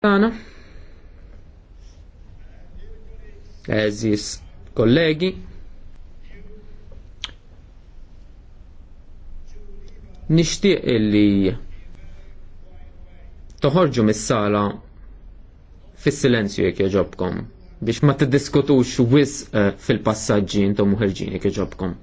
Tana, Eżis kollegi. Nixtieq illi toħorġu mis-sala fis-silenzju jekk jogħġobkom biex ma tiddiskutux wisq eh, fil-passaġġi intom uħerġin jekk jogħġobkom.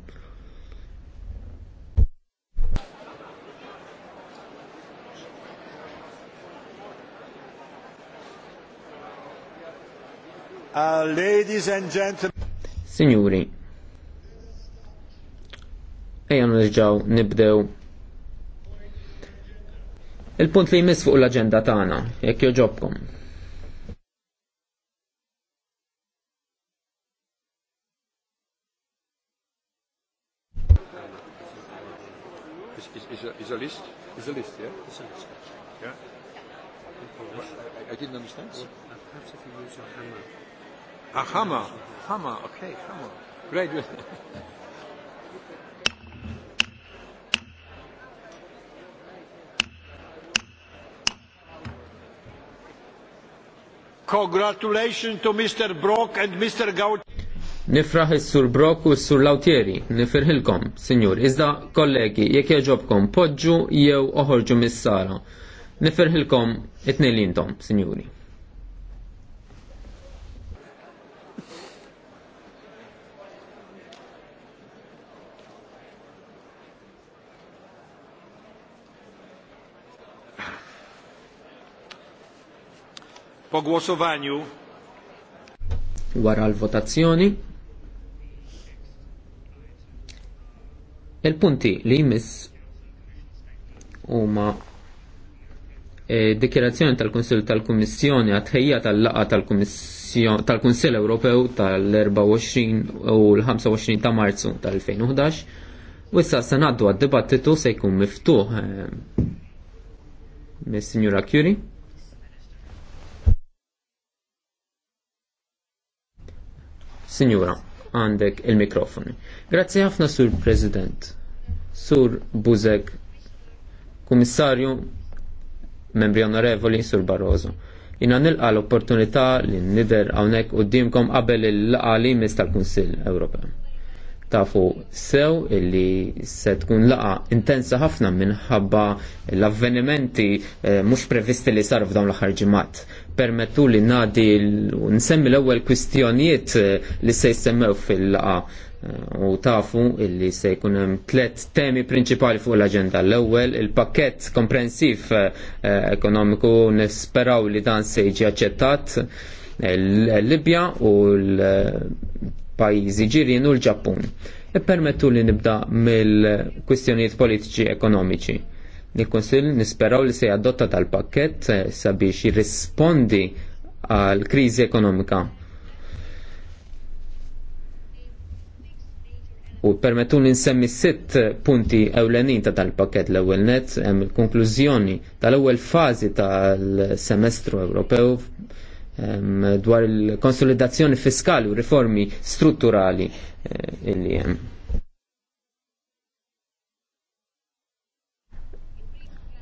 Uh, Signori, ejja nirġaw nibdew il-punt li jmiss fuq l-agenda tagħna, jekk joġobkom. is a list? Is a list, yeah? It's a list. Yeah? I, I didn't understand. Well, perhaps if you use your hammer. Ah, Hammer. Hammer, okay, Hammer. Great. Congratulations to Mr. Brock and Mr. Gautier. Nifraħ is-sur Brock u s-sur Lautieri, nifirħilkom, sinjur, iżda kollegi, jekk jogħġobkom, poġġu jew oħorġu mis-sara. Nifirħilkom it-tnejn lintom, sinjuri. Po głosowaniu. Wara l-votazzjoni. Il-punti li jmiss huma e, dikjerazzjoni tal-Konsil tal-Kummissjoni għatħejja tal-laqa tal-Kunsill Ewropew tal-24 u l-25 ta' Marzu tal-2011 u issa se ngħaddu għad-dibattitu se jkun miftuħ e, mis-Sinjura Curie. Signora, għandek il-mikrofoni. Grazzi ħafna sur President, sur Buzek, Kummissarju, membri onorevoli, sur Barroso. Jina nilqa l-opportunità li nider għawnek u dimkom qabel il-laqa mis tal-Kunsill Ewropew tafu sew illi se tkun laqa intensa ħafna minħabba l-avvenimenti eh, mhux previsti li saru f'dawn l-aħħar ġimgħat permettu li nadi nsemmi l-ewwel kwistjonijiet eh, li se jsemmew fil-laqa eh, u tafu illi se jkun hemm tliet temi prinċipali fuq l-aġenda. L-ewwel il-pakkett komprensiv ekonomiku nisperaw li dan se jiġi aċċettat l-Libja u l pajjiżi ġirien u l-Ġappun. Ippermettu li nibda mill-kwistjonijiet politiċi ekonomiċi. Il-Konsil nisperaw li se jadotta tal-pakket eh, sabiex jirrispondi għal kriżi ekonomika. U permettu li nsemmi sitt punti ewlenin ta' tal-pakket l ewwel net hemm il-konklużjoni tal-ewwel fażi tal-semestru Ewropew dwar il-konsolidazzjoni fiskali u riformi strutturali eh, illi hemm.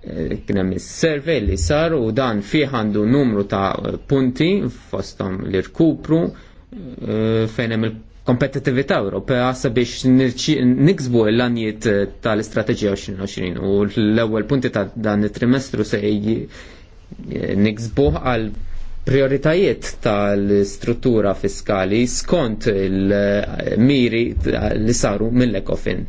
Eh, kien hemm is-survey li sar u dan fih għandu numru ta' punti fosthom li rkupru eh, fejn hemm il-kompetittività Ewropea sabiex niksbu l-għanijiet tal-istrateġija 2020 u l-ewwel punti ta' dan it-trimestru se niksbu għal prioritajiet tal-struttura fiskali skont il-miri li saru mill ecofin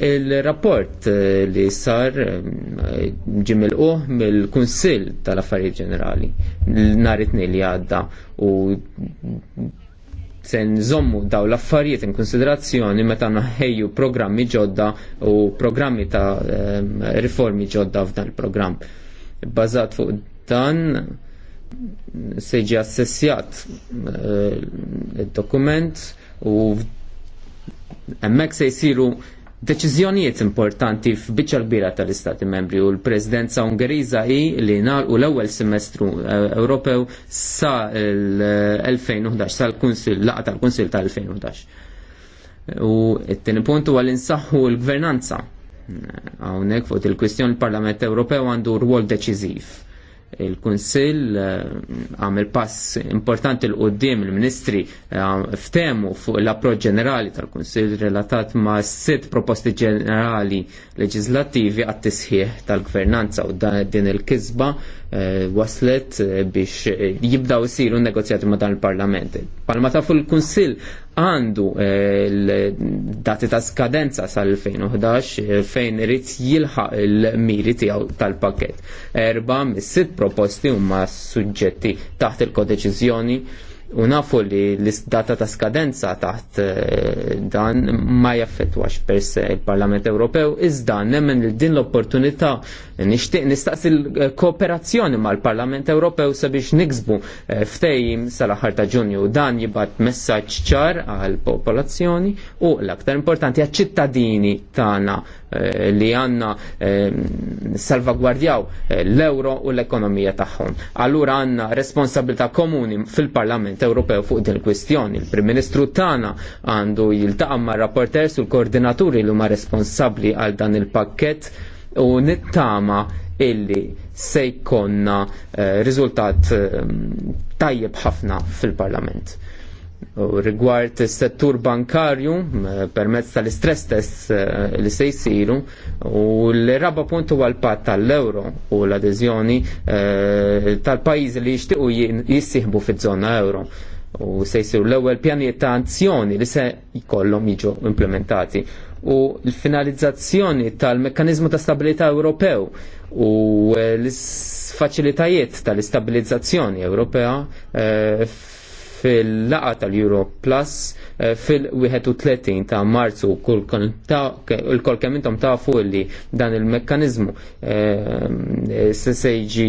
Il-rapport li sar eh, ġimil uħ mill-Kunsil tal-Affarijiet Ġenerali nhar it-tnejn li għadda u se nżommu daw l-affarijiet in konsiderazzjoni meta naħejju programmi ġodda u programmi ta' eh, riformi ġodda f'dan il-programm. Bażat fuq dan se assessjat eh, id-dokument u hemmhekk se jsiru deċiżjonijiet importanti f'biċċa kbira tal-Istati Membri u l-Presidenza Ungeriża hi li u l-ewwel semestru eh, Ewropew sa l-2011 sal-Kunsill laqgħa tal-Kunsill tal-2011. U t-tieni punt huwa li nsaħħu l-gvernanza. Hawnhekk fuq il-kwistjoni l-Parlament Ewropew għandu rwol deċiżiv il-Kunsill eh, għamil pass importanti l qoddim il-Ministri eh, ftemu fuq l-approċ ġenerali tal-Kunsill relatat ma' sitt proposti ġenerali leġizlativi għat tisħieħ tal-gvernanza u din il-kizba eh, waslet biex jibdaw siru negozjati ma' dan il-Parlament. Palma ta' fuq il kunsil għandu eh, dati ta' skadenza sal-2011 eh, fejn irid jilħaq il-miri tiegħu tal-pakket. Erba' mis-sitt proposti huma suġġetti taħt il-kodeċiżjoni U nafu li l-data ta' skadenza taħt eh, dan ma jaffetwax per se il-Parlament Ewropew, iżda nemmen li din l-opportunità nixtieq nistaqsi l-kooperazzjoni mal-Parlament Ewropew sabiex niksbu eh, ftejim sal-aħħar ta' Ġunju. Dan jibgħat messaġġ ċar għall popolazzjoni u l-aktar importanti għal ċittadini tagħna Eh, li għanna eh, salvagwardjaw eh, l-euro u l-ekonomija tagħhom. Allura għanna responsabilità komuni fil-Parlament Ewropew fuq din il-kwistjoni. Il-Prim Ministru tagħna għandu jiltaqa' ma' rapporters u l-koordinaturi li huma responsabbli għal dan il-pakkett u nittama illi se jkonna riżultat tajjeb ħafna fil-Parlament. U rigward settur bankarju permezz tal-istress test eh, li se jisiru u l-raba punt huwa l-pat tal-euro u l-adeżjoni eh, tal-pajjiżi li jixtiequ jissieħbu fiż-żona euro u se jsiru l-ewwel pjanijiet ta' azzjoni li se jkollhom jiġu implementati u l-finalizzazzjoni tal-mekkanizmu ta' stabilità Ewropew u l-faċilitajiet tal-istabilizzazzjoni Ewropea eh, fil-laqa tal-Euro Plus eh, fil-31 ta' marzu kull kol kemm intom tafu li dan il-mekkanizmu eh, eh, se sejġi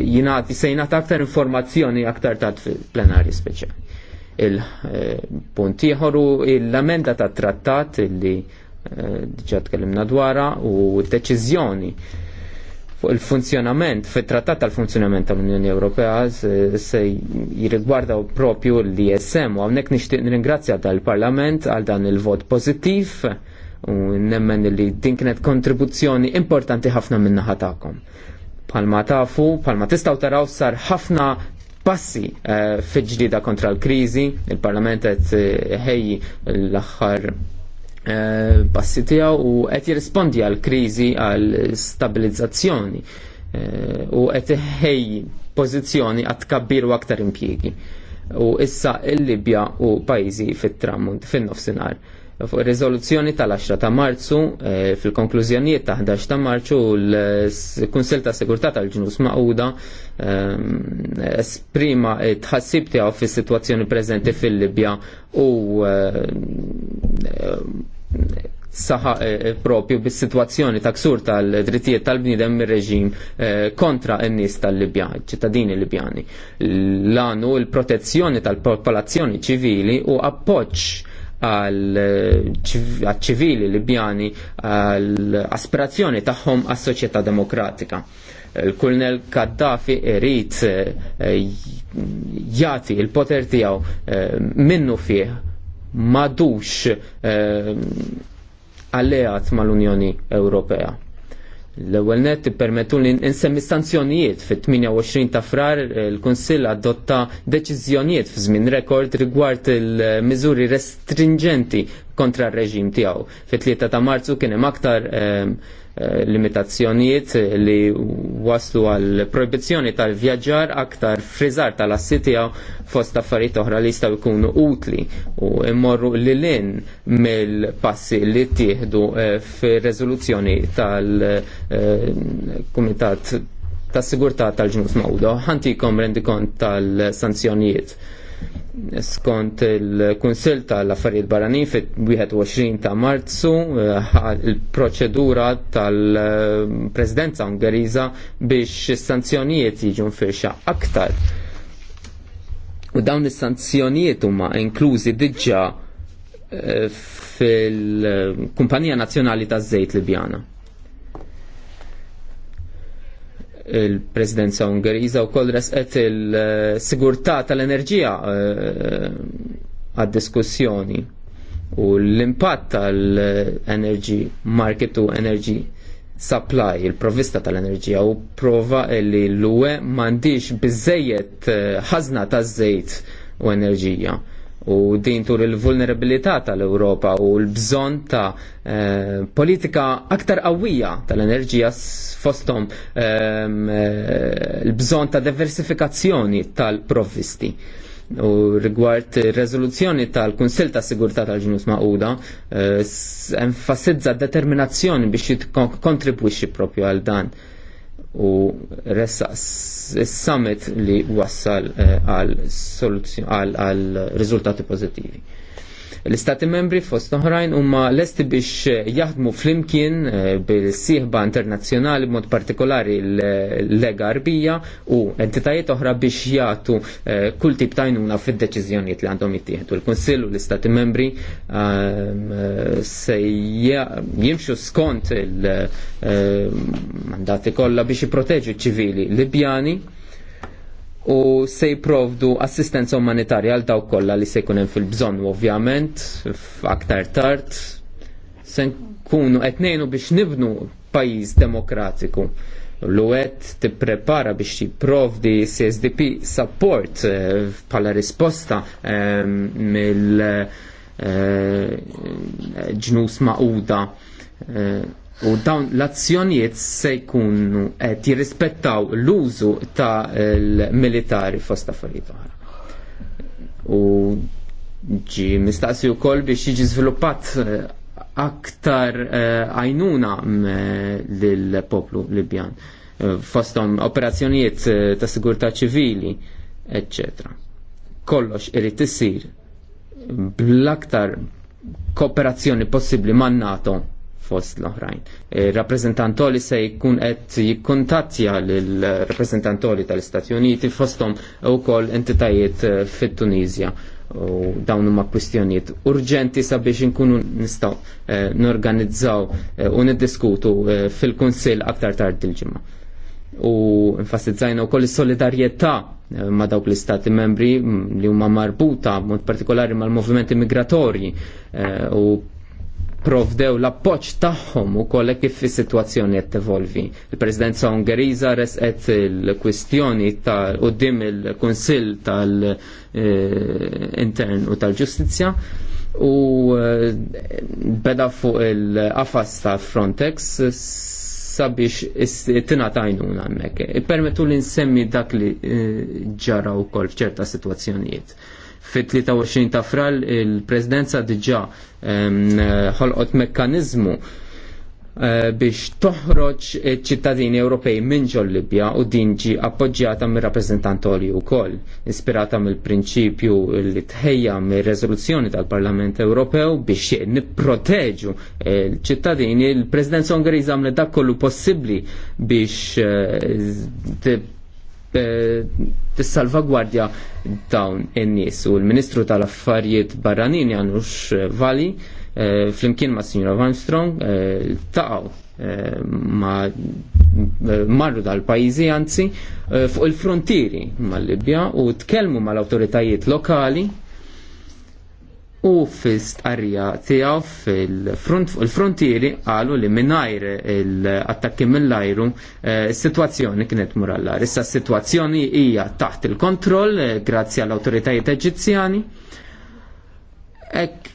jinaħti se jingħata aktar informazzjoni aktar ta' fil-plenarji speċjali. Il-punt ieħor l-amenda tat trattat li ġat tkellimna dwarha u d-deċiżjoni fuq il-funzjonament, fit trattat tal-funzjonament tal-Unjoni Ewropea se jirigwardaw propju l-ISM u għamnek nishtiq ringrazzja tal-Parlament għal dan il-vot pozittiv u nemmen li din kienet kontribuzzjoni importanti ħafna minna ħatakom. Palma tafu, palma tistaw taraw sar ħafna passi uh, eh, fiġdida kontra l-krizi, il-Parlament għet eh, ħej l-axħar Eh, passi tiegħu u qed jirrispondi għal kriżi għal stabilizzazzjoni eh, u qed ħej pożizzjoni għat kabbir u aktar impjiegi. U issa il-Libja u pajjiżi fit-tramunt fin-nofsinhar. Fuq tal-10 ta' Marzu, eh, fil-konklużjonijiet ta' 11 ta' Marzu, l-Kunsel ta' Sigurtà tal-Ġnus Maquda esprima tħassib tiegħu fis-sitwazzjoni preżenti fil-Libja u saħa eh, propju bis-sitwazzjoni ta' ksur tal-drittijiet tal-bniedem mir-reġim eh, kontra n-nies tal-Libja, ċittadini Libjani. L-għanu il-protezzjoni tal-popolazzjoni ċivili u appoġġ eh, għal ċivili Libjani għal aspirazzjoni tagħhom għas soċjetà demokratika. Il-Kulnel Kaddafi irid jati il-poter tiegħu minnu fih madux ehm, alleat mal-Unjoni Ewropea. L-ewwel net permettu li nsemmi sanzjonijiet fit-28 ta' frar il-Kunsill adotta deċiżjonijiet f'żmien rekord rigward il-miżuri restringenti kontra r-reġim tiegħu. Fit-3 ta' Marzu kien hemm aktar eh, Eh, limitazzjonijiet li waslu għal proibizjoni tal-vjaġġar aktar frizar tal-assi fost affarijiet oħra li jistaw jkunu utli u immorru l-in mill-passi li tieħdu eh, fir-reżoluzzjoni tal-Kumitat eh, tas-Sigurtà tal-Ġnus Mawda. Ħantikom rendikont tal-sanzjonijiet skont il-Kunsil tal-Affarijiet Barranin fit-21 ta' Marzu eh, il-proċedura tal-Presidenza Ungeriża biex sanzjonijiet jiġu mfirxa aktar. U dawn is-sanzjonijiet huma inklużi diġà eh, fil-Kumpanija Nazzjonali taż-Żejt Libjana. il-presidenza Ungeriża u koll resqet il-sigurtà tal-enerġija eh, għad-diskussjoni u l-impatt tal-energy market u energy supply, il-provista tal-enerġija u prova li l-UE mandiġ bizzejiet eh, ħazna ta' zejt u enerġija u din tur il-vulnerabilità tal-Europa u l-bżon ta' eh, politika aktar qawwija tal-enerġija fostom ehm, eh, l-bżon ta' diversifikazzjoni tal-provvisti. U rigward rezoluzzjoni tal-Kunsil ta' Sigurtà tal-Ġinus Mauda eh, enfasizza determinazzjoni biex jitkontribwixxi propju għal dan. Eh, u ressa s-summit li wassal eh, għal rizultati pozittivi. L-Istati membri fost oħrajn huma lesti biex eh, jaħdmu flimkien eh, bil-sieħba internazzjonali mod partikolari l-Lega Arbija u entitajiet oħra biex jagħtu eh, kull tip tajnuna fid-deċiżjonijiet li għandhom jittieħdu. Il-Kunsill u l-Istati membri ehm, se jimxu skont il-mandati kollha biex jipproteġu ċivili Libjani u se jiprovdu assistenza umanitarja għal dawk kollha li se jkun hemm fil-bżonn ovvjament aktar tard se nkunu qed ngħinu biex nibnu pajjiż demokratiku. L-UET tipprepara biex jipprovdi CSDP support eh, bħala risposta ehm, mill eh, ġnus maquda eh, U dawn l-azzjonijiet se jkunu qed eh, jirrispettaw l-użu ta' l-militari fost affarijiet oħra. U ġi mistaqsi wkoll biex jiġi żviluppat eh, aktar eh, għajnuna lil poplu Libjan fostom operazzjonijiet ta' sigurtà ċivili, etc. Kollox irid isir bl-aktar kooperazzjoni possibbli man NATO fost l-oħrajn. E, rappresentantoli se jkun qed jikkuntattja lill rappreżentantoli tal-Istati Uniti fosthom ukoll entitajiet e, fit-Tunizja u dawn huma kwistjonijiet urġenti sabiex inkunu nistgħu e, norganizzaw u niddiskutu fil-Kunsill aktar tard il-ġimgħa. U nfassizzajna wkoll is-solidarjetà ma' dawk l-istati membri li huma marbuta mod partikolari mal-movimenti migratorji u provdew l-appoċ tagħhom ukoll kif is-sitwazzjoni qed tevolvi. Il-Presidenza Ungeriża resqet il-kwistjoni ta' qudiem il-Kunsill tal-Intern eh, u tal-Ġustizzja u eh, beda fuq il-qafas ta' Frontex sabiex tina għajnuna hemmhekk. Permettu li nsemmi dak li eh, ġara wkoll f'ċerta sitwazzjonijiet Fit-23 ta' fral il-Presidenza diġà ħolqot mekkaniżmu eh, biex toħroġ ċittadini Ewropej minn ġol Libja u din ġi appoġġjata mir rappresentantori u koll, ispirata mill prinċipju li tħejja mir rezoluzzjoni tal-Parlament Ewropew biex nipproteġu eh, ċittadini, il-Presidenza Ungheriża għamlet dak kollu possibbli biex eh, Eh, T-Salvagwardja dawn in-nies u l-Ministru tal-Affarijiet Barranin Janusz Vali eh, flimkien ma' Signora Van Strong eh, taqaw ma marru dal-pajjiżi anzi fuq il-frontieri mal-Libja u tkellmu mal-awtoritajiet lokali u fil-starja tiegħu fil-frontieri qalu li mingħajr l-attakki mill-ajru is-sitwazzjoni eh, kienet murallar. Issa s-sitwazzjoni hija taħt il-kontroll eh, grazzi għall awtoritajiet Eġizzjani. Ek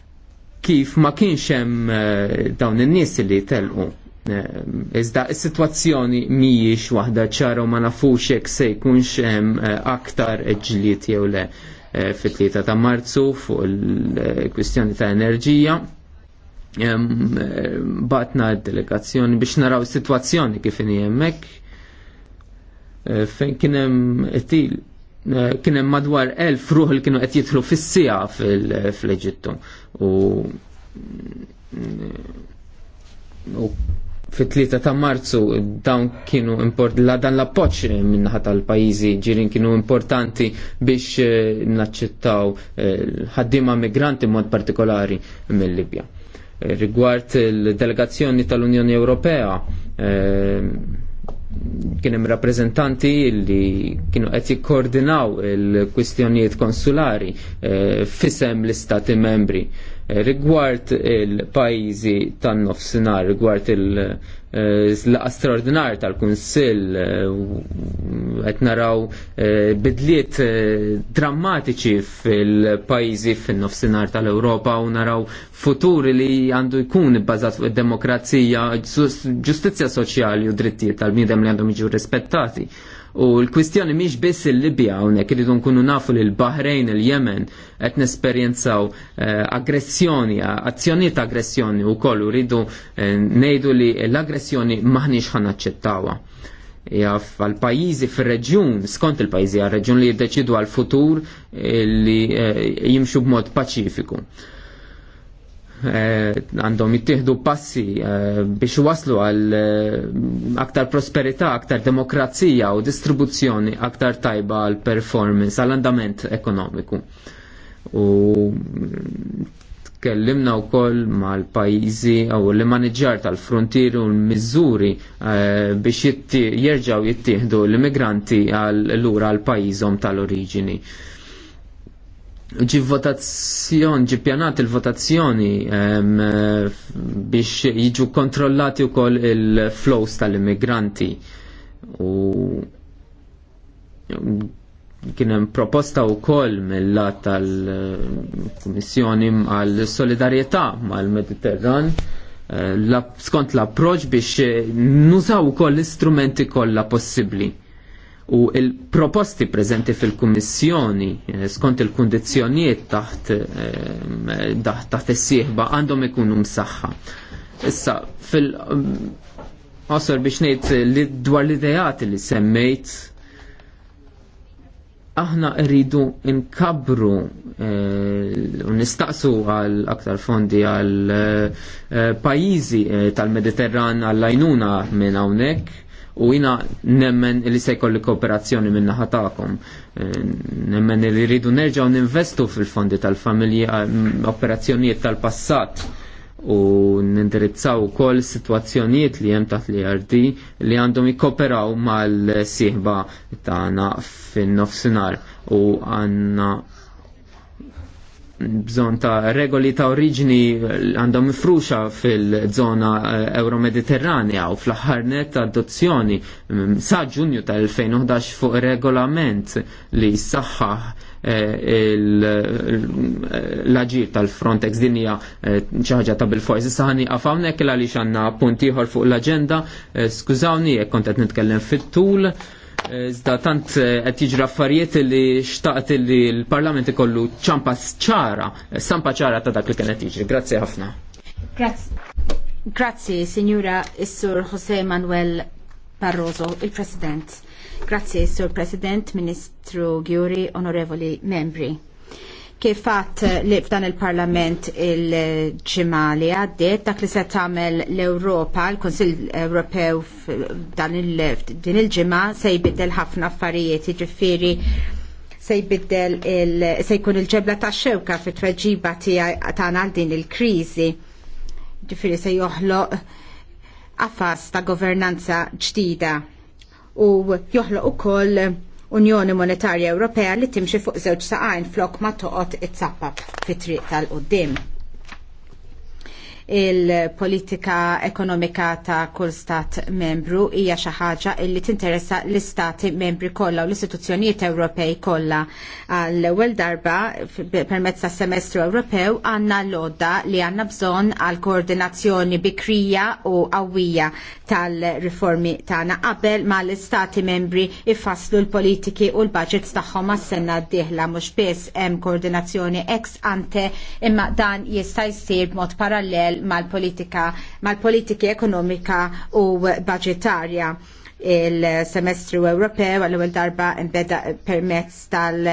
kif ma kienx hemm eh, dawn in-nies li telqu Iżda, is-sitwazzjoni mhijiex waħda ċara u ma nafux hekk se jkunx hemm aktar ġlied jew le. Eh, fit-3 ta' Marzu fuq il-kwistjoni ta' enerġija. Batna delegazzjoni biex naraw situazzjoni kif inhi hemmhekk eh, fejn kien hemm qtil eh, kien hemm madwar elf ruħ li kienu qed jidħlu fis-sija fl-Eġittu. u mm, fit-3 ta' marzu dawn kienu import la dan l-appoċ minnaħat tal-pajizi ġirin kienu importanti biex eh, naċċettaw eh, ħaddima migranti mod partikolari mill-Libja. Eh, rigward il-delegazzjoni tal-Unjoni Ewropea kien hemm rappreżentanti li kienu qed jikkoordinaw il-kwistjonijiet konsulari f'isem l-istati membri Eh, rigward il-pajjiżi tan-nofsinhar, rigward il-laqa eh, straordinar tal-Kunsill eh, qed naraw bidliet drammatiċi fil-pajjiżi fin-nofsinhar tal-Ewropa u naraw futur li għandu jkun bbażat fuq id-demokrazija, ġustizzja soċjali u drittijiet tal-bniedem li għandhom jiġu rispettati U l-kwistjoni miex biss il-Libja hawnhekk iridu nkunu nafu li l-Bahrejn, il-Yemen qed nesperjenzaw eh, aggressjoni, azzjonijiet u aggressjoni wkoll eh, ngħidu li l-aggressjoni maħniex ħanaċċettawha. Ja, għal pajizi fir-reġjun, skont il-pajjiżi għal-reġjun li jiddeċidu għal-futur eh, li eh, jimxu b'mod paċifiku. Eh, għandhom jittieħdu passi eh, biex waslu għal eh, aktar prosperità, aktar demokrazija u distribuzzjoni aktar tajba għal performance, għal andament ekonomiku. U mm, tkellimna u koll mal-pajizi u li maniġġar tal-frontier u l-mizzuri biex jerġaw jittieħdu l-immigranti għal l-ura għal pajizom tal-oriġini ġi votazzjoni, ġi pjanat il-votazzjoni biex jiġu kontrollati u koll il-flows tal-immigranti. U kienem proposta u koll mill la tal-Komissjoni għal solidarietà mal-Mediterran skont l-approċ biex nużaw koll l-istrumenti kollha possibbli. possibli u il-proposti preżenti fil-Kummissjoni eh, skont il-kundizzjonijiet eh, taħt taħt is-sieħba għandhom ikunu msaħħa. Issa fil qosor biex ngħid li dwar l-ideati li semmejt aħna rridu nkabru eh, u nistaqsu għal aktar fondi għal pajjiżi tal-Mediterran għall-lajnuna minn hawnhekk u jina nemmen li se jkolli kooperazzjoni minna ħatakom. Eh, nemmen li rridu nerġaw ninvestu fil-fondi tal-familji eh, mm, operazzjonijiet tal-passat u nindirizzaw kol situazzjonijiet li jem taħt li jardi li għandhom jikoperaw mal-sieħba tagħna fin-nofsinar u għanna bżon ta' regoli ta' oriġini għandhom mifruxa fil-żona eh, euromediterranea u fl-aħħar net adozzjoni mm, sa' ġunju tal-2011 fuq regolament li saħħa eh, eh, l-aġir tal-Frontex dinja ċaħġa ta' bil fojz saħni għafawnek l-għalix għanna puntiħor fuq l-agenda skużawni jek kontet nitkellem fit-tul Iżda tant eh, qed jiġri affarijiet li xtaqt li l-Parlament ikollu ċampa ċara, stampa ċara ta' dak li kien qed jiġri. Grazzi ħafna. Grazzi. Signora Issur Jose Manuel Barroso, il-President. Grazzi, Sur President, Ministru Giuri, Onorevoli Membri kif għat eh, li f'dan il-Parlament il ġimali għaddit għaddiet dak li se tagħmel l-Ewropa, l-Kunsill Ewropew f'din din il-ġimgħa se jbiddel ħafna affarijiet, ġifiri se jbiddel il se jkun il-ġebla ta' xewka fit tweġiba tiegħi tagħna din il-kriżi. ġifiri se joħloq għafas ta' governanza ġdida u joħloq ukoll Unjoni Monetarja Ewropea li timxi fuq żewġ saqajn flok ma toqgħod it-sappab fit-triq tal-qudiem il-politika ekonomika ta' kull stat membru hija xi ħaġa li tinteressa l-istati membri kollha u l-istituzzjonijiet Ewropej kollha. Għall-ewwel darba permezz tas semestru Ewropew għandna l għodda li għandna bżonn għal koordinazzjoni bikrija u qawwija tal-riformi tagħna qabel ma l-istati membri ifasslu l-politiki u l-budgets tagħhom għas-sena d-dieħla mhux biss hemm koordinazzjoni ex ante imma dan jista' jsir b'mod parallel mal-politika mal-politiki ekonomika u budgetarja il-semestru Ewropew għal ewwel darba imbeda permezz tal-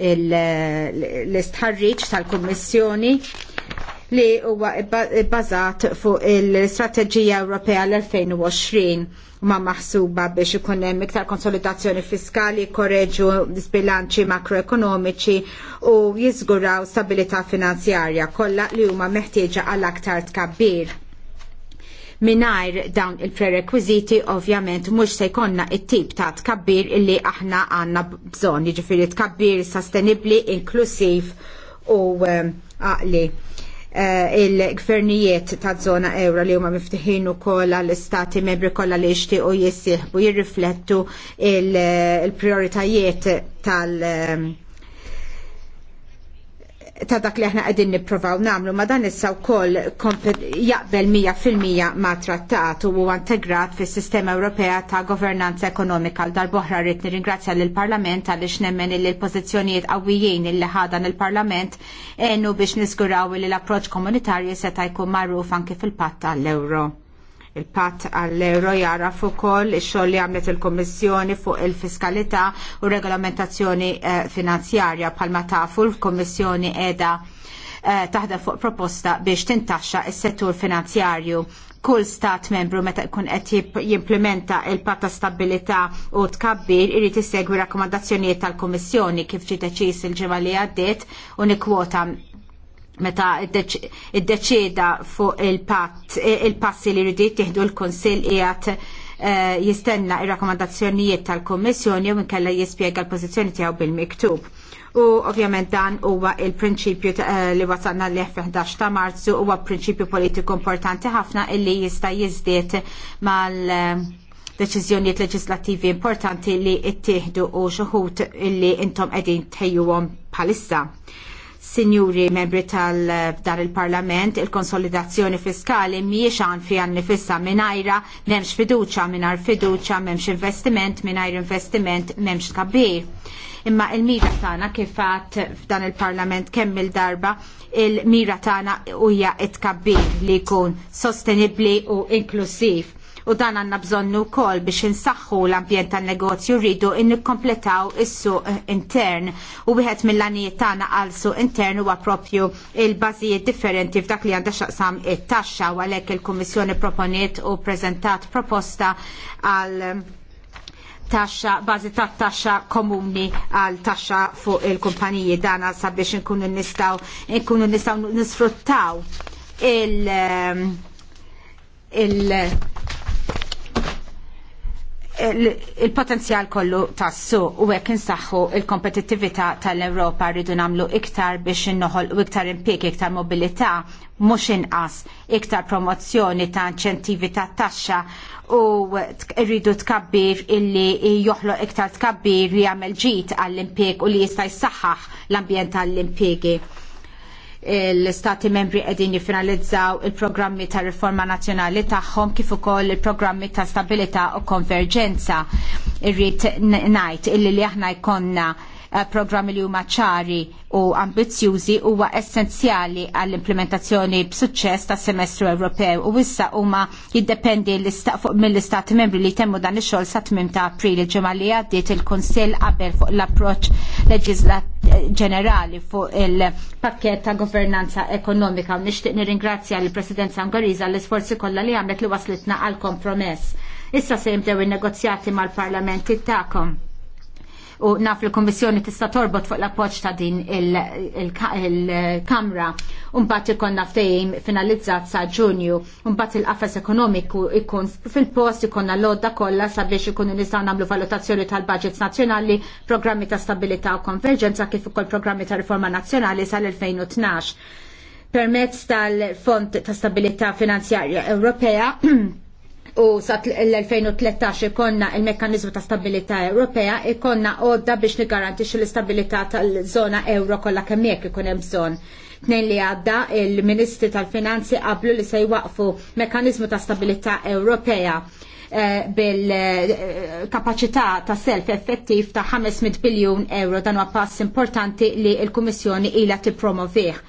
l-istħarriċ tal-Kommissjoni li huwa bbażat fuq il-Strateġija Ewropea l-2020 ma maħsuba biex ikun hemm iktar konsolidazzjoni fiskali, korreġu sbilanċi makroekonomiċi u jiżguraw stabilità finanzjarja kollha li huma meħtieġa għal aktar tkabbir. Minajr dawn il-prerekwiziti ovvjament mhux se jkollna t tip ta' tkabbir illi aħna għandna bżonn, jiġifieri tkabbir sostenibbli, inklusiv u eh, għaqli. Eh, il-gvernijiet ta' zona euro li huma miftiħin ukoll għall-istati membri kollha li jixtiequ jissieħbu jirriflettu il-prioritajiet tal- ta' dak li aħna għedin niprofaw nagħmlu ma dan issa wkoll jaqbel 100% ma' trattat u huwa integrat fis-Sistema Ewropea ta' Governanza Ekonomika l boħra rrid nirringrazzja lill parlament għaliex nemmen li l-pożizzjonijiet qawwijin illi ħadan il-Parlament għenu biex niżguraw li l-approċċ komunitarju seta' jkun magħruf anke fil-patt tal-Ewro. Il-pat għall-euro jaraf ukoll ix-xogħol li għamlet il-Kummissjoni fuq il-fiskalità u regolamentazzjoni eh, finanzjarja bħalma tafu l-Kummissjoni qiegħda eh, taħdem fuq proposta biex tintaxxa s-settur finanzjarju kull stat membru meta jkun qed jimplementa il-patta stabilità u tkabbir irid isegwi rakkomandazzjonijiet tal-Kummissjoni kif ġie deċiż il-ġimgħa li għaddiet u nikkwota meta id-deċeda fuq il-patt il-passi li rridiet jieħdu l-Kunsill qiegħed eh, jistenna ir-rakkomandazzjonijiet tal kummissjoni u nkella jispjega l-pożizzjoni tiegħu bil-miktub. U ovvjament dan huwa il-prinċipju eh, li wasalna l 11 ta' Marzu huwa prinċipju politiku importanti ħafna illi jista' jiżdied mal eh, deċiżjonijiet leġislattivi importanti li ttieħdu u xuħut illi intom qegħdin tħejjuhom bħalissa. Sinjuri membri tal dar il-Parlament, il-konsolidazzjoni fiskali miex għan fi għan nifissa minajra, memx fiduċa minar fiduċa, memx investiment mingħajr investiment, memx kabir. Imma il-mira tana kifat f'dan il-Parlament kemm il-darba il-mira tana uja it-kabbir li jkun sostenibli u inklusiv U dan għanna bżonnu kol biex insaxħu l-ambjent tan negozju rridu in nikkompletaw is-suq intern u wieħed mill-għanijiet tagħna għal suq intern huwa għapropju il-bażijiet differenti f'dak li għanda xaqsam it-taxxa u għalhekk il-Kummissjoni proponiet u prezentat proposta għal taxxa, bażi ta' taxxa komuni għal taxxa fuq il-kumpaniji dana sabiex nkunu nistaw nkunu nistaw nisfruttaw il- um, il- il-potenzjal kollu tassu u hekk insaħħu il-kompetittività tal-Ewropa rridu nagħmlu iktar biex noħol u iktar impjeg iktar mobilità mhux inqas iktar promozzjoni ta' inċentivi ta' taxxa u rridu tkabbir illi joħloq iktar tkabbir li jagħmel ġid għall-impjeg u li jista' jsaħħaħ l-ambjent għall-impjegi l-Stati membri qegħdin jiffinalizzaw il-programmi ta' riforma nazzjonali tagħhom kif ukoll il-programmi ta' stabilità u konverġenza. Irrid ngħid illi li aħna jkollna eh, programmi li huma ċari u ambizzjużi huwa essenzjali għall-implementazzjoni b'suċċess tas semestru Ewropew u issa huma jiddependi mill-istati membri li temmu dan ix-xogħol sa tmiem ta' April il-ġimgħa li għaddiet il-Kunsill qabel fuq l-approċċ leġislat ġenerali fuq il-pakket ta' governanza ekonomika u nixtieq nirringrazzja l presidenza Ungariża l-isforzi kollha li għamlet li waslitna għal kompromess. Issa se jibdew in-negozjati mal-parlamenti tagħkom u naf il kommissjoni tista' torbot fuq l-appoġġ ta' din il-Kamra. Umbat ikonna fejn finalizzat sa' ġunju, umbat il-qafas ekonomiku ikun fil-post ikonna l-odda kollha sabiex ikunu nistgħu nagħmlu valutazzjoni tal-budgets nazzjonali, programmi ta' stabilità u konverġenza kif ukoll programmi ta' riforma nazzjonali sal-2012 permezz tal-Fond ta' Stabilità Finanzjarja Ewropea u sa l-2013 ikonna il-mekkanizmu ta' stabilità Ewropea ikonna għodda biex nigarantix l-istabilità tal-zona euro kollha kemm jekk ikun hemm bżonn. Tnejn li għadda il-Ministri tal-Finanzi qablu li se jwaqfu mekkanizmu ta' stabilità Ewropea eh, bil-kapacità ta' self effettiv ta' 500 biljun euro dan huwa pass importanti li l-Kummissjoni ilha tippromovih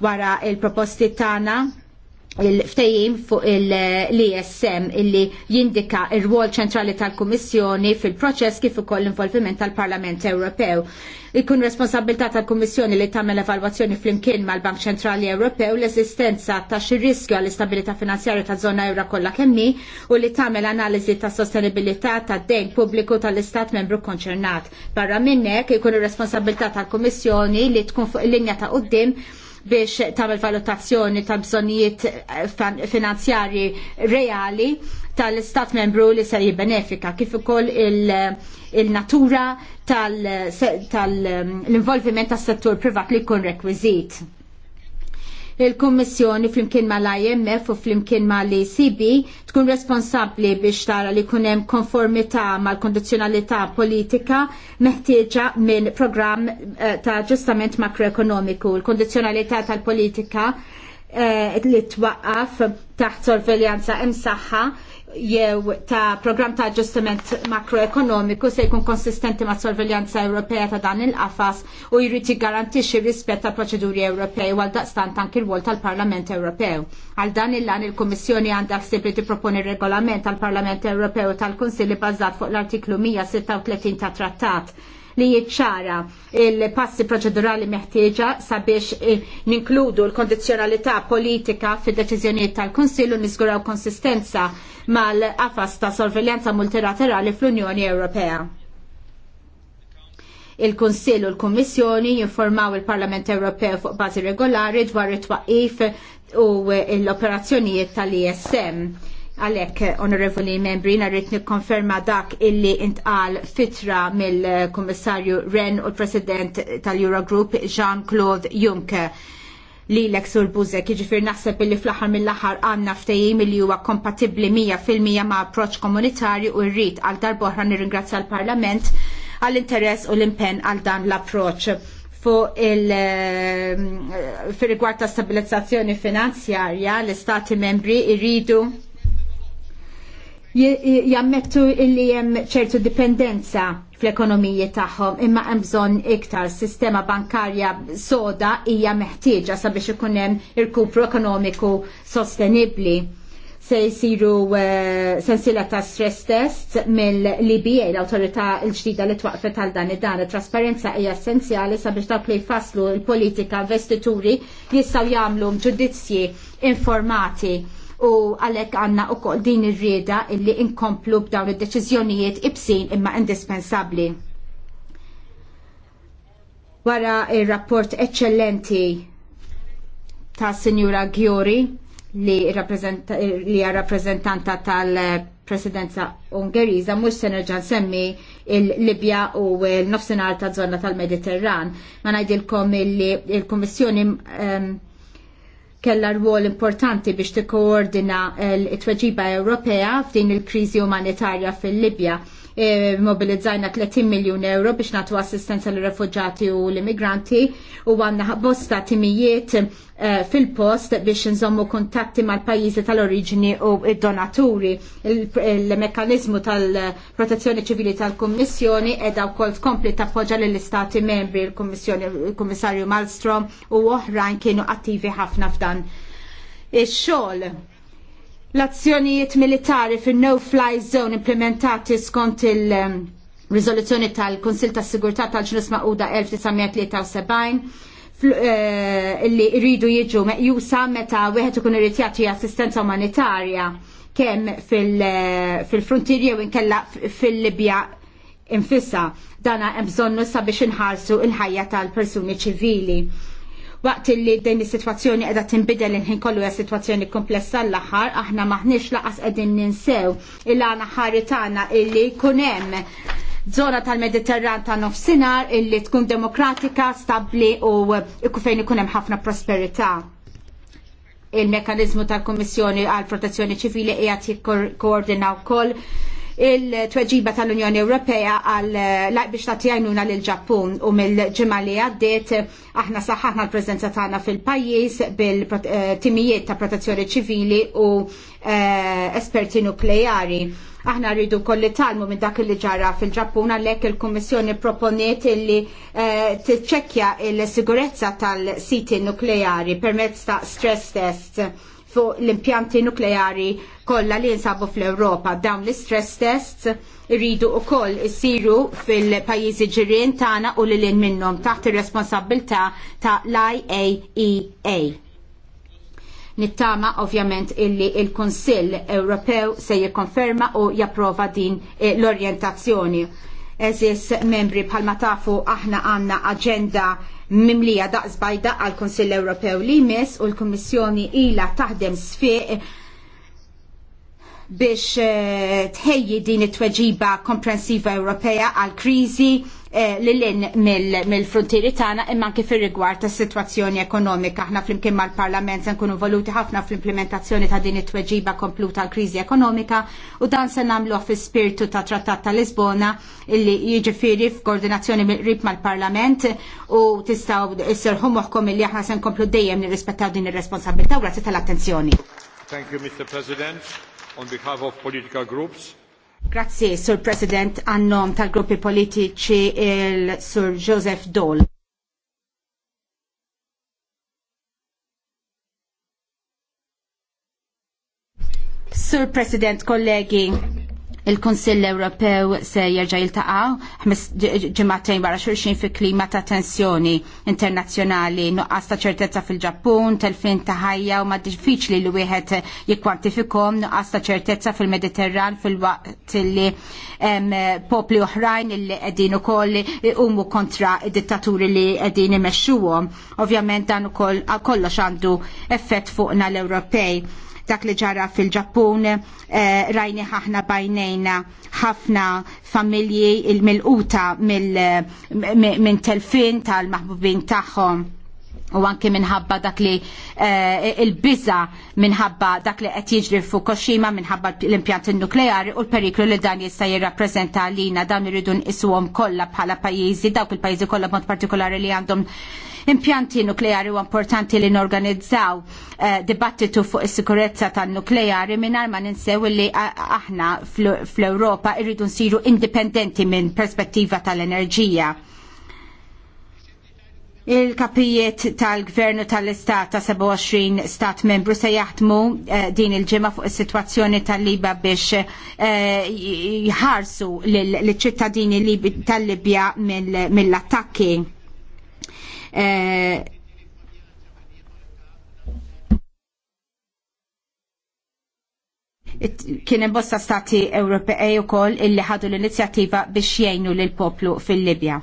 wara il-proposti tagħna il-ftejim fuq l-ISM illi jindika il rwol ċentrali tal kommissjoni fil-proċess kif ukoll l-involviment tal-Parlament Ewropew. Ikun responsabilità tal-Kummissjoni li tagħmel evalwazzjoni flimkien mal-Bank Ċentrali Ewropew l-esistenza ta' xi riskju għall istabilità finanzjarja ta' żona ewra kollha kemmi u li tagħmel analiżi ta' sostenibilità tad dejn pubbliku tal-Istat membru konċernat. Barra minnek ikun ir-responsabilità tal-Kummissjoni li tkun fuq il-linja ta' quddiem biex tagħmel valutazzjoni ta' bżonnijiet eh, finanzjarji reali tal-istat membru li se jibbenefika kif ukoll il-natura il natura tal involviment tas settur privat li jkun rekwiżit il-Kommissjoni flimkien ma l-IMF u flimkien ma l-ECB tkun responsabli biex tara li kunem konformità mal kondizjonalità politika meħtieġa minn program eh, ta' ġustament makroekonomiku. Il-kondizjonalità tal-politika eh, li twaqqaf taħt sorveljanza imsaħħa jew ta' program ta' aġġustament makroekonomiku se jkun konsistenti ma' sorveljanza Ewropea ta' dan il-qafas u jrid jiggarantixxi rispett ta' proċeduri Ewropej għal daqstant anki l-wol tal-Parlament Ewropew. Għal dan il-lan il-Kummissjoni għandha ħsieb li tipproponi regolament tal-Parlament Ewropew tal-Kunsilli bbażat fuq l-artiklu 136 ta' trattat li jiċċara il-passi proċedurali meħtieġa sabiex eh, ninkludu l-kondizjonalità politika fid deċiżjonijiet tal-Kunsill u niżguraw konsistenza mal-qafas ta' sorveljanza multilaterali fl-Unjoni Ewropea il-Kunsill u l-Kummissjoni jinformaw il-Parlament Ewropew fuq bażi regolari dwar it-twaqif u l-operazzjonijiet tal-ISM Għalek, onorevoli membri, narrit nikkonferma dak illi intqal fitra mill-Kommissarju Ren u l-President tal-Eurogroup Jean-Claude Juncker li l-ek sur bużek, ġifir naħseb illi fl ħar mill ħar għanna ftejim li huwa kompatibli 100% ma' approċ komunitarju u rrit għal darbohra nirringrazzja l-Parlament għall-interess u l-impen għal dan l-approċ Fu il eh, fir rigward ta' stabilizzazzjoni finanzjarja l-istati membri irridu jammettu illi hemm ċertu dipendenza fl-ekonomiji tagħhom imma hemm bżonn iktar sistema bankarja soda hija meħtieġa sabiex ikun hemm irkupru ekonomiku sostenibbli se jisiru eh, sensila ta' stress test mill-LBA, l autorita l-ġdida li twaqfet tal dan id-dan. Trasparenza hija essenzjali sabiex dawk li jfasslu l-politika investituri jistgħu jagħmlu ġudizzji informati u għalhekk għandna wkoll din ir-rieda illi inkomplu b'dawn id-deċiżjonijiet ibsin imma indispensabbli. Wara il rapport eċċellenti ta' Sinjura Gjori li hija rappreżentanta tal-Presidenza Ungeriża mhux se nerġa' semmi il-Libja u l-nofsinhar ta' zona tal-Mediterran. Ma ngħidilkom li l-Kummissjoni ehm, kella rwol importanti biex tikkoordina l-tweġiba Ewropea f'din il-kriżi umanitarja fil-Libja Eh, mobilizzajna 30 miljon euro biex natu assistenza l refugġati u l-immigranti u għanna bosta timijiet eh, fil-post biex nżommu kontatti mal pajjiżi tal-oriġini u donaturi. Il-mekanizmu tal-protezzjoni ċivili tal-Kommissjoni edha u kol ta' tappoġġa l-istati membri, il-Kommissarju Malmstrom u oħrajn kienu attivi ħafna f'dan. Ix-xogħol L-azzjonijiet militari fin no-fly zone implementati skont il- um, Rizoluzzjoni tal-Konsil tas Sigurtà tal-ġnus Maquda 1973 li uh, rridu jiġu meqjusa meta wieħed ikun irid jagħti assistenza umanitarja kemm uh, fil-frontirja jew inkella fil-Libja infissa dana hemm bżonnu sabiex inħarsu l ħajja tal-persuni ċivili Waqt li din is-sitwazzjoni qiegħda tinbidel inħin kollu hija sitwazzjoni komplessa l-aħħar, aħna maħniex laqas qegħdin ninsew il-għana ħari tagħna illi jkun hemm zona tal-Mediterran ta' nofsinar illi tkun demokratika, stabli u fejn ikun hemm ħafna prosperità il-mekanizmu tal kummissjoni għal protezzjoni ċivili qiegħed jikkoordina wkoll il-tweġiba tal-Unjoni Ewropea għal eh, lajk biex tagħti għajnuna lil ġappun u mill-ġimgħa li għaddiet eh, aħna saħħaħna l-preżenza tagħna fil-pajjiż bil-timijiet eh, ta' protezzjoni ċivili u esperti nukleari. Aħna rridu kolli talmu minn dak li ġara fil-Ġappun għalhekk il-Kummissjoni proponiet li tiċċekkja il-sigurezza tal-siti nukleari permezz ta' stress test fuq l-impjanti nukleari kollha li jinsabu fl-Ewropa dawn l-istress tests iridu wkoll isiru fil-pajjiżi ġirien tagħna u l-in minnhom taħt ir-responsabilità ta' l-IAEA. E. Nittama ovvjament illi il-Kunsill Ewropew se jikkonferma u japprova din eh, l-orjentazzjoni. Eżis membri bħalma tafu aħna għanna aġenda mimlija daqsbajda għal-Konsill Ewropew li jmiss u l-Kommissjoni ila taħdem sfiq biex eh, tħejji din it-tweġiba komprensiva Ewropea għal kriżi eh, li l-in mill-frontieri tagħna imma anke fir-rigward tas-sitwazzjoni ekonomika. Aħna flimkien mal-Parlament se nkunu voluti ħafna fl-implementazzjoni ta' din it-tweġiba kompluta għal kriżi ekonomika u dan se nagħmlu fis-spirtu ta' Trattat ta' Lisbona illi jiġifieri f'koordinazzjoni mill-qrib mal-Parlament u tistgħu isserħu moħħkom illi aħna se nkomplu dejjem nirrispettaw din ir-responsabilità u grazzi tal-attenzjoni. Thank you, Mr. President on behalf of political groups. Grazie, Sir President, a nom tal-gruppi politiċi il Sir Joseph Dole. Sir President, kollegi, il-Konsill Ewropew se jerġa' jiltaqgħu ġimgħatejn wara xulxin fi klima ta' tensjoni internazzjonali, nuqqas ta' ċertezza fil-Ġappun, telfin ta' ħajja u ma' diffiċli li wieħed jikkwantifikhom, nuqqas ta' ċertezza fil-Mediterran fil-waqt li popli oħrajn li qegħdin ukoll huma kontra id-dittaturi li qegħdin imexxuhom. Ovvjament dan ukoll kollox għandu effett fuqna l-Ewropej dak li ġara fil-Ġappun eh, rajni ħahna bajnejna ħafna familji il-milquta minn telfin tal-maħbubin tagħhom u anke minħabba dak li uh, eh, il-biza minħabba dak li qed jiġri Fukushima minħabba l-impjant nukleari u l-periklu li dan jista' jirrappreżenta lina dawn iridu nqisuhom kollha bħala pajjiżi dawk il-pajjiżi kollha mod partikolari li għandhom Impjanti nukleari u importanti li norganizzaw uh, dibattitu fuq is-sikurezza tan-nukleari mingħajr ma ninsew li aħna fl-Ewropa irridu nsiru indipendenti minn perspettiva tal-enerġija il-kapijiet tal-gvernu tal-istat ta' 27 stat membru se jaħdmu eh, din il ġimgħa fuq is-sitwazzjoni tal-Liba biex eh, jħarsu l-ċittadini tal-Libja mill-attakki. mill attakki Mil Eh, kien hemm bosta stati Ewropej ukoll illi ħadu l-inizjattiva biex jgħinu lil poplu fil-Libja.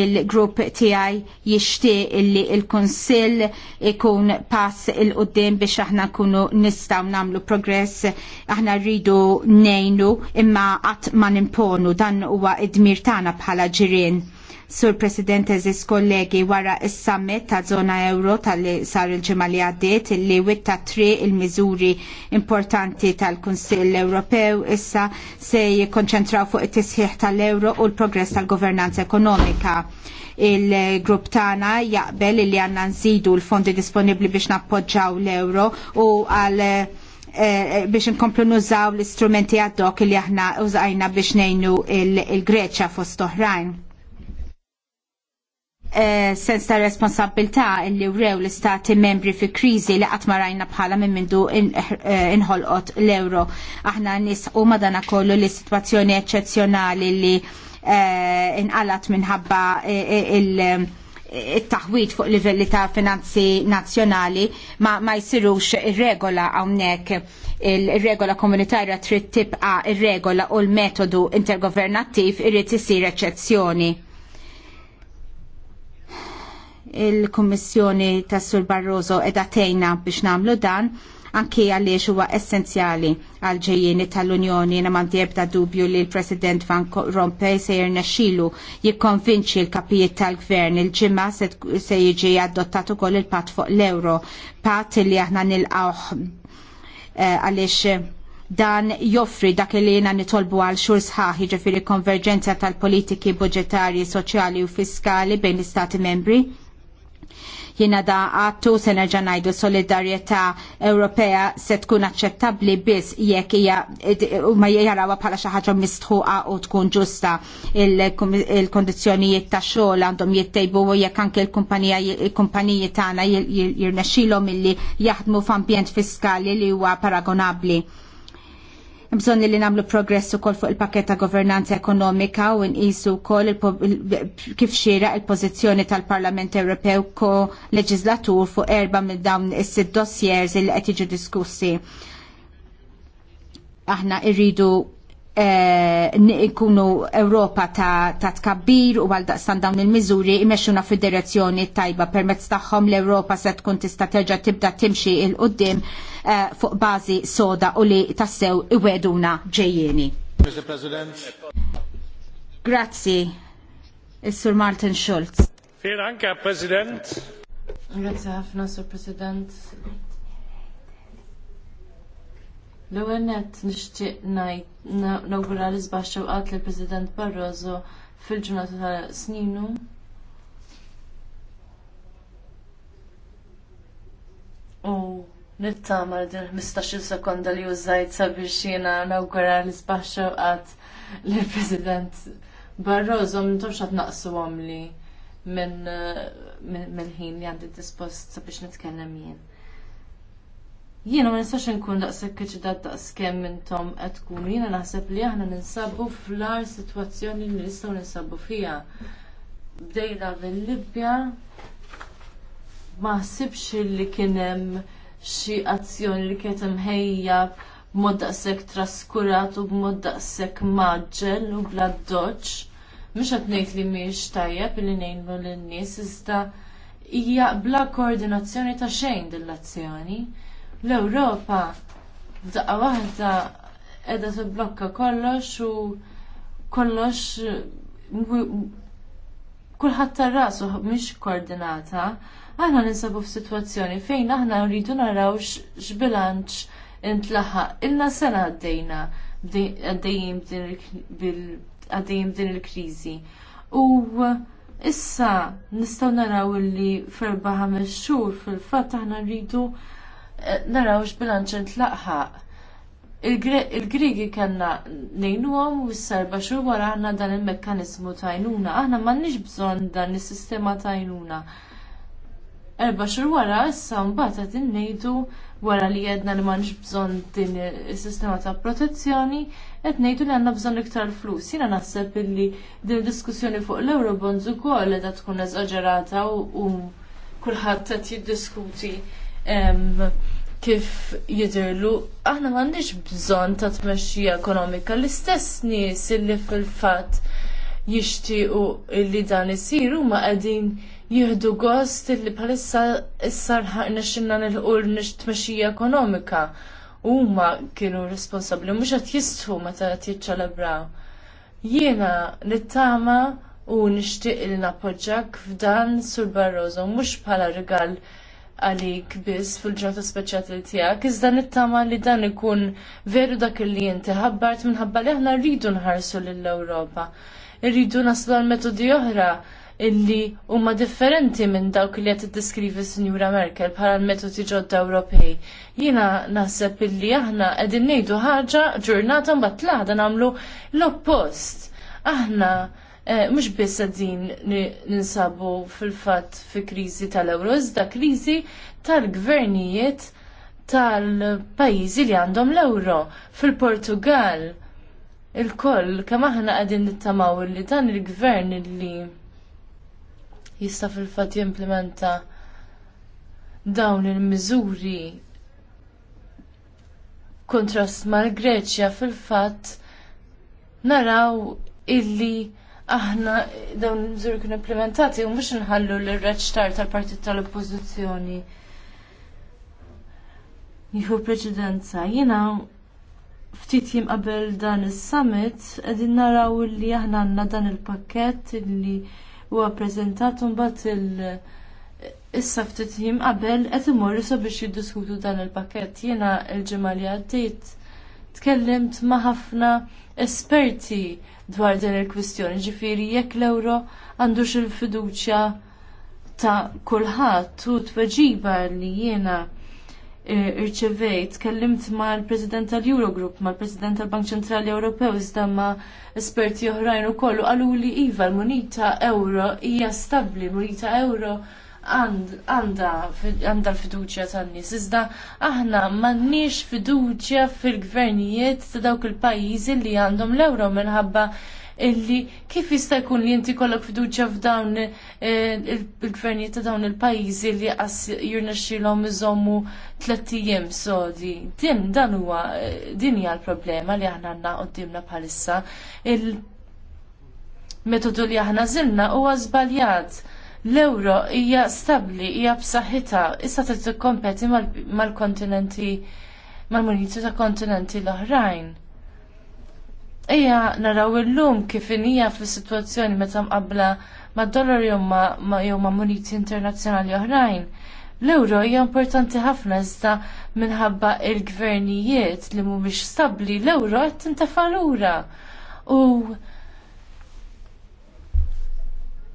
Il-grupp tiegħi jixtieq illi l-Kunsill ikun pass il qudiem biex aħna nkunu nistgħu nagħmlu progress aħna rridu ngħinu imma qatt ma nimponu dan huwa id-dmir tagħna bħala ġirien Sur President eżis kollegi wara il summit ta' zona euro tal-li sar il-ġimma li għaddiet li witta tri il-miżuri importanti tal-Kunsill Ewropew issa se jikkonċentraw fuq it-tisħiħ tal-euro u l-progress tal-governanza ekonomika. Il-grupp tagħna jaqbel li għandna nżidu l-fondi disponibbli biex nappoġġaw l-euro u għal eh, eh, biex nkomplu nużaw l-istrumenti għad-dok li aħna użajna biex nejnu il-Greċa fost oħrajn. Eh, sens ta' responsabilità li wrew l-istati membri fi kriżi li qatt ma rajna bħala minn mindu eh, eh, inħolqot l-euro. Aħna u madana kollu li situazzjoni eccezzjonali li eh, inqalat minħabba il- il taħwit fuq livelli ta' finanzi nazzjonali ma, ma jsirux ir-regola hawnhekk il-regola komunitarja trid tibqa' ir-regola u l-metodu intergovernattiv irid isir eċċezzjoni il-Kummissjoni tas Sur Barroso edha tejna biex namlu dan anke għaliex huwa essenzjali għal tal-Unjoni na mandi ebda dubju li l-President Van Rompuy se jirnexxielu jikkonvinċi l-kapijiet tal-gvern il-ġimgħa se jiġi adottat ukoll il-pat fuq l-euro pat li aħna nilqgħu eh, għaliex dan joffri dak li jena nitolbu għal xur sħaħ jiġifieri konverġenza tal-politiki budġetarji, soċjali u fiskali bejn l-istati membri jina da għattu se nerġa' ngħidu solidarjetà Ewropea se tkun aċċettabbli biss jekk hija ma jarawha bħala xi ħaġa mistħuqa u tkun ġusta il-kondizzjonijiet ta' xogħol għandhom jittejbu u jekk anke l-kumpaniji tagħna jirnexxilhom illi jaħdmu f'ambjent fiskali li huwa paragonabbli Bżonni li namlu progress ukoll fuq il-pakket ta' governanza ekonomika u nqisu wkoll kif xira il-pożizzjoni tal-Parlament Ewropew ko leġislatur fuq erba' minn dawn is-sitt dossiers li qed diskussi. Aħna irridu Eh, ikunu Ewropa ta' tkabbir u għal daqstan dawn il-miżuri imexxuna fid-direzzjoni tajba permezz tagħhom l-Ewropa se tkun tista' terġa' tibda timxi il qudiem eh, fuq bażi soda u li tassew iweduna ġejjieni. Mr. President. Grazzi, Is-Sur Martin Schulz. Fir President. Grazzi ħafna, Sur President. L-ewwel nett nixtieq ngħid nawgura l sbaħ xewqat lill President Barroso fil-ġurnata ta' sninu. U nittama li din 15-il sekonda li użajt sabiex jiena nawgura li sbaħ xewqat lill President Barroso m'intomx qed naqsu għomli minn ħin li għandi dispost sabiex nitkellem jien. Jiena ma nistax inkun daqshekk kiċidat daqs kemm intom qed tkunu, jiena naħseb li aħna ninsabu fl-ar sitwazzjoni li nistgħu ninsabu fiha. Bdejna mill-Libja ma ħsibx li kien hemm xi azzjoni li kienet imħejja b'mod daqshekk traskurat u b'mod daqshekk maġġel u bla doġġ. Mhux qed ngħid li mhijiex tajjeb li ngħinlu lin-nies iżda hija bla koordinazzjoni ta' xejn din l-azzjoni l-Ewropa f'daqqa waħda qiegħda tibblokka kollox u kollox kulħadd tar-rasu mhix koordinata, aħna ninsabu f'sitwazzjoni fejn aħna rridu naraw x'bilanċ intlaħaq. Ilna sena għaddejna għaddejjin din il-kriżi. U issa nistgħu naraw li f'erba' ħames xhur fil-fatt aħna rridu naraw x'bilanċ intlaqħaq. Il-Grigi kellna nejnuhom u s-serba xur wara għandna dan il-mekkanizmu ta' għajnuna. Aħna m'għandniex bżonn dan is-sistema ta' għajnuna. Erba xur wara, issa mbagħad qed innejdu wara li għedna li m'għandx bżonn din is-sistema ta' protezzjoni, qed ngħidu li għandna bżonn iktar flus. Jiena naħseb illi din diskussjoni fuq l-Eurobonds ukoll qiegħda tkun eżaġerata u kulħadd qed jiddiskuti kif jidirlu, aħna m'għandniex bżonn ta' tmexxija ekonomika l-istess nies illi fil-fatt jixtiequ li dan isir huma qegħdin jieħdu gost illi bħalissa issa nexxinna nilħu tmexxija ekonomika. Huma kienu responsabbli mhux qed jistħu meta qed jiċċelebraw. Jiena nittama u nixtieq li nappoġġjak f'dan sur Barroso mhux bħala rigal għalik biss fil-ġrata speċjali tiegħek, iżda nittama li dan ikun veru dak li inti ħabbart minħabba li aħna rridu nħarsu lill-Ewropa. Irridu naslu għal metodi oħra illi huma differenti minn dawk li qed tiddiskrivi Sinjura Merkel bħala l-metodi ġodda Ewropej. Jiena naħseb illi aħna qegħdin ngħidu ħaġa ġurnata mbagħad laħda namlu nagħmlu l-oppost. Aħna Eh, mhux biss qegħdin ninsabu fil-fatt fi kriżi tal-euro, iżda kriżi tal-gvernijiet tal-pajjiżi li għandhom l-euro. Fil-Portugal il-koll kemm aħna qegħdin nittamaw li dan il-gvern li jista' fil-fatt jimplementa dawn il-miżuri kontrast mal-Greċja fil-fatt naraw illi aħna dawn l-mżur kienu implementati u mhux nħallu l-reċtar tal-partit tal-oppożizzjoni. Jieħu preċedenza. Jiena ftit jim qabel dan is-summit qegħdin naraw li aħna għandna dan il-pakkett li huwa ppreżentat u mbagħad il- Issa ftit jim qabel qed imorru sabiex jiddiskutu dan il-pakkett. Jiena l-ġimgħa li għaddit tkellimt ma' ħafna esperti dwar din il-kwistjoni. Ġifieri jekk l-ewro għandux il-fiduċja ta' kulħadd u tweġiba li jiena eh, irċevejt, kellimt ma' l-President tal-Eurogroup, ma' l-President tal-Bank Ċentrali Ewropew, iżda ma' esperti oħrajn u kollu, għallu li iva l-monita euro hija stabli, monita euro għanda għanda l-fiduċja tan-nies. Iżda aħna m'għandniex fiduċja fil-gvernijiet ta' dawk il-pajjiżi li għandhom l-ewro minħabba illi kif jista' jkun li inti kollok fiduċja f'dawn eh, il-gvernijiet ta' dawn il-pajjiżi li qas jirnexxilhom iżommu tliet sodi. Din dan huwa eh, din hija l-problema li aħna għandna qudiemna bħalissa. Il-metodu li aħna żilna huwa żbaljat l-euro hija stabbli, hija b'saħħitha, issa trid tikkompeti mal-kontinenti mal-muniti ta' kontinenti l-oħrajn. Ejja naraw illum kif hija fis-sitwazzjoni meta mqabbla mad dollar jew ma' muniti internazzjonali oħrajn. L-euro hija importanti ħafna iżda minħabba l gvernijiet li mhumiex stabbli l-euro qed tintefa' lura. U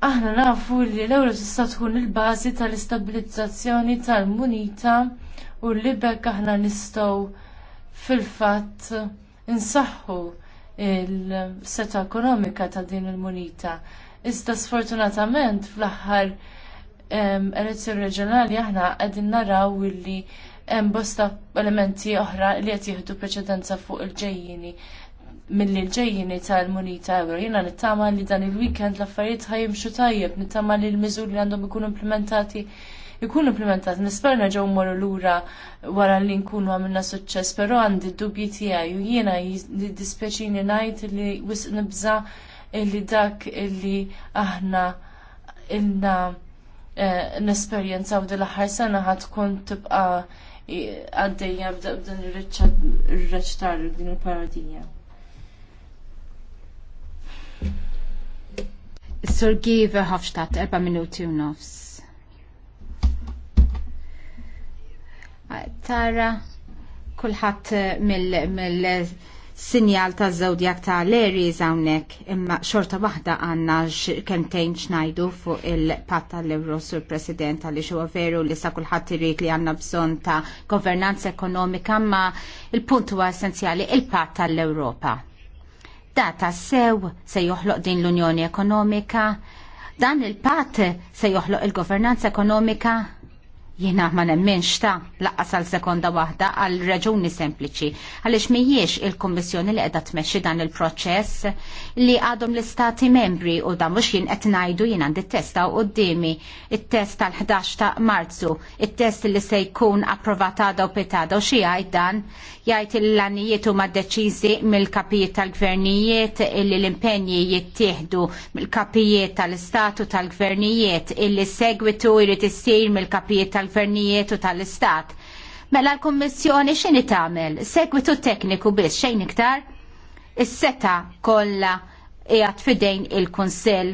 aħna nafu li l-ewro tista' tkun il-bażi tal-istabilizzazzjoni tal-munita u li bekk aħna nistgħu fil-fatt insaħħu il-seta ekonomika ta' din il-munita. Iżda sfortunatament fl-aħħar elezzjoni reġjonali aħna qegħdin naraw illi hemm bosta elementi oħra li qed jieħdu preċedenza fuq il-ġejjini mill-ġejjini tal-Munita Euro. Jena nittama li dan il-weekend l-affarijiet ħajimxu tajjeb, nittama li l-miżur li għandhom ikunu implementati ikunu implementati. Nisper nerġgħu mmorru lura wara li nkunu għamilna suċċess, però għandi d-dubji tiegħi u jiena dispjaċini ngħid li wisq nibża li dak li aħna ilna eh, nesperjenza u dil-aħħar sena ħad tkun tibqa' għaddejja b'dan ir-reċċ din il-parodija. Sur Hofstadt, erba minuti u nofs. Tara, kullħat eh, mill-sinjal ta' zodjak ta' Leri zawnek imma xorta waħda għanna kemtejn xnajdu fuq il-patta l-Euro sur President għalli xuwa veru li sa' kullħat irrit li għanna bżon ta' governanza ekonomika ma' il-punt huwa essenzjali il-patta l-Europa data sew se joħloq din l-Unjoni Ekonomika, dan il-pat se joħloq il-Governanza Ekonomika Jiena ma nemmenx ta' laqqas għal sekonda waħda għal raġuni sempliċi għaliex mhijiex il-Kummissjoni li qiegħda tmexxi dan il-proċess li għadhom l-istati membri u da mhux jien qed ngħidu jien għandi testa u qudiemi it-test tal-11 ta' Marzu, it-test li se jkun approvat għada u petada u xi jgħid dan jgħid il-lanijiet huma deċiżi mill-kapijiet tal-gvernijiet illi l-impenji jittieħdu mill-kapijiet tal-istatu tal-gvernijiet illi segwitu jrid issir mill-kapijiet tal tal-gvernijiet u tal-istat. Mela l-Kommissjoni xini tagħmel? Segwitu tekniku biss xejn iktar? Is-seta kollha qiegħed fidejn il-Kunsell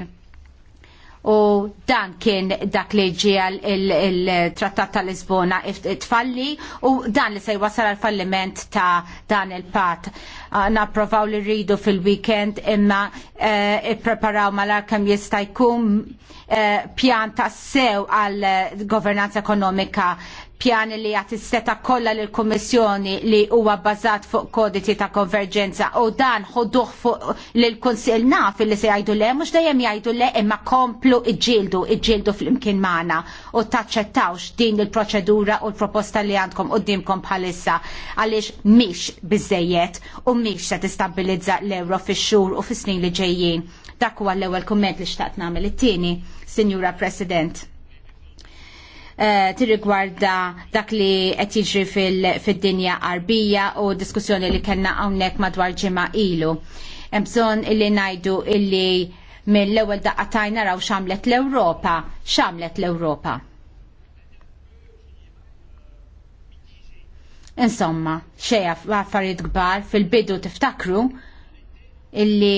u dan kien dak li ġie il-trattat tal Lisbona tfalli u dan li se jwasal għal falliment ta' dan il-pat. provaw li rridu fil-weekend imma eh, ippreparaw malar kem jista' jkun eh, pjan ta' sew għal governanza ekonomika pjan li għat seta kollha lill kummissjoni li huwa bbażat fuq koditi ta' konverġenza u dan ħodduh fuq lill konsil naf li se jgħidu le mhux dejjem jgħidu le imma komplu iġildu iġġieldu flimkien magħna u taċċettawx din il-proċedura u l-proposta li għandkom dimkom bħalissa għaliex mhix bizzejiet u mhix se tistabilizza l-euro fix-xhur u fis-snin li ġejjin. Dak huwa l-ewwel kumment li xtaqt nagħmel it-tieni, Sinjura President. Eh, tirrigwarda dak li qed jiġri fid-dinja qarbija u diskussjoni li kellna hawnhekk madwar ġimgħa ilu. Hemm bżonn illi ngħidu illi mill-ewwel daqqa tajna raw x'għamlet l-Ewropa, x'għamlet l-Ewropa. Insomma, xejja affarijiet kbar fil-bidu tiftakru illi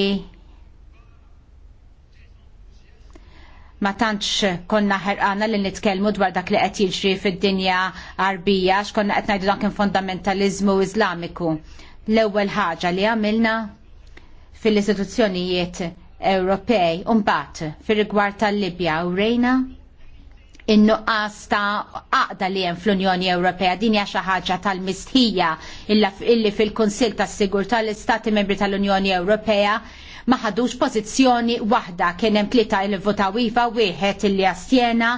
ma tantx konna ħerqana li nitkellmu dwar dak li qed jiġri fid-dinja arbija x'konna qed ngħidu dak fundamentaliżmu Iżlamiku. L-ewwel ħaġa li għamilna fil-istituzzjonijiet Ewropej u mbagħad fir-rigward tal-Libja u rejna in-nuqqas ta' għaqda li hemm fl-Unjoni Ewropea din hija xi ħaġa tal-mistħija illi fil-Kunsill tas-Sigurtà l-Istati Membri tal-Unjoni Ewropea ma ħadux pożizzjoni waħda kien hemm tlieta li votaw iva wieħed illi astjena.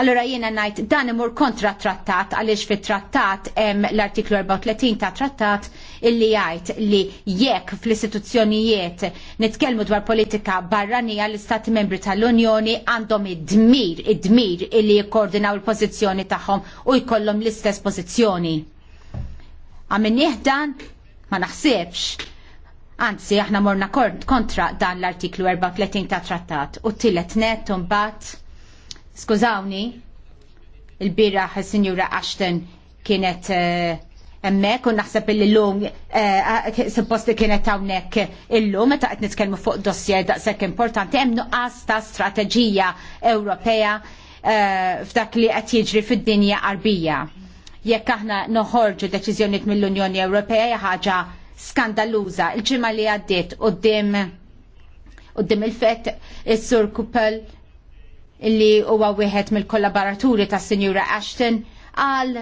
Allora jiena ngħid dan imur kontra trattat għaliex fit-trattat hemm l-artiklu 34 ta' trattat illi jgħid li jekk fl-istituzzjonijiet nitkellmu dwar politika barranija l-Istati Membri tal-Unjoni għandhom id-dmir, id-dmir illi jikkoordinaw il-pożizzjoni tagħhom u jkollhom l-istess pożizzjoni. Għamin dan ma naħsibx Anzi, aħna morna kontra dan l-artiklu 34 ta' trattat u tillet net bat, skużawni, il birra il-Sinjura Ashton kienet eh, emmek u naħseb il-lum eh, eh, suppost li kienet hawnhekk illum meta qed nitkellmu fuq dossier daqshekk importanti hemm nuqqas ta' strateġija Ewropea f'dak li qed jiġri fid-dinja qarbija. Jekk aħna noħorġu deċiżjonijiet mill-Unjoni Ewropea ħaġa skandaluża il-ġimgħa li għaddiet d-dim il-fett is-Sur il Kupel li huwa wieħed mill-kollaboraturi tas Sinjura Ashton għal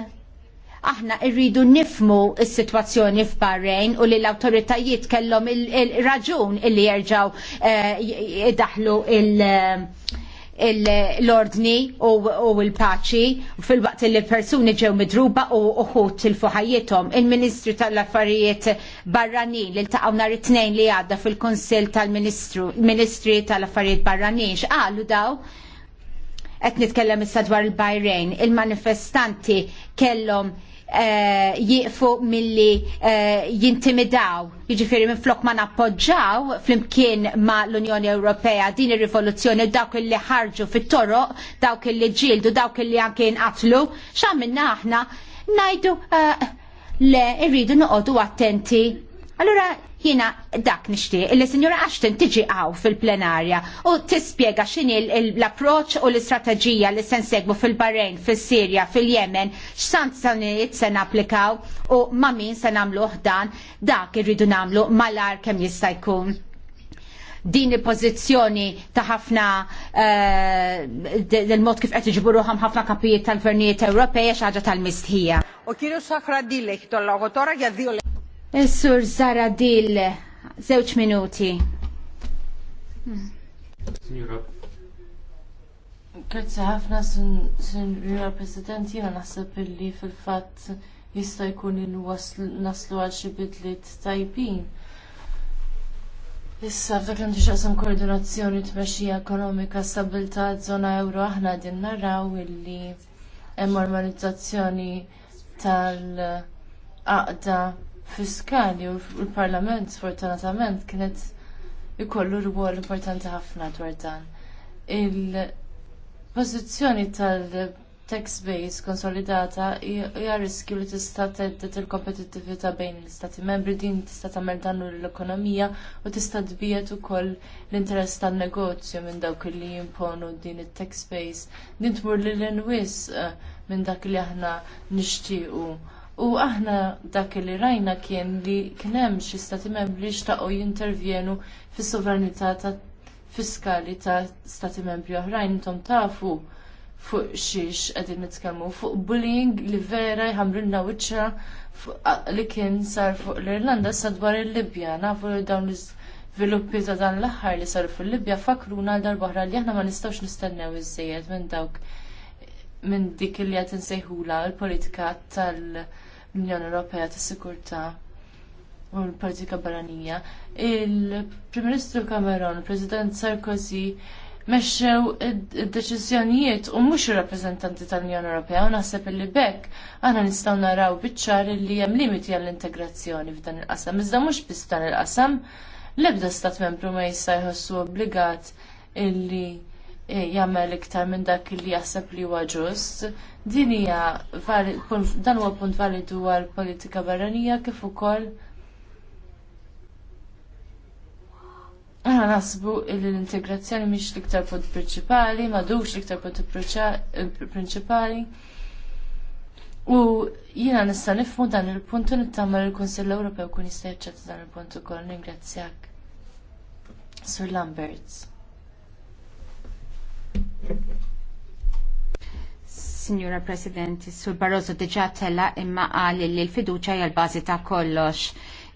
aħna irridu nifmu s sitwazzjoni f'Barrejn u li l awtoritajiet kellhom il-raġun il li jerġgħu eh, daħlu il- l-ordni u l-paċi fil-waqt li persuni ġew midruba u uħut il-fuħajietom. Il-Ministru tal-Affarijiet Barranin li taqaw nhar it-tnejn li għadda fil-Kunsill tal-Ministri tal-Affarijiet Barranin x'qalu daw qed nitkellem issa dwar il-Bajrejn, il-manifestanti kellhom Eh, jieqfu milli eh, jintimidaw. Jiġifieri minflok ma nappoġġaw flimkien ma l-Unjoni Ewropea din ir-rivoluzzjoni dawk illi ħarġu fit-toroq, dawk illi ġildu, dawk illi anke inqatlu, x'għamilna aħna ngħidu eh, le irridu noqogħdu attenti Allura jina dak nixtieq li sinjura Ashton tiġi għaw fil-plenarja u tispjega x'inhi l-approċċ u l-istrateġija li se segbu fil-Barejn, fil sirja fil-Yemen, x'sanzjonijiet se napplikaw u ma' min se nagħmlu dan dak irridu nagħmlu malar kemm jista' jkun din il-pozizjoni ta' ħafna eh, del-mod kif qed iġburuhom ħafna kapijiet tal-gvernijiet Ewropej xi ħaġa tal-mistħija. U kienu sakra dilek tollogħu tora Essur sur Zara Dill, żewġ minuti. Signora. Grazie ħafna, Signora President, jena naħseb illi fil-fat jista' jkun naslu għal xi t tajbin. Issa, f'dak li xaqsam koordinazzjoni tmexxija ekonomika stabilta zona euro aħna din narraw illi hemm normalizzazzjoni tal aqda fiskali u l-Parlament sfortunatament kienet ikollu rwol importanti ħafna dwar dan. Il-pożizzjoni tal-tax base konsolidata hija riskju li tista' teddet il-kompetittività bejn l-istati membri din tista' tagħmel dannu l-ekonomija u tista' tbiet ukoll l-interess tan-negozju minn dawk li jimponu din it-tax base din tmur lil inwies eh, minn dak li aħna nixtiequ U aħna dak li rajna kien li kien hemm xi stati membri xtaqgħu jintervjenu fis-sovranità fiskali ta' stati membri oħrajn intom tafu fuq xiex qegħdin nitkellmu fuq bullying li vera jħamrilna wiċċa li kien sar fuq l-Irlanda sadwar dwar il-Libja. Nafu li dawn l-iżviluppi ta' dan l-aħħar li saru fil-Libja fakruna għal darba li aħna ma nistgħux nistennew iżejjed minn dawk minn dik li qed insejħula l-politika tal- l-Unjoni Ewropea tas Sigurtà u l-Politika Barranija. Il-Prim Ministru Cameron, President Sarkozy, mexxew id-deċiżjonijiet u mhux ir-rappreżentanti tal-Unjoni Ewropea u naħseb illi bekk aħna nistgħu naraw biċ-ċar li hemm limiti għall-integrazzjoni f'dan il-qasam. Iżda mhux biss dan il-qasam, l-ebda stat membru ma jista' jħossu obbligat illi Eh, jagħmel iktar minn dak li jaħseb li huwa ġust. Din hija dan huwa punt validu għal politika barranija kif ukoll Aħna nasbu l-integrazzjoni mhix l-iktar punt prinċipali, madux l-iktar punt prinċipali. U jiena nista' nifmu dan il-punt u nittama l-Kunsill Ewropew kun jista' jaċċetta dan il-punt ukoll. Ningrazzjak. Sur Lamberts. Signora President, Sur Barroso diġa tella imma qal li l-fiduċa hija l-bażi ta' kollox.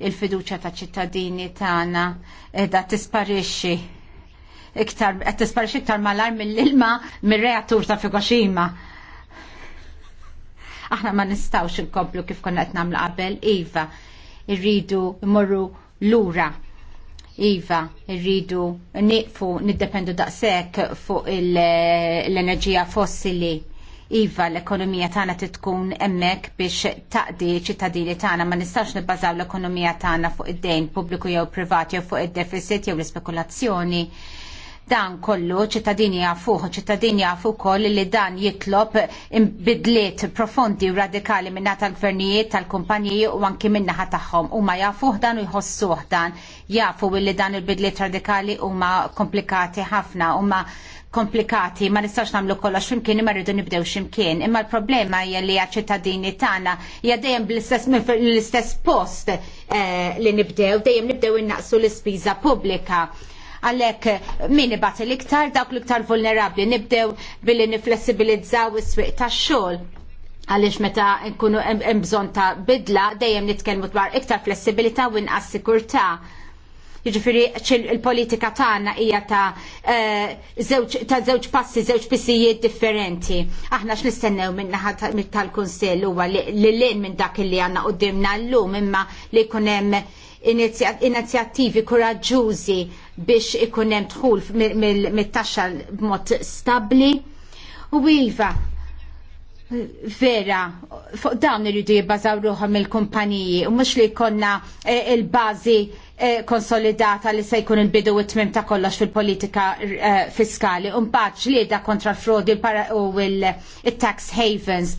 Il-fiduċa ta' ċittadini tagħna qiegħda tisparixxi iktar qed tisparixi iktar malar mill-ilma mir-reattur ta' Fukushima. Aħna ma nistgħux inkomplu kif konna qed nagħmlu qabel, iva, irridu mmorru lura Iva, rridu niqfu niddependu daqshekk fuq l-enerġija fossili. Iva, l-ekonomija tagħna titkun hemmhekk biex taqdi ċittadini tagħna ma nistax nibbażaw l-ekonomija tagħna fuq id-dejn pubbliku jew privat jew fuq id-deficit jew l-ispekulazzjoni. Dan kollu ċittadini jafuħ, ċittadini jafu koll li dan jitlob imbidliet profondi u radikali minna tal-gvernijiet, tal-kumpaniji u anki minna tagħhom. U ma jafuħ dan u jħossuħ dan, jafu li dan il-bidliet radikali u ma komplikati ħafna u ma komplikati, ma nistax namlu kollox ximkien imma rridu nibdew ximkien. Imma l-problema hija li ċittadini tagħna hija dejjem bl-istess post eh, li nibdew, dejjem nibdew innaqsu l-ispiża pubblika għalhekk min ibat l-iktar dawk l-iktar vulnerabbli nibdew billi niflessibilizzaw is-swieq tax-xogħol għalix meta nkunu hemm bżonn ta' bidla dejjem nitkellmu dwar iktar flessibilità u inqas sikurtà. Jiġifieri il-politika tagħna hija eh, ta' żewġ passi, żewġ pissijiet differenti. Aħna x'nistennew minnaħa tal-Kunsill huwa li lin minn dak li għandna quddiemna llum imma li jkun hemm inizjattivi kuraġġużi biex ikun hemm mit-taxxa b'mod stabbli. U iva, vera, fuq dawn irridu jibbażaw ruħom il-kumpaniji u mhux li jkollna eh, il-bażi eh, konsolidata li se jkun il-bidu u tmim ta' kollox fil-politika eh, fiskali u mbagħad li da kontra l-frodi u il-tax havens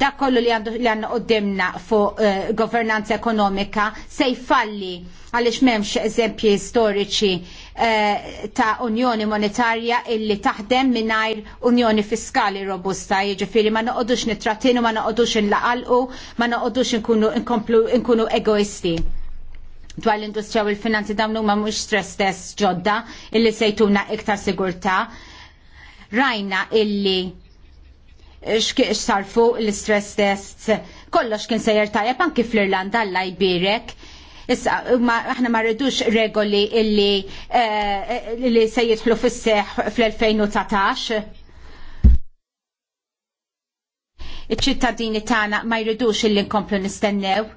dak kollu li għanna għoddimna fuq uh, governanza ekonomika se jfalli għaliex m'hemmx eżempji storiċi uh, ta' unjoni monetarja illi taħdem mingħajr unjoni fiskali robusta, jiġifieri ma noqogħdux nitratinu, ma noqogħdux inlaqalqu, ma noqogħdux nkunu egoisti dwar l-industrija u l-finanzi dawn huma mhux stress test ġodda illi sejtuna iktar sigurtà. Rajna illi xkieq sarfu l-stress tests. Kollox kien sejjer tajjeb anki fl-Irlanda l jbirek. Issa, ma, aħna ma rridux regoli illi eh, li se jidħlu fis-seħ fl-2019. Iċ-ċittadini tagħna ma jridux illi nkomplu nistennew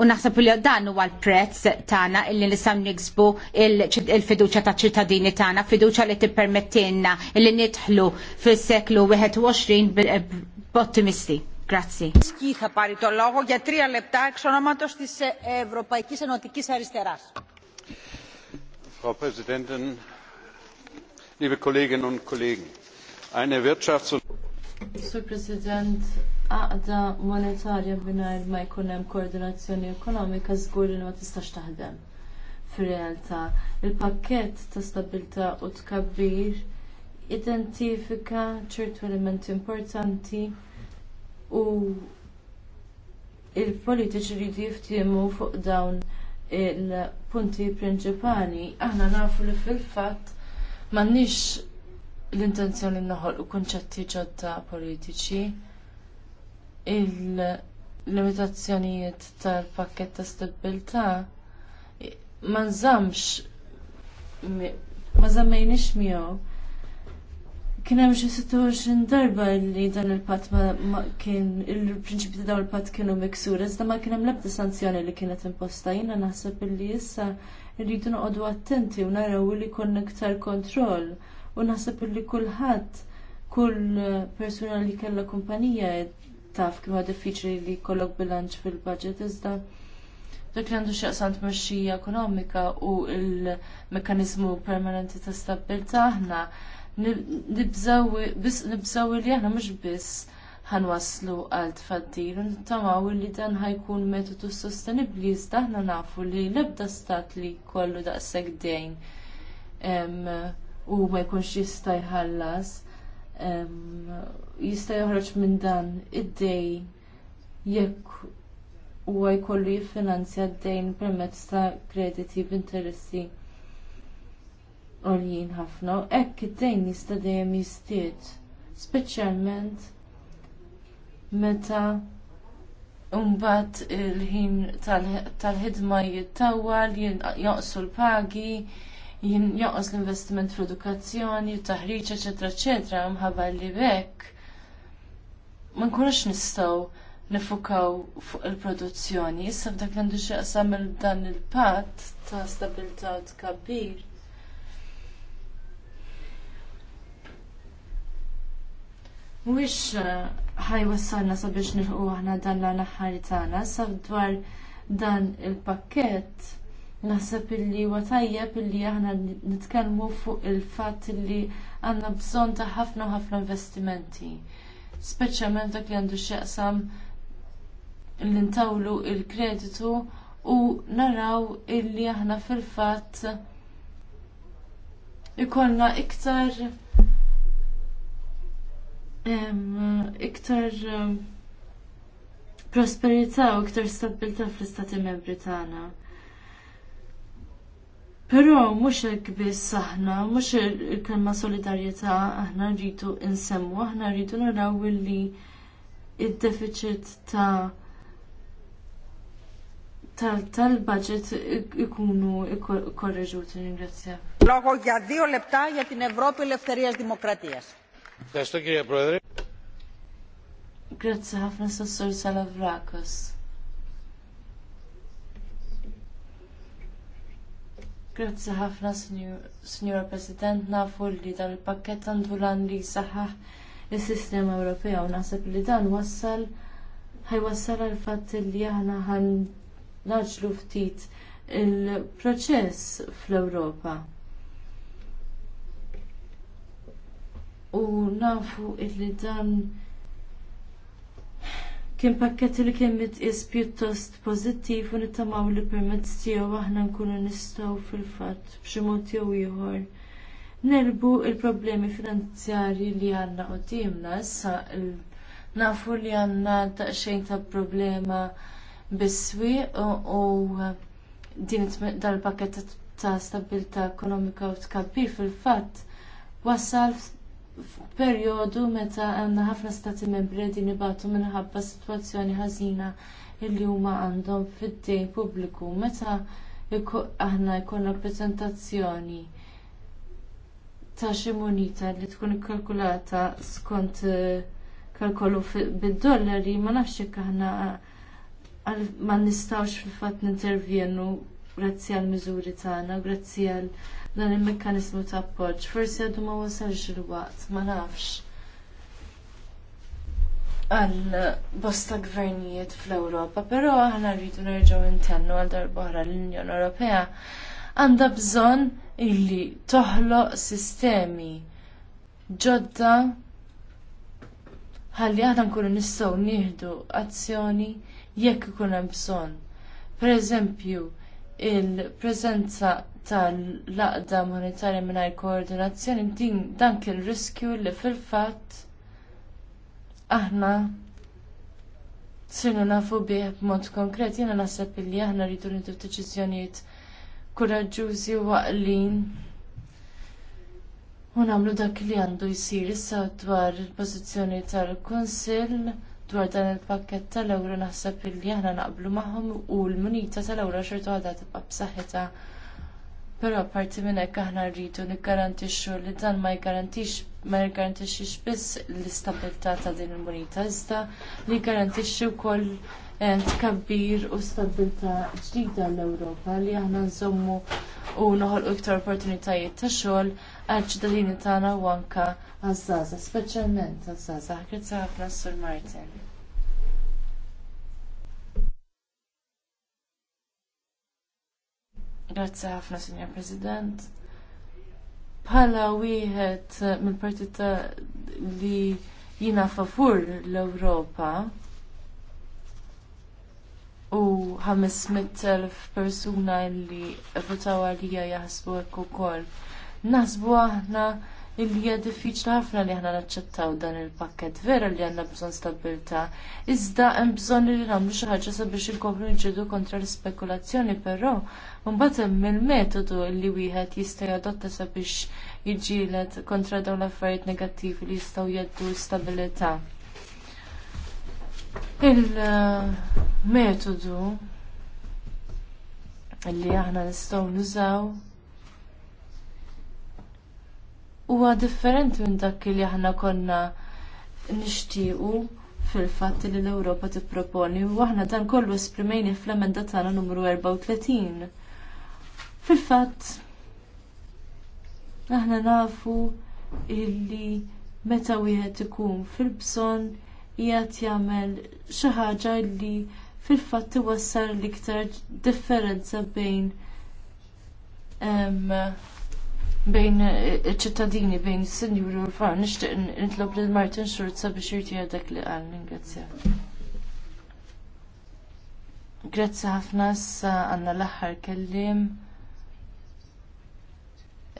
U naħseb li dan huwa l-prezz tagħna illi nistgħu niksbu il-fiduċja taċ ċittadini tagħna, fiduċja li tippermettilna illi nidħlu fis-seklu 21 eh, b'ottimisti. Grazzi. Skita pari tollogo για τρία λεπτά εξ ονόματος της Ευρωπαϊκής Ενωτικής Αριστεράς. Frau Präsidentin, liebe Kolleginnen und Kollegen, eine Wirtschafts- und Herr Präsident, għaqda monetarja mingħajr ma jkun hemm koordinazzjoni ekonomika żgur li ma tistax taħdem fir-realtà. Il-pakkett ta' stabilità u tkabbir identifika ċertu elementi importanti u l politiċi li jiftiemu fuq dawn il-punti prinċipali. Aħna nafu li fil-fatt m'għandniex l-intenzjoni naħolqu kunċetti ġodda politiċi il-limitazzjonijiet tal-pakket ta' stabilta ma nżamx ma zammejniex miegħu. Kien hemm xi situation darba li dan il-patt ma kien il-prinċipji ta' dawn il-patt kienu miksur, iżda ma kien hemm l-ebda sanzjoni li kienet imposta. Jiena naħseb illi issa rridu noqogħdu attenti u naraw li jkun iktar kontroll u naħseb illi kulħadd kull persuna li kellha kumpanija taf kif huwa diffiċli li jkollok bilanċ fil-budget iżda dak li għandu x'jaqsant mexxija ekonomika u l-mekkaniżmu permanenti ta' stabilta aħna nibżaw li aħna mhux biss ħanwaslu għal tfaddil u nittamaw li dan ħajkun metodu sostenibbli iżda aħna nafu li l-ebda stat li kollu daqshekk dejn u ma jkunx jista' jħallas jista' joħroġ minn dan id dej jekk huwa jkollu jiffinanzja d-dejn permezz ta' krediti b'interessi għoljin ħafna. Hekk id-dejn jista' dejjem jistiet, speċjalment meta mbagħad il-ħin tal-ħidma jittawal, jinqsu l-pagi, jinjoqos l-investiment fl-edukazzjoni, taħriġ, eċetera, eccetera, mħabba li bekk. Ma nkunux nistgħu nifukaw fuq il-produzzjoni. Issa f'dak l-għandu xieqsam dan il-pat ta' stabilità u Mwix eh, ħaj wassalna sabiex nilħu aħna dan l-anaħħari tagħna, sa dwar dan il-pakkett Naħseb illi huwa tajjeb illi aħna nitkellmu fuq il-fatt illi għandna bżonn ta' ħafna ħafna investimenti. Speċjalment dak li għandu x'jaqsam li ntawlu l kreditu u naraw illi aħna fil-fatt ikollna iktar iktar prosperità u iktar stabilta fl-istati membri tagħna. Pero mhux hekk biss aħna, mhux il-kelma solidarjetà aħna rridu insemmu, aħna rridu naraw li id-deficit ta' tal-budget ikunu korreġuti, ringrazzja. Λόγο για δύο λεπτά για την Ευρώπη Ελευθερίας Δημοκρατίας. Ευχαριστώ κύριε Πρόεδρε. Grazie ħafna sassur Salavrakos. Grazzi ħafna, Signora President, nafu li dan il-pakket għandu lan li saħħaħ il-sistema Ewropea u naħseb li dan wassal ħajwassal għal fatt li aħna ħan naġlu ftit il-proċess fl-Ewropa. U nafu li dan Kien pakket li kien mitqis pjuttost pożittiv u nittamaw li permezz tiegħu aħna nkunu nistgħu fil-fatt b'xi mod jew ieħor. Nerbu l problemi finanzjarji li għandna qudiemna issa nafu li għandna daqsxejn ta' problema bis-swieq u din dal-pakket ta' stabilità ekonomika u tkabbir fil-fatt wassal f'perjodu meta għandna ħafna stati membri din ibatu minħabba sitwazzjoni ħażina li huma għandhom fid-dejn pubbliku meta aħna jkollna prezentazzjoni ta' xi munita li tkun ikkalkulata skont eh, kalkolu bid-dollari ma nafx jekk aħna ma nistgħux fil-fatt nintervjenu grazzi għall miżuri tagħna, grazzi għal dan il-mekkanizmu ta' appoġġ. Forsi għadu ma wasalx il-waqt, ma nafx. Għal bosta gvernijiet fl-Ewropa, però aħna rridu nerġgħu intennu għal darbohra l-Unjoni Ewropea għandha bżonn illi toħloq sistemi ġodda ħalli għadan nkunu nistgħu nieħdu azzjoni jekk ikun hemm bżonn. Pereżempju, il-preżenza tal-laqda monetarja mingħajr koordinazzjoni din dan kien riskju li fil-fatt aħna sirna nafu bih b'mod konkret jiena naħseb li aħna rridu nidu deċiżjonijiet kuraġġużi u waqlin u nagħmlu dak li għandu jsir issa dwar il-pożizzjoni tal-Kunsill dwar dan il-pakket tal-ewro naħseb li aħna naqblu magħhom u l-munita tal-ewro xorta għadha tibqa' b'saħħitha Però parti minn hekk aħna rridu nikgarantixxu li dan ma jgarantix ma jgarantixx biss l-istabilità ta' din il-munita iżda li jgarantixxi wkoll eh, tkabbir u stabilità ġdida l-Ewropa li aħna nżommu u noħol iktar opportunitajiet ta' xogħol għal ċittadini tagħna u anke għaż-żgħażagħ, speċjalment għaż-żgħażagħ. Grazzi ħafna Sur Martin. Grazzi ħafna, Signor President. Pala wieħed mill-partita li jina favur l-Ewropa u 500.000 persuna li votaw għalija jaħsbu hekk ukoll. Nasbu aħna illi hija diffiċli ħafna li aħna naċċettaw dan il-pakket. Vera li għandna bżonn stabilta. Iżda hemm bżonn li nagħmlu xi ħaġa sabiex inkopru nġidu kontra l-ispekulazzjoni, però Mbagħad hemm il-metodu li wieħed jista' jadotta sabiex jiġilet kontra dawn l-affarijiet negattivi li jistgħu jeddu stabilità. Il-metodu li aħna nistgħu nużaw huwa differenti minn dak li aħna konna nixtiequ fil-fatt li l-Ewropa tipproponi u aħna dan kollu esprimejni fl-emenda tagħna numru 34. Fil-fatt, aħna nafu illi meta wieħed ikun fil-bżonn qiegħed jagħmel xi ħaġa li fil-fatt iwassal l-iktar differenza bejn bejn ċittadini, bejn is senjur u l-fan, nixtieq nitlob lil Martin Schurza biex jirtija dak li qal ningrazzja. Grazzi ħafna sa għanna l aħħar kellim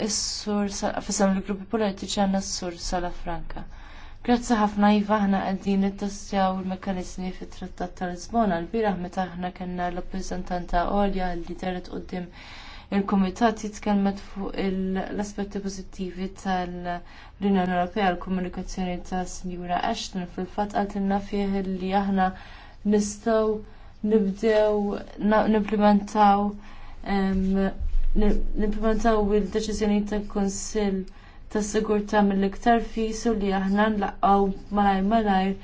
Is-sur fissam il-gruppi politiċi għanna s-sur Sala Franka. Grazzi ħafna Iva ħna għaddin nittestjaw il-mekanizmi fit trattat ta' Lisbona. L-biraħ meta ħna kena l-rappresentanta Olja li deret qoddim il-Komitat jitkelmet fuq l-aspetti pozittivi tal-Unjoni Ewropea l-komunikazzjoni ta' Sinjura Ashton fil-fatt għaddinna fih li aħna nistgħu nibdew nimplementaw nimplementaw il deċizjoni tal-Kunsill tas-sigurtà mill-iktar fisu li aħna nlaqgħu malajr malajr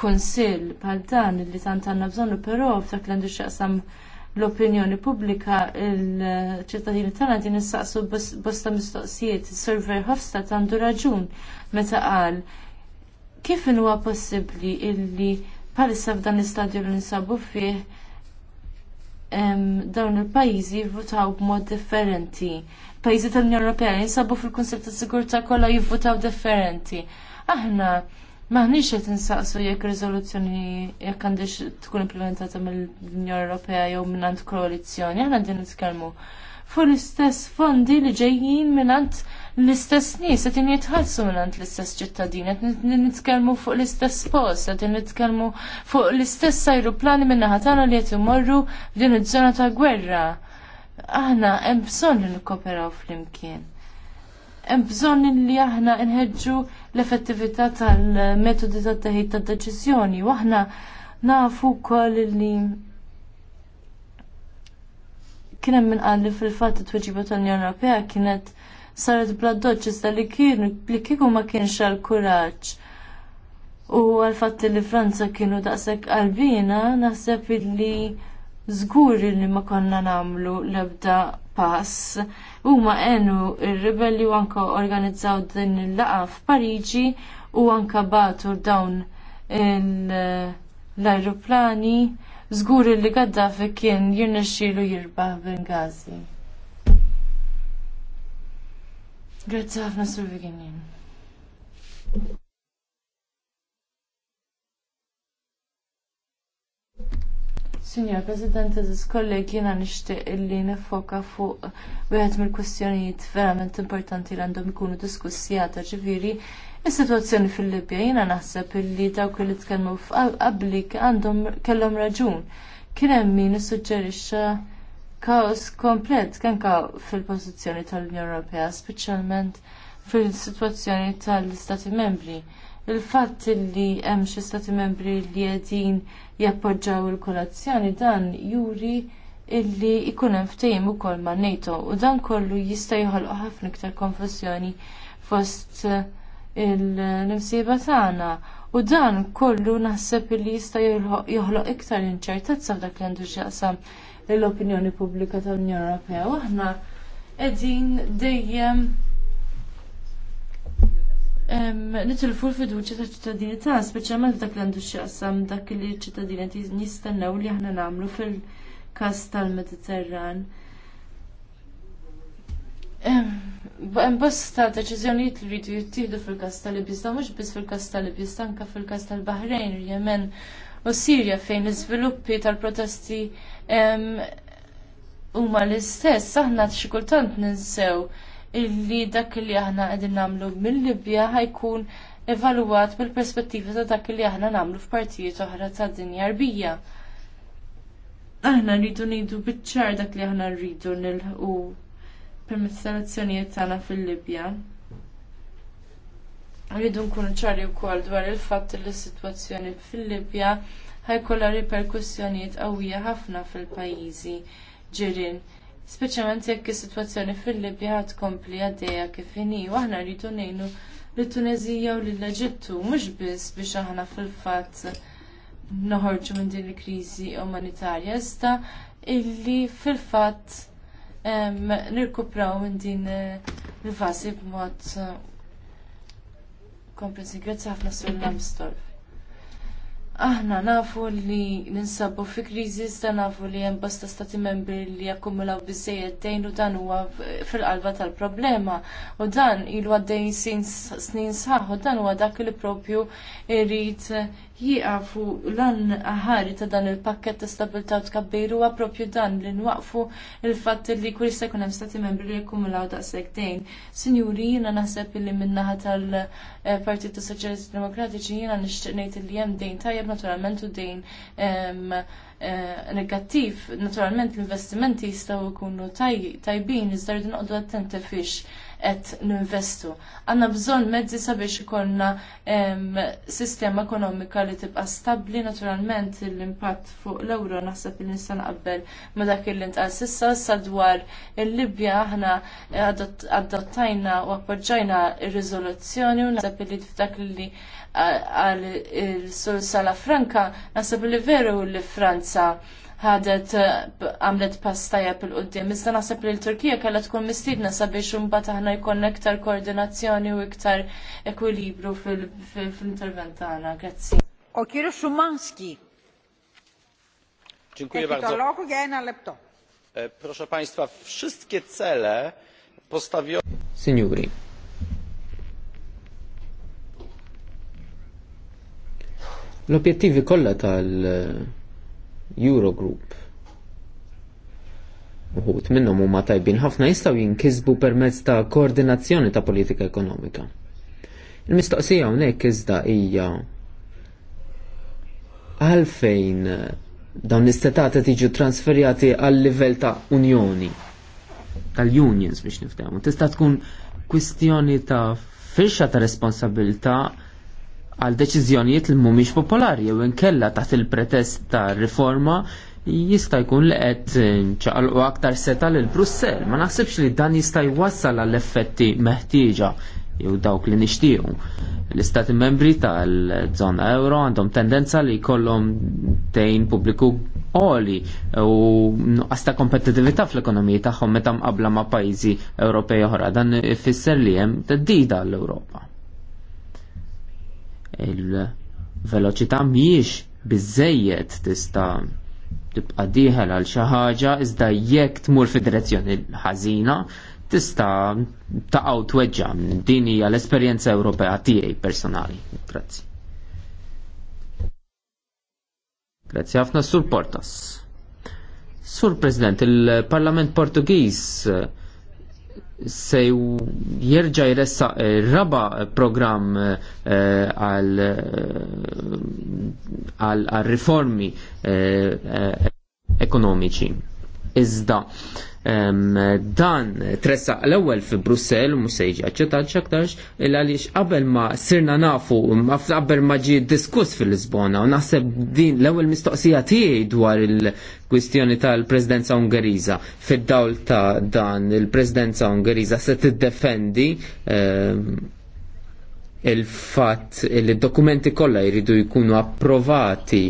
kunsill bħal dan li tant għandna bżonnu, però f'dak li għandu x'jaqsam l-opinjoni pubblika il-ċittadini tagħna din issaqsu bosta mistoqsijiet. is surver Hofstadt għandu raġun meta qal kif huwa possibbli illi bħalissa f'dan l-istadju li nsabu fih dawn il-pajjiżi jivvutaw b'mod differenti. Pajjiżi tal-Unjoni Ewropea jinsabu fil konsept ta' Sigurtà kollha jivvutaw differenti. Aħna maħniex qed insaqsu jekk riżoluzzjoni jekk għandix tkun implementata mill-Unjoni Ewropea jew mingħand koalizzjoni, aħna din nitkellmu fuq l-istess fondi li ġejjin għand l-istess nies qed jitħallsu mingħand l-istess ċittadin, qed nitkellmu fuq l-istess post, qed nitkellmu fuq l-istess ajruplani min-naħa tagħna li qed imorru f'din iż-żona ta' gwerra. Aħna hemm bżonn li nikkoperaw flimkien. Hemm bżonn li aħna nħeġġu l-effettività tal-metodi tat-teħid tad-deċiżjoni u aħna nafu wkoll li kien hemm qalli fil-fatt it-tweġiba tal-Unjoni Ewropea kienet saret bladdoċ, iżda li kienu li kieku ma kienx għal kuraġġ. U għal li Franza kienu daqshekk għalbina, naħseb li żguri li ma konna nagħmlu l-ebda pass. Huma għenu il ribelli u anke organizzaw din il laqgħa f'Pariġi u anke batu dawn l-ajruplani żguri li Gaddafi kien jirnexxielu jirbaħ Benghazi. Grazie ħafna Sur Signor President, eżis kollegi, jena nishti illi nifoka fuq wieħed mill-kwestjonijiet verament importanti li għandhom ikunu diskussijata ġifiri Is-sitwazzjoni fil-Libja jiena naħseb illi dawk li tkellmu qabli għandhom kellhom raġun. Kien hemm min issuġġerixxa kaos komplet kenka fil-pożizzjoni tal-Unjoni Ewropea, speċjalment fil-sitwazzjoni tal-Stati membri. Il-fatt li hemm xi Stati membri li qegħdin jappoġġaw il-kolazzjoni dan juri illi jkun hemm ftehim ukoll ma' NATO u dan kollu jista' jħolqu ħafna iktar konfessjoni fost il-nimsieba tagħna U dan kollu naħseb li jista' joħloq iktar inċertezza f'dak li għandu x'jaqsam l-opinjoni pubblika tal-Unjoni Ewropea. Aħna qegħdin dejjem nitilfu l fiduċja ta' ċittadini ta' speċjalment dak l għandu x'jaqsam dak li ċittadini jistennew li aħna nagħmlu fil kas tal-Mediterran. Bosta deċiżjonijiet li rridu jittieħdu fil-każ tal-Ibista, mhux biss fil-każ tal-Ibista, anke fil-każ tal bahrejn Jemen u Sirja fejn l-iżviluppi tal-protesti huma l-istess aħna xi kultant ninsew illi dak li aħna qegħdin nagħmlu mill-Libja ħajkun evalwat mill-perspettiva ta' dak li aħna nagħmlu f'partijiet oħra tad dinja arbija. Aħna rridu ngħidu biċ-ċar dak li aħna rridu nilħu permezz tal-azzjonijiet tagħna fil-Libja. Rridu nkunu ċari wkoll dwar il-fatt li s-sitwazzjoni fil-Libja ħajkolla riperkussjonijiet qawwija ħafna fil-pajjiżi ġirien. Speċjalment jekk is-sitwazzjoni fil-Libja ħadd tkompli għaddejja kif inhi u aħna rridu ngħinu lit Tunezija u lill-Eġittu mhux biss biex aħna fil-fatt noħorġu minn din il-kriżi umanitarja iżda illi fil-fatt nirkupraw minn din eh, il-fasi b'mod eh, komprensib. Grazzi ħafna sur Lamstorf. Aħna nafu li ninsabu fi kriżi sta nafu li hemm bosta stati membri li jakkumulaw biżejjed dejn u dan huwa fil-qalba tal-problema. U dan ilu għaddej snin sħaħ u dan huwa dak li propju irid jieqafu lan aħari ta' dan il-pakket ta' stabilta' u tkabbiru huwa propju dan li nwaqfu il-fatt li kull jista' jkun hemm stati membri li jkkumulaw daqshekk dejn. Sinjuri, jiena naħseb li min-naħa tal-Partit ta' Soċjalisti Demokratiċi jiena nixtieq ngħid li hemm dejn tajjeb naturalment u dejn eh, negattiv. Naturalment l-investimenti jistgħu jkunu tajbin, iżda rridu noqdu attenti fiex qed ninvestu. Għanna bżonn mezzi sabiex ikollna sistema ekonomika li tibqa' stabbli naturalment l-impatt fuq l-ewro naħseb li nista' naqbel ma' dak li ntqal sissa issa dwar il-Libja aħna adottajna u appoġġajna r-riżoluzzjoni u naħseb li f'dak li għal il-Sur Sala Franka naħseb li veru li Franza ħadet eh, għamlet pastajja pil qoddim Iżda naħseb li l-Turkija kellha tkun mistiedna sabiex imbagħad aħna jkollna iktar koordinazzjoni u iktar ekwilibru fil-intervent tagħna. Grazzi. Okiru Szumanski. Dziękuję bardzo. E, proszę Państwa, wszystkie cele postawione... Signori. L'obiettivo obiettivi Eurogroup. Uħut minnhom huma tajbin ħafna jistgħu jinkisbu permezz ta' koordinazzjoni ta' politika ekonomika. Il-mistoqsija hawnhekk iżda hija għalfejn dawn l tiġu transferjati għal livell ta' unjoni tal-unions biex niftehmu. Tista' tkun kwistjoni ta' firxa ta' responsabilta' għal deċiżjonijiet li mhumiex popolari jew inkella taħt il-pretest ta' riforma jista' jkun li qed ċaqalqu aktar seta lil Brussell. Ma naħsibx li dan jista' jwassal għall effetti meħtieġa jew dawk li nixtiequ. L-istati membri tal zona euro għandhom tendenza li jkollhom tejn pubbliku oli u nuqqas ta' kompetitività fl-ekonomija tagħhom meta mqabbla ma' pajjiżi Ewropej oħra. Dan ifisser li hemm teddida l-Ewropa il-veloċità mhijiex biżżejjed tista' tibqa' diħel għal xi ħaġa iżda jekk tmur fid-direzzjoni ħażina tista' taqgħu tweġġa' din hija l-esperjenza Ewropea tiegħi personali. Grazzi. Grazzi ħafna Sur Portas. Sur President, il-Parlament Portugiż se jirġa jressa raba program eh, eh, għal riformi eh, ekonomiċi. Iżda, dan tressa l-ewwel fi Brussell mhux se jiġi aċċettat x'aktarx il għaliex qabel ma sirna nafu qabel ma ġie diskuss fil-Lisbona u naħseb din l-ewwel mistoqsija tiegħi dwar il-kwistjoni tal-Presidenza Ungeriża fid-dawl ta' dan il-Presidenza Ungeriża se tiddefendi il-fatt li d-dokumenti kollha jridu jkunu approvati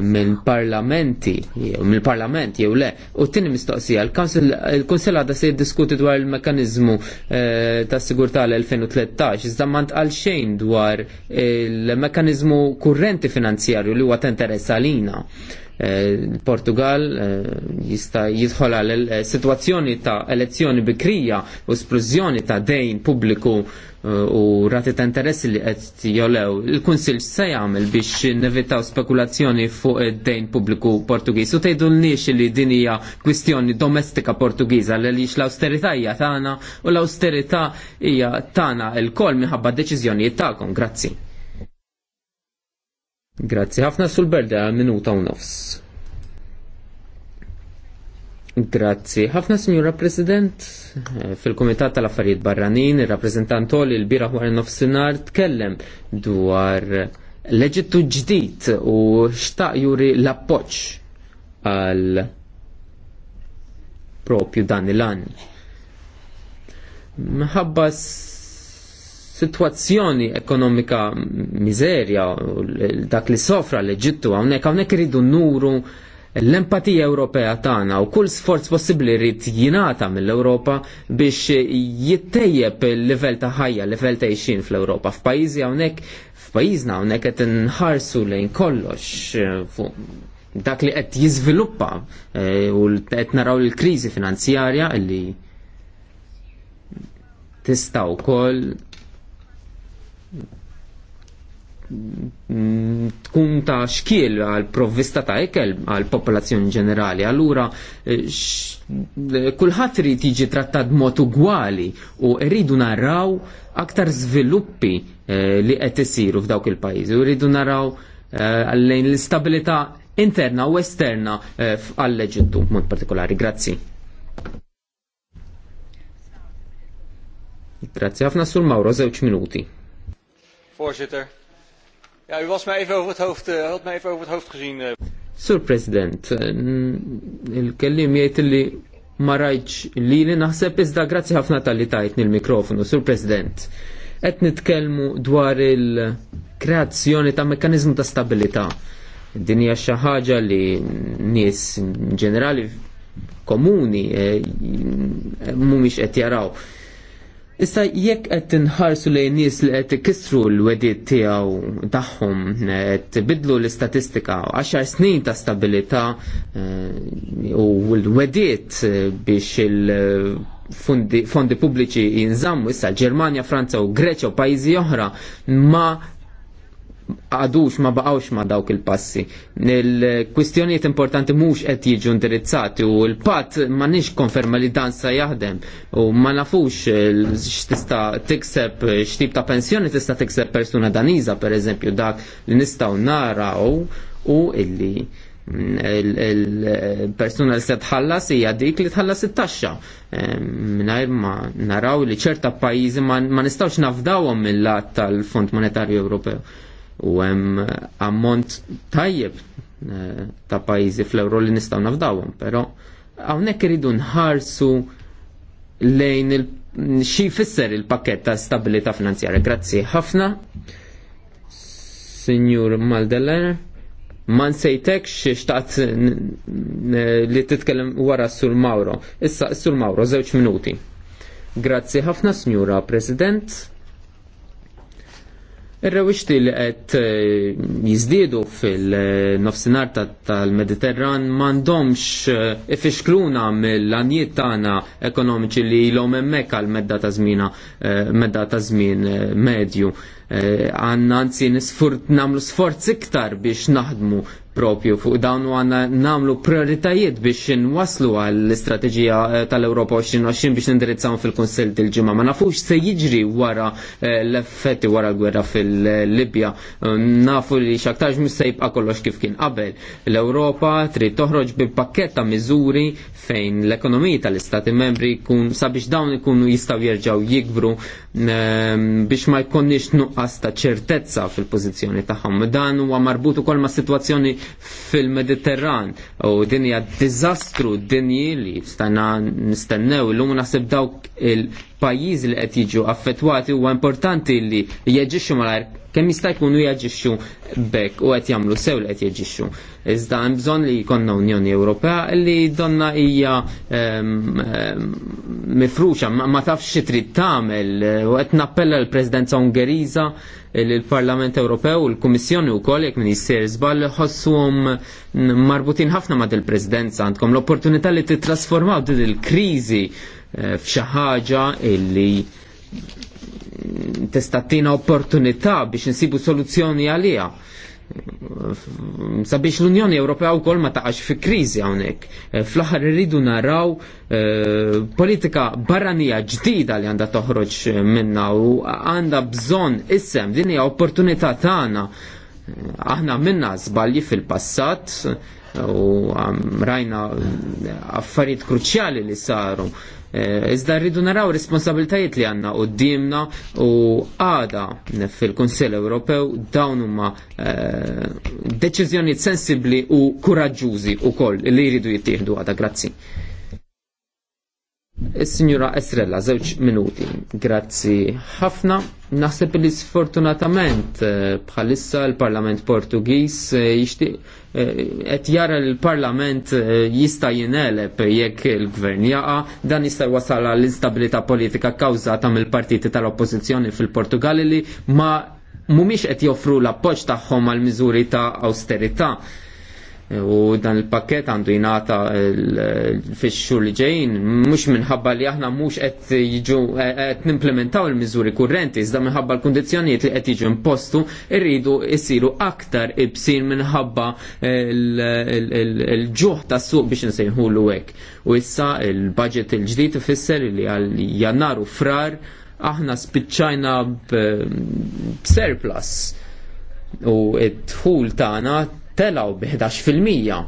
mill-parlamenti, mill-parlament jew le, u t-tini mistoqsija, il-Konsil għada se jiddiskuti dwar il-mekanizmu eh, ta' sigurtà l-2013, iżda ma għal xejn dwar il-mekanizmu kurrenti finanzjarju li huwa ta' interess għalina. Eh, Portugal eh, jista jidħol għal situazzjoni ta' elezzjoni bikrija u splużjoni ta' dejn pubbliku u rati ta' interessi li qed jolew. Il-Kunsil se jagħmel biex nevitaw spekulazzjoni fuq id-dejn pubbliku Portugiż u tgħidulniex li din hija kwistjoni domestika Portugiża lix l-awsterità hija tagħna u l-awsterità hija tagħna lkoll minħabba deċiżjonijiet tagħkom. Grazzi. Grazzi ħafna sul-berda minuta u nofs. Grazzi. Ħafna Sinjura President, fil-Komitat tal-Affarijiet Barranin, il-rappresentant li l-bira wara tkellem dwar leġittu ġdid u xtaq juri l-appoġġ għal propju dan il-an. Mħabba situazzjoni ekonomika mizerja dak li sofra l-Eġittu hawnhekk hawnhekk iridu nuru L-empatija Ewropea tagħna u kull sforz possibbli rrid jingħata mill-Ewropa biex jittejjeb il-livell ta' ħajja, livell ta' ixin fl-Ewropa. F'pajjiżi hawnhekk, f'pajjiżna hawnhekk qed inħarsu lejn kollox eh, dak li qed jiżviluppa eh, u qed naraw il-kriżi finanzjarja li tista' wkoll Mm, tkun ta' xkiel għal provvista ta' ekel għal popolazzjoni ġenerali. Allura eh, eh, kulħadd irid jiġi trattat b'mod ugwali u rridu naraw aktar żviluppi eh, li qed isiru f'dawk il-pajjiżi u rridu naraw għallejn l-istabilità interna u esterna għall-Eġittu mod partikolari. Grazzi. Grazzi ħafna sur Mauro, żewġ minuti. Voorzitter, Ja, u was mij even over het hoofd, uh, had mij even over het hoofd gezien. Uh. Sur President, eh, il-kellim jgħid li marajċ li li naħseb izda grazzi ħafna tal-li tajt nil mikrofonu Sur President. Qed nitkelmu dwar il-kreazzjoni ta' mekanizmu ta' stabilita. Dinja xaħġa li nis ġenerali komuni mhumiex qed jaraw Issa jekk qed tinħarsu lejn nies li qed ikissru l wediet tiegħu tagħhom qed tibidlu l-istatistika 10 snin ta' stabilità eh, u l wediet biex il-fondi pubbliċi jinżammu issa Ġermanja, Franza u Greċja u pajjiżi oħra ma għadux ma baqawx ma dawk il-passi. Il-kwistjonijiet importanti mhux qed jiġu indirizzati u l-pat ma nix konferma li dan se jaħdem u ma nafux x'tista' tikseb x'tip ta' pensjoni tista' tikseb persuna daniża pereżempju dak li nistgħu naraw u illi il-persuna li se tħallas hija dik li tħallas it-taxxa. Minajr ma naraw li ċerta pajjiżi ma nistgħux nafdawhom mill-lat tal-Fond Monetarju Ewropew u hemm ammont tajjeb eh, ta' pajjiżi fl-Ewro li nistgħu nafdawhom, però hawnhekk iridu nħarsu lejn xi jfisser il-pakket ta' stabilità finanzjarja. Grazzi ħafna. Signor Maldeller, ma nsejtek xtaqt li titkellem wara Sur Mauro. Issa Sur Mauro, żewġ minuti. Grazzi ħafna, Signora President Ir-rewixti li qed eh, jiżdiedu fil-nofsinhar tal-Mediterran m'għandhomx eh, ifixkluna mill-għanijiet tagħna ekonomiċi li ilhom hemmhekk għal medda ta' żmien eh, medda ta' żmien medju. Eh, għanna anzi nisfurt namlu sforz iktar biex naħdmu propju fuq dawn u għanna namlu prioritajiet biex nwaslu għall-istrateġija eh, tal-Europa 2020 biex nindirizzaw fil-Konsil til-ġimma. Ma nafux se jiġri wara eh, l-effetti wara l-gwerra fil-Libja. Nafu li xaktarġ mux se jibqa kollox kif kien qabel. L-Europa trid toħroġ bi pakketta miżuri fejn l-ekonomija tal-Istati membri kun sabiex dawn ikunu jistaw jerġaw jikbru biex ma jkonniex nuqqa nuqqas ta' ċertezza fil-pożizzjoni tagħhom. Dan huwa marbut ukoll ma' sitwazzjoni fil-Mediterran u din hija diżastru dinji li stana nistennew illum naħseb dawk il-pajjiżi li qed jiġu affettwati huwa importanti li jeġixxu malajr kemm jista' jkunu jaġixxu bekk u qed jagħmlu sew li qed jaġixxu. Iżda hemm bżonn li jkollna Unjoni Ewropea li donna hija ehm, ehm, mifruxa ma tafx xi trid tagħmel u qed nappella l-Presidenza Ungeriża il-Parlament Ewropew u l-Kummissjoni wkoll jekk minister żball ħossuhom marbutin ħafna ma' il-Presidenza għandkom l-opportunità li titrasformaw din il-kriżi eh, f'xi ħaġa illi Testa'tina opportunità biex insibu soluzzjoni għaliha. Sabiex l-Unjoni Ewropea wkoll ma taqax fi kriżi hawnhekk. Eh, fl-aħħar irridu naraw eh, politika barranija ġdida li għandha toħroġ minna u għandha bżonn issem din hija opportunità tagħna. Eh, aħna minna żbalji fil-passat u um, rajna affarijiet kruċjali li saru Eh, iżda rridu naraw responsabiltajiet li għandna dimna u għada fil-Kunsill Ewropew dawn huma eh, deċiżjonijiet sensibbli u kuraġġużi wkoll li jridu jittieħdu għada. Grazzi. Eh, signora Estrella, żewġ minuti. Grazzi ħafna. Naħseb li sfortunatament bħalissa l-Parlament Portugiż jixtieq qed jara l-Parlament eh, jista' jineleb jekk il-Gvern jaqa, dan jista' jwasal l instabilità politika tam mill-partiti tal-Oppożizzjoni fil-Portugali li ma mhumiex qed joffru l-appoġġ tagħhom għal miżuri ta' austerita u dan il-pakket għandu jingħata fix-xhur li ġejjin mhux minħabba li aħna mhux qed jiġu qed nimplementaw il-miżuri kurrenti iżda minħabba l kondizjoniet li qed jiġu impostu irridu jsiru aktar ibsin minħabba l ġuħ tas-suq biex l hekk. U issa il-budget il-ġdid ifisser li għal jannar u frar aħna spiċċajna b-surplus u id dħul tagħna telaw bi 11%.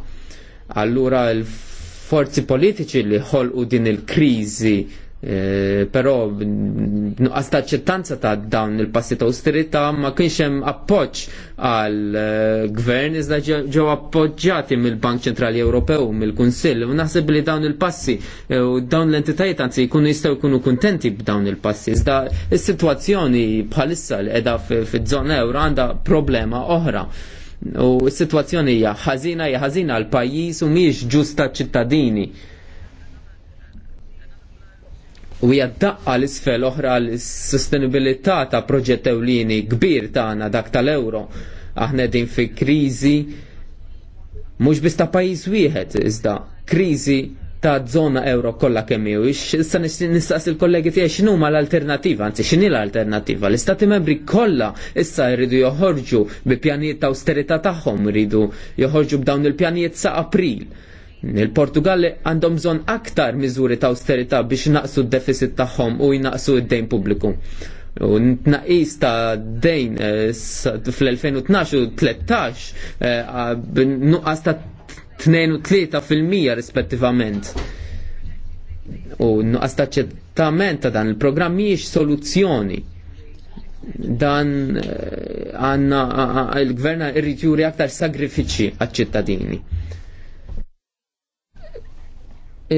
Allura l-forzi politiċi li ħolqu din il-kriżi E, eh, però nuqqas ta' ċittanza ta' dawn il-passi ta' austerita ma kienx hemm appoġġ għal eh, gvern iżda ġew appoġġjati mill-Bank Ċentrali Ewropew mill-Kunsill u naħseb li dawn il-passi eh, u dawn l-entitajiet anzi jkunu jistgħu jkunu kuntenti b'dawn il-passi iżda is-sitwazzjoni bħalissa li qiegħda fiż-żona ewra għandha problema oħra U s-situazzjoni hija ħażina hija ħażina għal pajjiż u mhijiex ġusta ċittadini. U hija daqqa l-isfel oħra l-sostenibilità ta' proġett ewlieni kbir tagħna dak tal-euro. Aħna din fi kriżi mhux biss ta' pajjiż wieħed iżda kriżi ta' zona euro kollha kemm hu. Issa nistaqsi l-kollegi tiegħi x'inhu l-alternativa, anzi x'inhi l-alternativa. L-Istati membri kollha issa jridu joħorġu bi pjanijiet ta' austerità tagħhom iridu joħorġu b'dawn il-pjanijiet sa' April. il portugalli għandhom bżonn aktar miżuri ta' austerità biex naqsu d-deficit tagħhom u jnaqsu d-dejn pubbliku. U n-tnaqis ta' dejn eh, fl-2012 u 13 eh, nuqqas ta' 2 u 3% rispettivament. U nuqqas taċċettament ta' dan il-programm miex soluzzjoni dan eh, għanna il-gvern irriġuri aktar sagrifiċi għal-ċittadini.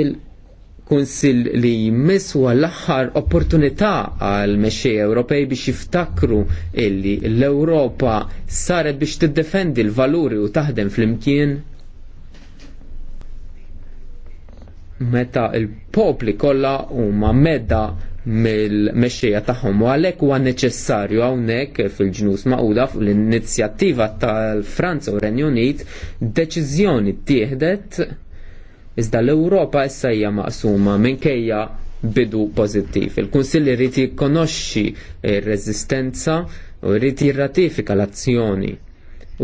Il-Kunsill li jmiss huwa l-aħħar opportunità għal mexxej Ewropej biex jiftakru illi l-Ewropa saret biex tiddefendi l-valuri u taħdem fl-imkien meta il-popli kollha huma medda mill-mexxejja tagħhom u għalhekk huwa neċessarju hawnhekk fil-ġnus maquda fl-inizjattiva tal-Franza u Renju Unit deċiżjoni tieħdet iżda l-Ewropa issa hija maqsuma minkejja bidu pożittiv. Il-Kunsill irid jikkonoxxi r-reżistenza u jrid jirratifika l-azzjoni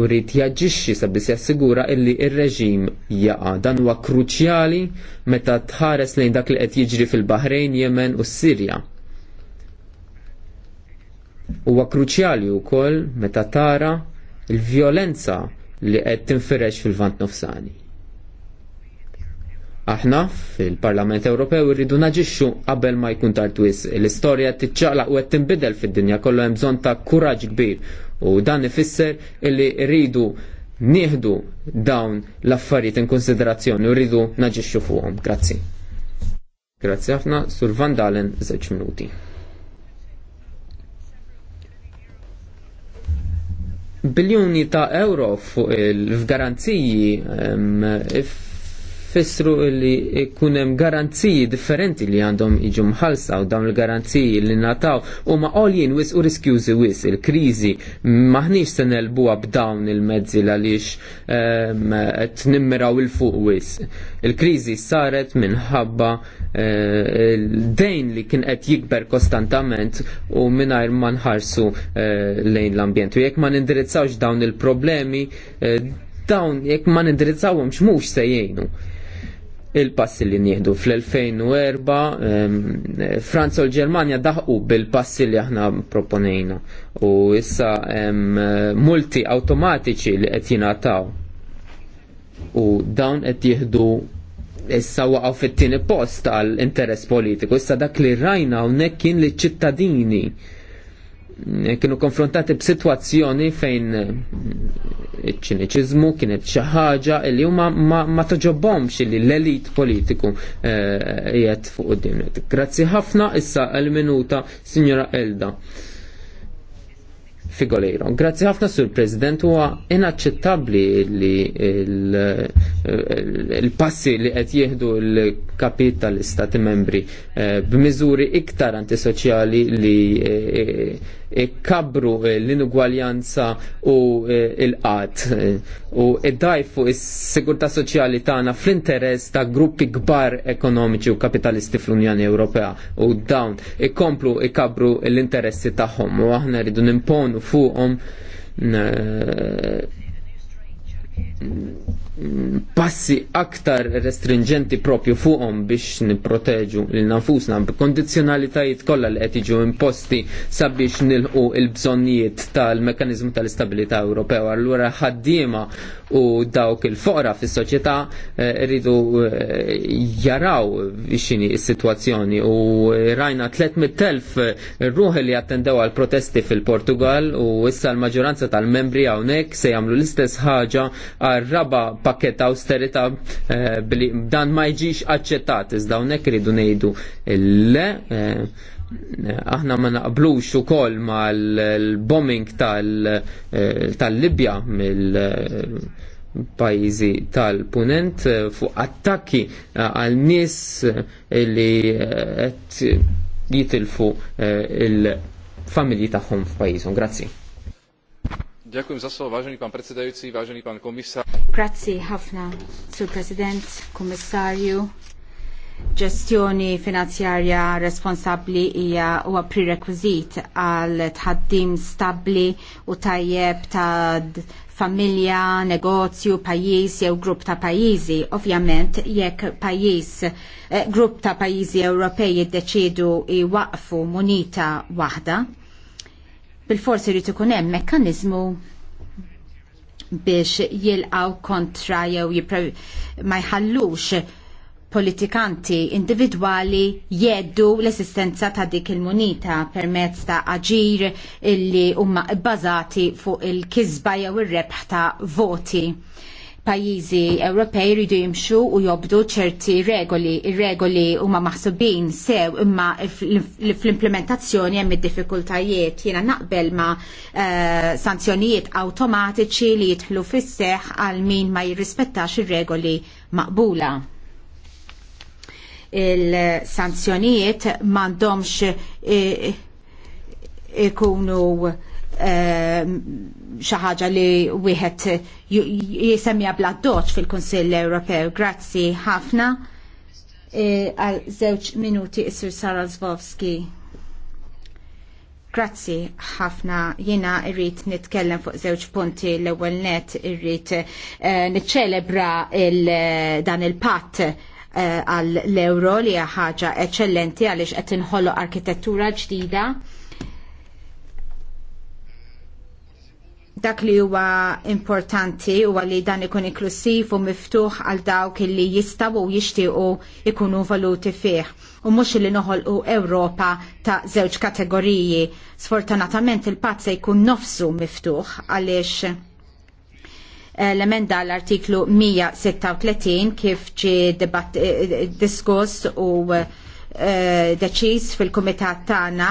u rrit jaġixxi sabiex jassigura illi ir-reġim jaqa. Dan huwa kruċjali meta tħares lejn dak li qed jiġri fil bahrejn Yemen u Sirja. Huwa kruċjali wkoll meta tara l-vjolenza li qed tinfirex fil-vant nofsani. Aħna fil-Parlament Ewropew irridu naġixxu qabel ma jkun tard L-istorja tiċċaqlaq u qed tinbidel fid-dinja kollha hemm bżonn ta' kuraġġ kbir U dan ifisser illi rridu nieħdu dawn l-affarijiet in konsiderazzjoni u rridu naġixxu fuqhom. Grazzi. Grazzi ħafna sur Van Dalen żewġ minuti. Biljuni ta' euro fuq il-garanziji fissru li kunem garanziji differenti li għandhom iġum ħalsa u dawn il-garanziji li nataw u ma għoljien wis u riskjużi wis il-krizi maħniċ se nelbuha b'dawn il-mezzi għaliex t-nimmiraw ehm, il-fuq wis. Il-krizi saret minħabba eh, dejn li kien qed jikber kostantament u mingħajr ma nħarsu eh, lejn l-ambjent. U jekk ma nindirizzawx dawn il-problemi eh, dawn jekk ma nindirizzawhom mhux se jgħinu il-passi li nieħdu fl-2004 Franza u l-Ġermanja daħqu bil-passi li aħna proponejna u issa multi automatiċi li qed jingħataw u dawn qed jieħdu issa waqgħu fit-tieni post għall interess politiku issa dak li rajna hawnhekk kien li ċittadini Eh, kienu konfrontati b'sitwazzjoni fejn eh, iċ-ċiniċiżmu kienet xi ħaġa li huma ma, ma toġobhomx li l-elit politiku eh, qiegħed fuq id Grazzi ħafna issa l-minuta Sinjora Elda. Figolero. Grazzi ħafna sur President huwa inaċċettabbli li l-passi li qed jieħdu l-kapi tal-Istati membri b'miżuri iktar antisoċjali li e, kabru eh, l-inugwaljanza u eh, l qat eh, u id-dajfu s-sigurta soċjali tagħna fl-interess ta' gruppi kbar ekonomiċi u kapitalisti fl-Unjoni Ewropea u dawn ikomplu ikabru l-interessi tagħhom u aħna rridu nimponu fuqhom passi aktar restringenti propju fuqhom biex nipproteġu lil nafusna b'kondizzjonalitajiet kollha li qed jiġu imposti sabiex nilħu l bżonnijiet tal-mekkaniżmu tal-istabilità Ewropew. Allura ħaddiema u dawk il-foqra fis soċjetà eh, rridu eh, jaraw xini s-situazzjoni u rajna 300.000 ruħi li attendew għal protesti fil-Portugal u issa l-maġoranza tal-membri hawnhekk se jagħmlu l-istess ħaġa għal raba pakket austerita eh, dan ma jġix aċċettat iżda hawnhekk rridu ngħidu le aħna ma naqblux ukoll mal-bombing eh, tal-Libja mill eh, pajjiżi tal-punent eh, fuq attakki għal nies li qed jitilfu il-familji tagħhom f'pajjiżhom. Grazzi. Dziękuję za słowo, ważny pan prezydencji, ważny pan komisarz. Grazie, Hafna, sur prezydent, komisarju, ġestjoni finanzjarja responsabbli hija huwa prerequisit għal tħaddim stabbli u tajjeb ta' familja, negozju, pajjiż jew grupp ta' pajjiżi. Ovvjament jekk pajjiż eh, grupp ta' pajjiżi Ewropej jiddeċiedu jwaqfu munita waħda, bil-forsi jrid ikun hemm mekkaniżmu biex jilqaw kontra jew ma jħallux politikanti individwali jeddu l-esistenza ta' dik il-munita permezz ta' aġir illi huma bbażati fuq il-kizba jew ir-rebħ ta' voti. Pajjiżi Ewropej jridu jimxu u jobdu ċerti regoli. Ir-regoli huma maħsubin sew imma fl-implementazzjoni hemm id-diffikultajiet jiena naqbel ma' uh, sanzjonijiet awtomatiċi li jidħlu fis seħħ għal min ma jirrispettax ir-regoli maqbula il-sanzjonijiet m'għandhomx eh, eh, ikunu eh, xi ħaġa li wieħed jisemmija bla doċ fil-Kunsill Ewropew. Grazzi ħafna għal żewġ minuti is-Sur Sarasvowski. Grazzi ħafna jiena irrit nitkellem fuq żewġ punti l-ewwel net irrit niċċelebra dan il-patt Eh, għall-euro li hija ħaġa eċċellenti għaliex qed inħollu arkitettura ġdida. dak li huwa importanti huwa li dan ikun inklusiv u miftuħ għal dawk li jistaw u jixtiequ ikunu valuti fih u mhux li noħolqu Ewropa ta' żewġ kategoriji. Sfortunatament il-pazz se jkun nofsu miftuħ għaliex Eh, l-emenda l-artiklu 136 kif ġi eh, eh, diskuss u deċiż fil-kumitat tagħna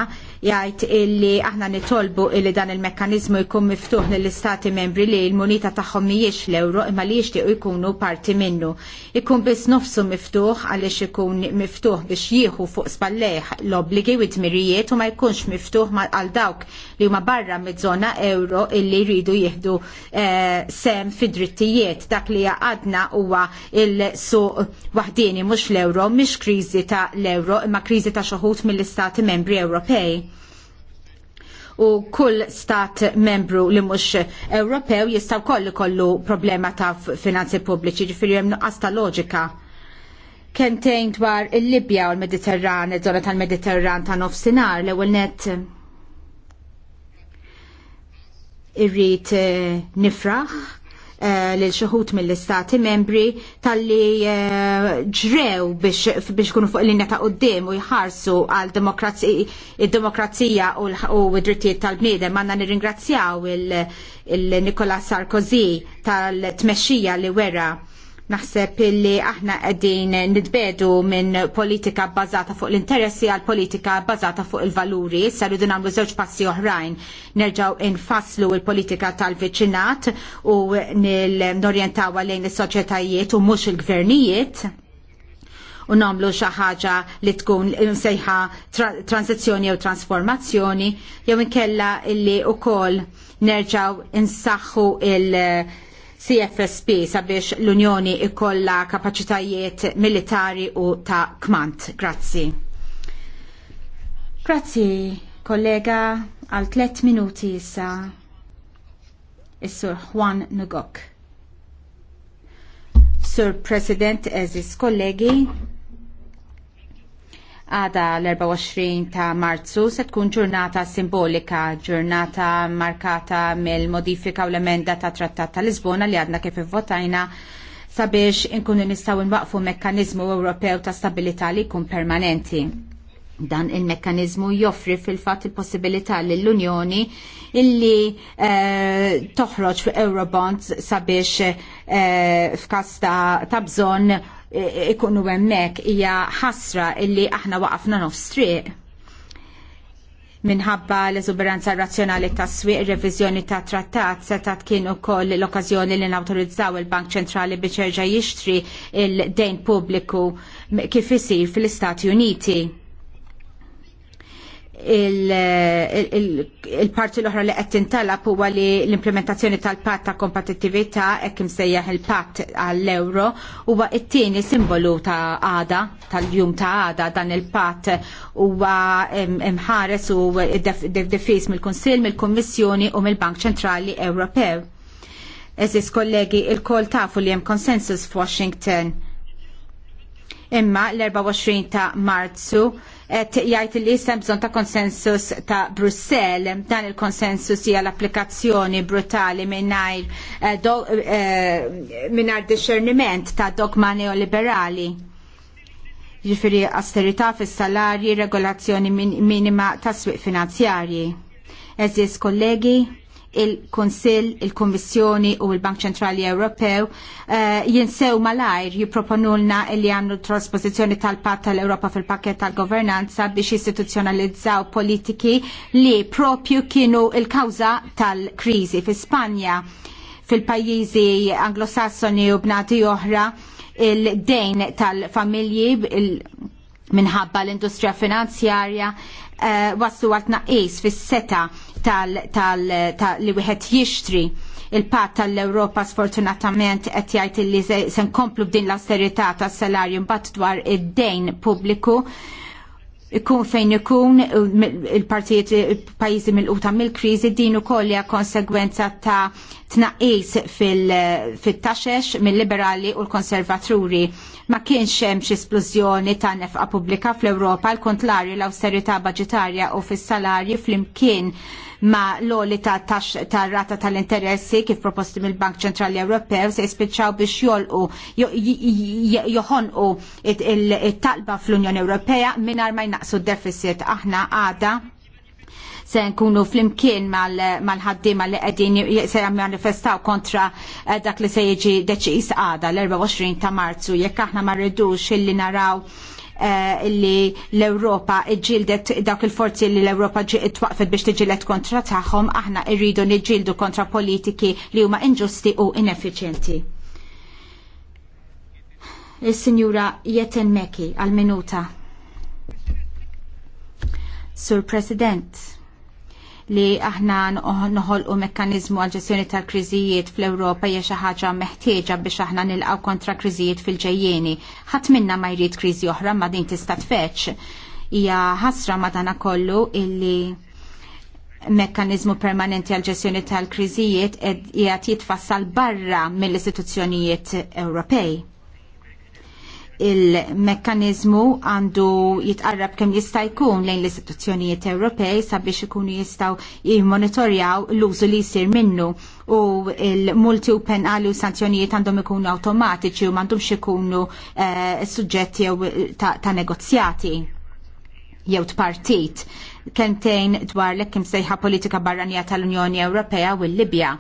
jgħid illi aħna nitolbu illi dan il-mekkanizmu jkun miftuħ lill-istati membri li l-munita tagħhom mhijiex l ewro imma li jixtiequ jkunu parti minnu. Ikun biss nofsu miftuħ għaliex ikun miftuħ biex jieħu fuq spalleħ l-obbligi u d-dmirijiet u ma jkunx miftuħ għal dawk li huma barra mid-żona euro illi jridu jieħdu eh, sem fi drittijiet dak li għadna huwa il-suq waħdini mhux l-euro mhix kriżi ta' l-euro imma kriżi ta' xoħut mill-istati membri Ewropej u kull stat membru li mhux Ewropew jistgħu wkoll kollu problema ta' finanzi pubbliċi, ġifieri hemm nuqqas ta' loġika. Kentejn dwar il-Libja u l-Mediterran, iż-żona tal-Mediterran ta' nofsinhar l-ewwel nett irrit eh, nifraħ eh, lil xuħut mill-istati membri tal-li eh, ġrew biex kunu fuq l-linja ta' qoddim u jħarsu għal demokrazija u id-drittijiet tal-bniedem. Għanna nirringrazzjaw il-Nikola Sarkozy tal-tmexxija li wera Naħseb illi aħna qegħdin nitbedu minn politika bbażata fuq l-interessi għal politika bbażata fuq il-valuri. Issa rridu nagħmlu żewġ passi oħrajn. Nerġgħu nfasslu l-politika tal-viċinat u norjentaw lejn is-soċjetajiet u mhux il-gvernijiet u nagħmlu xi ħaġa li tkun msejħa transizzjoni jew transformazzjoni jew inkella illi wkoll nerġgħu insaħħu il- CFSP sabiex l-Unjoni ikolla kapacitajiet militari u ta' kmant. Grazzi. Grazzi, kollega, għal tlet minuti issa. Is-Sur Juan Nugok. Sur President, eżis kollegi, Għada l-24 ta' marzu se tkun ġurnata simbolika, ġurnata markata mill-modifika u l-emenda ta' trattat ta' Lisbona li għadna kif votajna sabiex inkunu nistaw nwaqfu mekkanizmu Ewropew ta' stabilità li jkun permanenti. Dan il-mekkanizmu joffri fil-fat il-possibilità l-Unjoni illi eh, toħroġ fil-Eurobonds sabiex eh, ta' bżonn ikunu hemmhekk hija ħasra illi aħna waqafna nofs triq minħabba l-eżuberanza razzjonali tas swieq reviżjoni ta' trattat setat kien ukoll l-okkażjoni li nawtorizzaw il-Bank Ċentrali biex jerġa' jixtri il-dejn pubbliku kif isir fl-Istati Uniti il-parti l-oħra li qed tintalab huwa li l-implementazzjoni tal-patt ta' kompetittività hekk imsejjaħ il-patt għall-euro huwa t-tieni simbolu ta' għada tal-jum ta' għada dan il-patt huwa imħares u defis mill-Kunsill, mill-Kummissjoni u mill-Bank Ċentrali Ewropew. Eżis kollegi, il-kol tafu li hemm konsensus f'Washington imma l-24 ta' Marzu qed jgħid li jista' bżonn ta' konsensus ta' Brussell. Dan il-konsensus hija l-applikazzjoni brutali mingħajr eh, eh, mingħajr discerniment ta' dogma neoliberali ġifiri austerità fis salarji regolazzjoni min minima ta' swieq finanzjarji. Eżis kollegi, il-Konsil, il-Kommissjoni u il-Bank Ċentrali Ewropew uh, jinsew malajr jiproponulna li għamlu trasposizjoni tal-pat tal-Europa fil-pakket tal-governanza biex istituzjonalizzaw politiki li propju kienu il-kawza tal-krizi fi Spanja fil-pajjiżi anglosassoni u bnati oħra il-dejn tal-familji il minħabba l-industrija finanzjarja Eh, waslu għal tnaqqis fis-seta tal li wieħed jixtri il-pat tal-Europa sfortunatament qed jgħid li se nkomplu b'din l asterità tas-salarju mbagħad dwar id-dejn pubbliku ikun fejn ikun eh, il-partijiet pajjiżi mill-quta mill-kriżi din ukoll hija konsegwenza ta' tnaqqis fit-taxex mill-liberali u l-konservaturi. Ma kienx hemm xi esplużjoni ta' nefqa pubblika fl-Ewropa l-kontlari l-awsterità baġitarja u fis-salarji flimkien ma l-oli ta' rata tal-interessi kif proposti mill-Bank Ċentrali Ewropew se jispiċċaw biex jolqu joħonqu it-talba fl-Unjoni Ewropea mingħajr ma jnaqsu d-deficit aħna għada se nkunu flimkien mal-ħaddima li qegħdin se manifestaw kontra eh, dak li se jiġi deċis għada l-24 ta' Marzu jekk aħna ma rridux illi naraw Eh, li l-Ewropa iġildet dawk il-forzi li l-Ewropa twaqfet biex tiġilet kontra tagħhom, aħna rridu niġġieldu kontra politiki li huma inġusti u ineffiċenti. Is-Sinjura Jeten Meki għal-minuta. Sur President, li aħna noħolqu mekkanizmu għal ġestjoni tal-kriżijiet fl-Ewropa hija xi ħaġa meħtieġa biex aħna nilqgħu kontra kriżijiet fil-ġejjeni. Ħadd minna ma jrid kriżi oħra ma din tista' tfeċ. Hija ħasra madana kollu illi mekkanizmu permanenti għal ġestjoni tal-kriżijiet qiegħed jitfassal barra mill-istituzzjonijiet Ewropej il-mekkanizmu għandu jitqarrab kemm jista' jkun lejn l-istituzzjonijiet Ewropej sabiex ikunu jistgħu jimmonitorjaw l-użu li jsir minnu u l-multi u penali u sanzjonijiet għandhom ikunu awtomatiċi u m'għandhomx ikunu uh, suġġetti ta, ta' negozjati jew tpartit kentejn dwar l kim sejħa politika barranija tal-Unjoni Ewropea u l-Libja.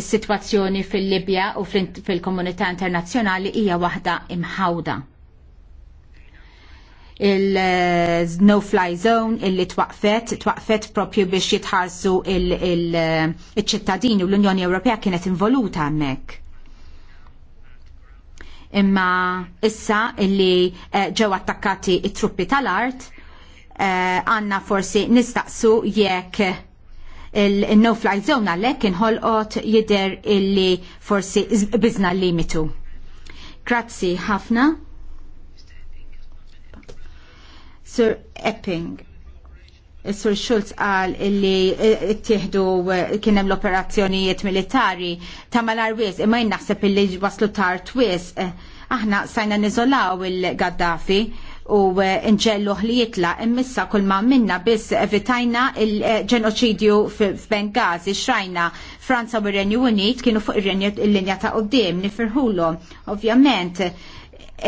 Is-sitwazzjoni fil-Libja u fil-komunità internazzjonali hija waħda imħawda il-no-fly zone illi twaqfet, twaqfet propju biex jitħarsu il-ċittadini il il u l-Unjoni Ewropea kienet involuta hemmhekk. Imma issa illi eh, ġew attakkati t truppi tal-art, eh, għandna forsi nistaqsu jekk il-no-fly zone għalhekk inħolqot jidher illi forsi bizna l-limitu. Grazzi ħafna. Sir Epping. Sur Schultz qal illi eh, tieħdu eh, kien hemm l-operazzjonijiet militari ta' malar wis imma jnaħseb illi waslu tar twis. Eh, aħna sajna niżolaw il-Gaddafi u nġellu li jitla immissa kull ma minna biss evitajna il-ġenoċidju f'Bengazi xrajna Franza u r-Renju Unit kienu fuq il-linja ta' qoddim nifirħulu. Ovvjament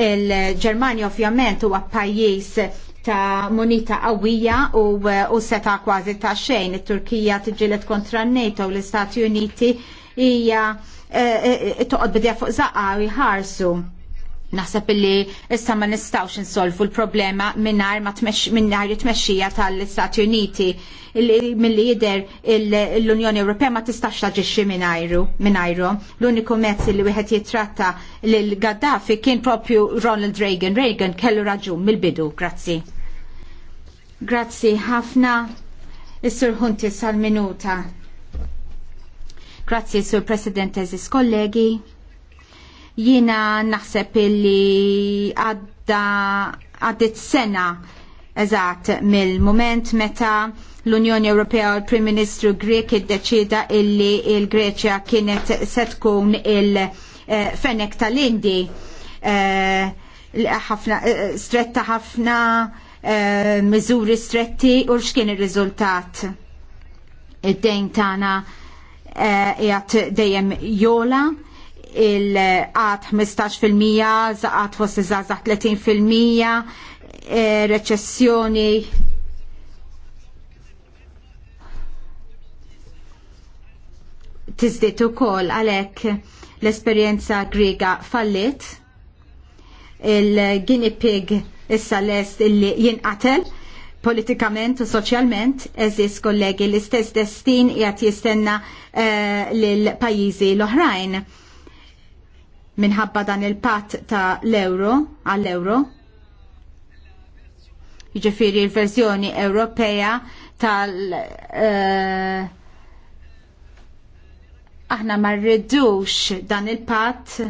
il-Ġermanja ovvjament huwa pajjiż ta' monita qawwija u, seta' kważi ta' xejn. It-Turkija tiġilet kontra n-NATO u l-Istati Uniti hija eh, eh, toqgħod bidja fuq zaqqa u jħarsu Naħseb illi issa ma nistawx insolvu l-problema minnar ma minnar jitmexxija tal-Istati Uniti mill-li jider l-Unjoni Ewropea ma tistax taġixxi minnajru. L-uniku mezz li wieħed jitratta lil gaddafi kien propju Ronald Reagan. Reagan kellu raġun mill-bidu. Grazzi. Grazzi ħafna. Is-Sur Hunti sal-minuta. Grazzi, Sur President, eżis kollegi. Jiena naħseb illi għadda għaddit sena eżatt mill-moment meta l-Unjoni Ewropea u l-Prim Ministru Grek iddeċida illi il-Greċja kienet se tkun il-fenek tal-Indi eh, ħafna eh, stretta ħafna eh, miżuri stretti u x'kien ir-riżultat. Id-dejn tagħna qiegħed dejjem jola il-għat 15%, zaqat fost iż 30%, e, reċessjoni tizdit ukoll għalhekk l-esperjenza griga fallit il-guinea pig issa lest illi jinqatel politikament u soċjalment eżis kollegi l-istess destin jgħat jistenna uh, e, l-pajizi l-oħrajn minħabba dan il-pat ta' l-euro għall-euro. Jiġifieri l-verżjoni Ewropea tal- uh, aħna ma rridux dan il-pat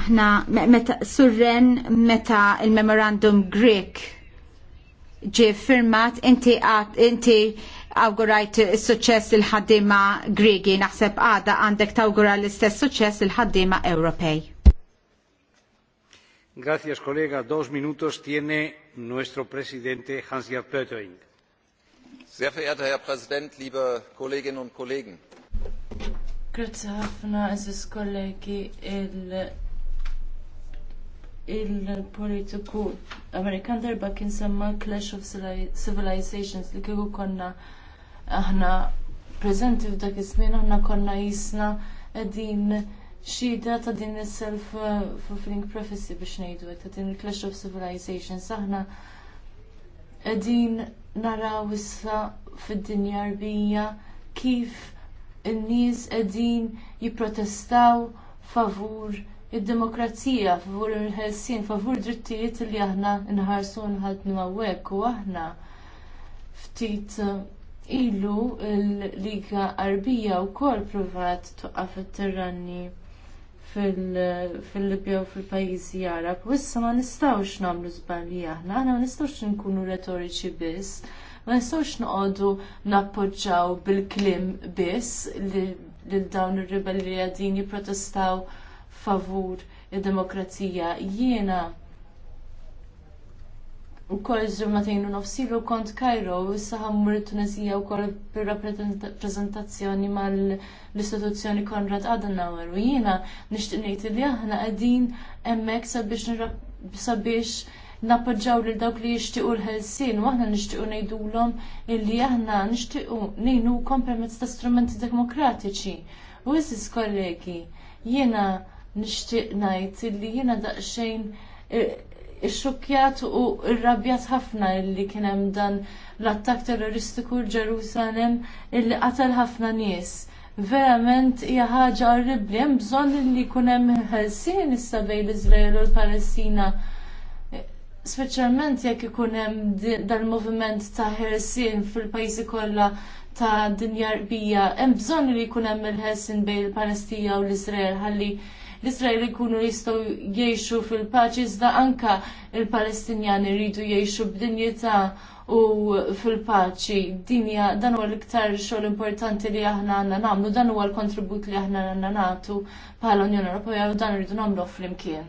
aħna meta surren meta il-memorandum Greek ġie firmat inti inti awgurajt is-suċċess il ħaddiema Grigi naħseb għada għandek tawgura l-istess suċċess il ħaddiema Ewropej. Gracias, kollega, dos minutos tiene nuestro presidente hans jörg Pöttering. Sehr verehrter Herr Präsident, liebe Kolleginnen und Kollegen. Grazie ħafna, eżis kollegi, il il Amerikan darba kien semma Clash of Civilizations li kieku konna aħna prezenti f'dak iż-żmien aħna konna jisna qegħdin xida ta' din is-self uh, fulfilling prophecy biex ngħidu ta' din il-clash of civilizations aħna qegħdin naraw issa fid-dinja rbija kif in-nies qegħdin jipprotestaw favur id-demokrazija, favur il-ħelsin, favur drittijiet li aħna nħarsu nħadnu għawek u aħna ftit uh, ilu l-Liga Arbija wkoll ppruvat toqgħa fit-tirranni fil-Libja u fil pajjiżi Arab. Wissa ma nistgħux nagħmlu żbalji aħna, aħna ma nistgħux nkunu retoriċi biss, ma nistgħux noqogħdu nappoġġaw bil-klim biss lil dawn ir-ribelli li qegħdin jipprotestaw favur id-demokrazija. Jiena u kol nofsi u kont Kajro u issa ħammur Tunisija u kol rappresentazzjoni mal-istituzzjoni Konrad Adenauer u jiena nixtieq ngħid li aħna qegħdin hemmhekk sabiex sabiex nappoġġaw lil dawk li jixtiequ l-ħelsien u aħna nixtiequ ngħidulhom illi aħna nixtiequ ngħinukom permezz ta' strumenti demokratiċi. U jessis kollegi, jiena nixtieq ngħid illi jiena daqsxejn eh, xukjat u rrabjat ħafna illi kien hemm dan l-attak terroristiku l-Ġerusalem illi qatel ħafna nies. Verament hija ħaġa orribbli hemm bżonn li jkun hemm ħelsien issa bejn l-Iżrael u l-Palestina. Speċjalment jekk ikun hemm dal-moviment ta' ħelsien fil-pajjiżi kollha ta' dinja rbija, hemm bżonn li jkun hemm il-ħelsien bejn il-Palestina u l-Iżrael ħalli l israeli kunu jistgħu jgħixu fil-paċi iżda anka il-Palestinjani jridu jgħixu b'dinjeta u fil-paċi. Dinja dan huwa l-iktar xogħol importanti li aħna għandna nagħmlu, dan huwa l-kontribut li aħna għandna nagħtu bħala Unjoni Ewropea u dan rridu nagħmlu flimkien.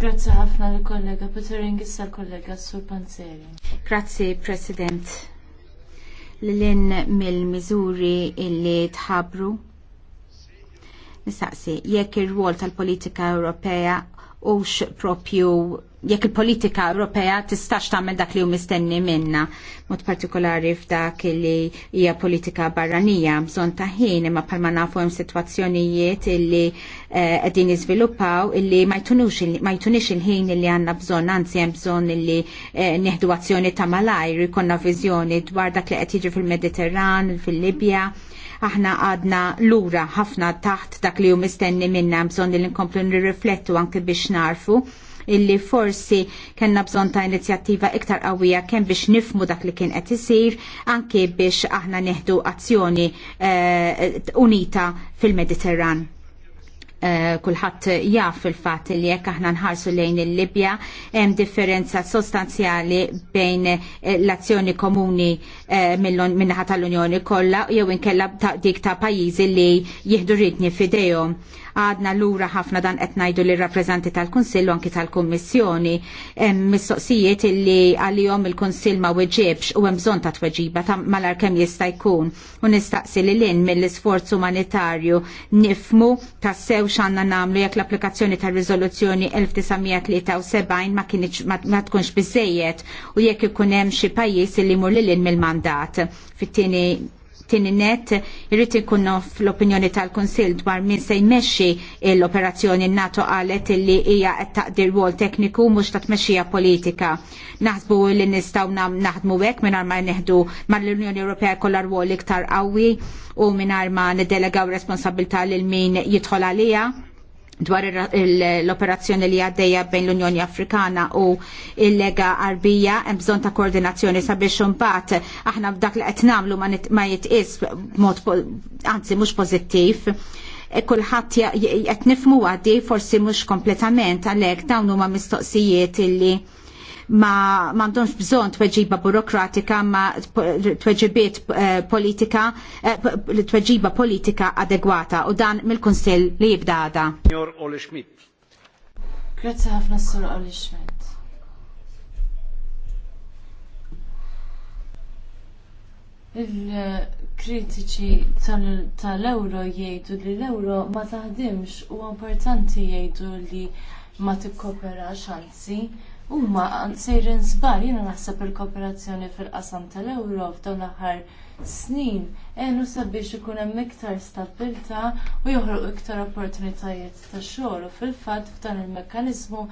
Grazzi ħafna l-kollega Peter issa l-kollega Sur Panzeri. Grazzi, President l-lin mill-mizuri illi tħabru? Nistaqsi, jekk ir-rwol tal-politika Ewropea ux propju jekk il-politika Ewropea tistax tagħmel dak li hu mistenni minna, mod partikolari f'dak li hija politika barranija, bżonn ta' ħin imma palma nafu hemm sitwazzjonijiet illi eh, qegħdin jiżviluppaw illi ma jtunix il-ħin illi għandna bżonn, anzi hemm bżonn illi eh, nieħdu azzjoni ta' malajr, jkollna viżjoni dwar dak li qed jiġi fil-Mediterran, fil-Libja, fil mediterran fil libja Aħna għadna lura ħafna taħt dak li hu mistenni minna bżon li nkomplu nirriflettu anki biex narfu illi forsi kellna bżonn ta' inizjattiva iktar qawwija kemm biex nifmu dak li kien qed isir anke biex aħna neħdu azzjoni uh, unita fil-Mediterran. Uh, kulħadd jaf il-fatt li jekk aħna nħarsu lejn il-Libja hemm differenza sostanzjali bejn eh, l-azzjoni komuni uh, minnaħa tal-Unjoni kollha jew inkella dik ta' pajjiżi li jieħdu ritni f'idejhom għadna lura ħafna dan qed ngħidu rappresenti rappreżanti tal-Kunsill u anki tal-Kummissjoni hemm mistoqsijiet illi għalihom il-Kunsill ma weġibx u hemm bżonn ta' tweġiba ta' malar kemm jista' jkun u nistaqsi li l-in mill-isforz umanitarju nifmu sew xanna nagħmlu jekk l-applikazzjoni tar-riżoluzzjoni 1973 ma kienieċ ma tkunx bizzejiet u jekk ikun hemm xi pajjiż illi mur l-in mill-mandat. Fit-tieni Tini net, irrit ikun fl-opinjoni tal-Konsil dwar min se jmexxi l-operazzjoni NATO qalet illi hija qed taqdir wol tekniku mhux ta' tmexxija politika. Naħsbu li nistgħu naħdmu hekk mingħajr ma neħdu l unjoni Ewropea kollha rwol iktar qawwi u mingħajr ma niddelegaw responsabilità lil min jidħol għalija dwar l-operazzjoni li għaddejja bejn l-Unjoni Afrikana u il-Lega Arbija hemm bżonn ta' koordinazzjoni sabiex imbagħad aħna f'dak li qed nagħmlu ma jitqis mod anzi mhux pożittiv e kulħadd qed nifmu għaddi forsi mhux kompletament għalhekk dawn huma mistoqsijiet illi ma mandonx bżonn tweġiba burokratika ma tweġibiet eh, politika eh, tweġiba politika adegwata u dan mill-Kunsill li jibda għada. Grazzi ħafna s-sur Oli Schmidt. il-kritiċi tal-euro jgħidu li l-euro ma taħdimx u importanti jgħidu li ma tikkopera xanzi Umma sejrin żbar jiena naħseb il-kooperazzjoni fil-qasam tal-Ewro f'dawn l-aħħar snin għenu sabiex ikun hemm iktar stabilta u joħroq iktar opportunitajiet ta' xogħol u fil-fatt f'dan il-mekkaniżmu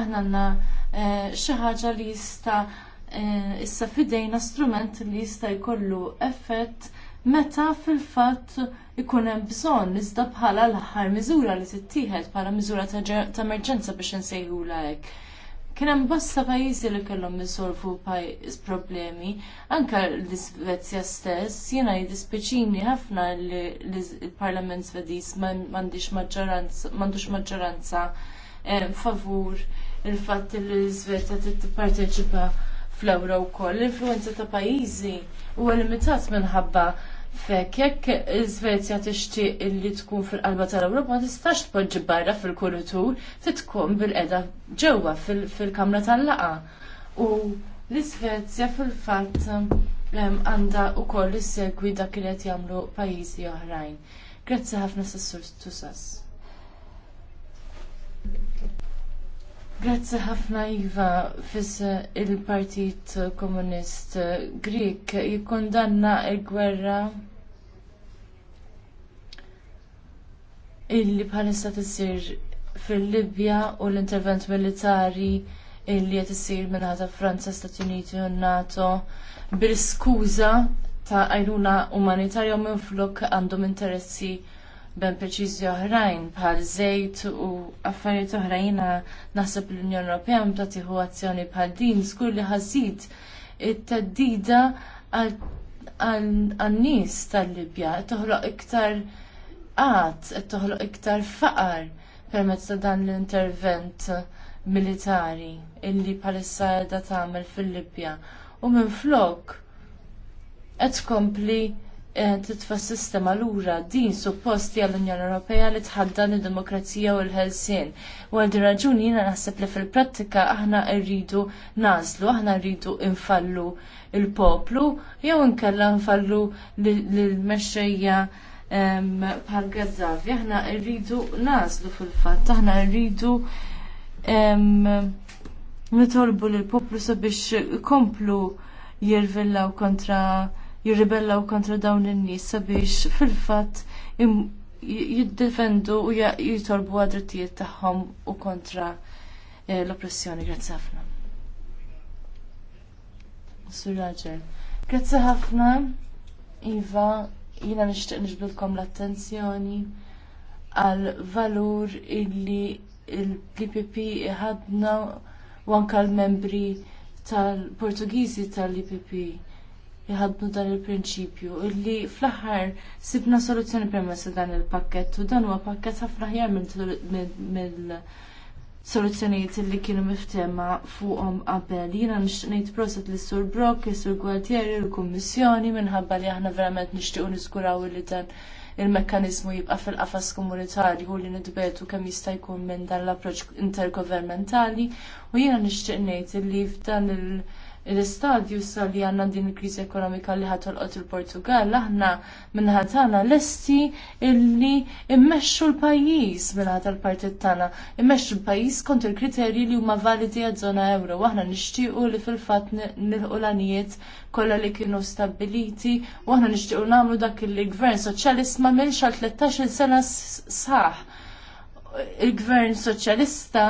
aħna għandna eh, xi ħaġa li jista' eh, issa fidejna strument li jista' jkollu effett meta fil-fatt ikun hemm bżonn iżda bħala l-aħħar miżura li tittieħed bħala miżura ta' emerġenza biex insejħulha hekk Kien hemm bosta pajjiżi li kellhom pajiz problemi, anke l-Iżvezja stess, jiena jidispeċini ħafna li l-Parlament Svedis m'għandix maġġoranza m'għandux maġġoranza eh, favur il-fatt li l-Iżvezja tipparteċipa fl-Ewro wkoll. L-influenza ta' pajjiżi huwa limitat minħabba Fek, jekk Svezja tixtieq li tkun fil-qalba tal-Ewropa tistax tpoġġi barra fil-kuritur titkun bil-qeda ġewwa fil-kamra tal-laqa. U l-Svezja fil-fatt għandha wkoll segwi dak li qed jagħmlu pajjiżi oħrajn. Grazzi ħafna Sassur Tusas. Grazzi ħafna Iva, fis il-Partit Komunist Grik jikkondanna il-gwerra illi bħalissa tisir fil-Libja u l-intervent militari illi qed isir minnata Franza, Stati Uniti u NATO bil-skuża ta' għajnuna umanitarja u minflok għandhom interessi ben preċiżi oħrajn bħal żejt u affarijiet oħrajn naħseb l-Unjoni Ewropea mta tieħu azzjoni bħal din skur li ħażid it-teddida għan-nies tal-Libja qed toħloq iktar qatt, qed toħloq iktar faqar permezz ta' dan l-intervent militari illi bħalissa qiegħda tagħmel fil-Libja. U minflok qed tkompli Eh, titfa sistema lura din supposti għall-Unjoni Ewropea li tħaddan id-demokrazija u l-ħelsien. U għal raġuni jiena naħseb li fil-prattika aħna rridu nazlu, aħna rridu infallu l poplu jew inkella nfallu l-mexxejja bħal Gazzavi, aħna rridu nażlu fil-fatt, aħna rridu nitolbu lill poplu sabiex komplu jirvillaw kontra jirribellaw kontra dawn in-nies sabiex fil-fatt jiddefendu u jitolbu għadrittijiet tagħhom u kontra eh, l-oppressjoni. Grazzi ħafna. Sur raġel. Grazzi ħafna, Iva, jina nixtieq nixbilkom l-attenzjoni għal valur illi l-PPP ħadna u anka l-membri tal-Portugiżi tal-IPP jħadnu dan il-prinċipju illi fl-aħħar sibna soluzzjoni permessa dan il-pakket u dan huwa pakket ħafna ħjar mill soluzzjonijiet li kienu miftema fuqhom qabel. Jiena ngħid proset li sur Brock, sur Gualtieri, l-Kummissjoni minħabba li aħna verament nixtiequ niskuraw li dan il-mekkanizmu jibqa fil-qafas komunitarju li nidbetu kemm jista' jkun minn dan l-approċċ intergovernmentali u jiena nixtieq ngħid li f'dan il- l-istadju sa li għandna din il-kriżi ekonomika li ħatolqot il-Portugal, aħna minnaħat tagħna lesti illi immexxu l-pajjiż minnaħat tal-partit tagħna, immexxu l-pajjiż kont il-kriterji li huma validi għad żona euro, aħna nixtiequ li fil-fatt nilħu l-anijiet kollha li kienu stabiliti u aħna nixtiequ nagħmlu dak il-gvern soċjalist ma' milx għal 13-il sena saħ. il-gvern soċjalista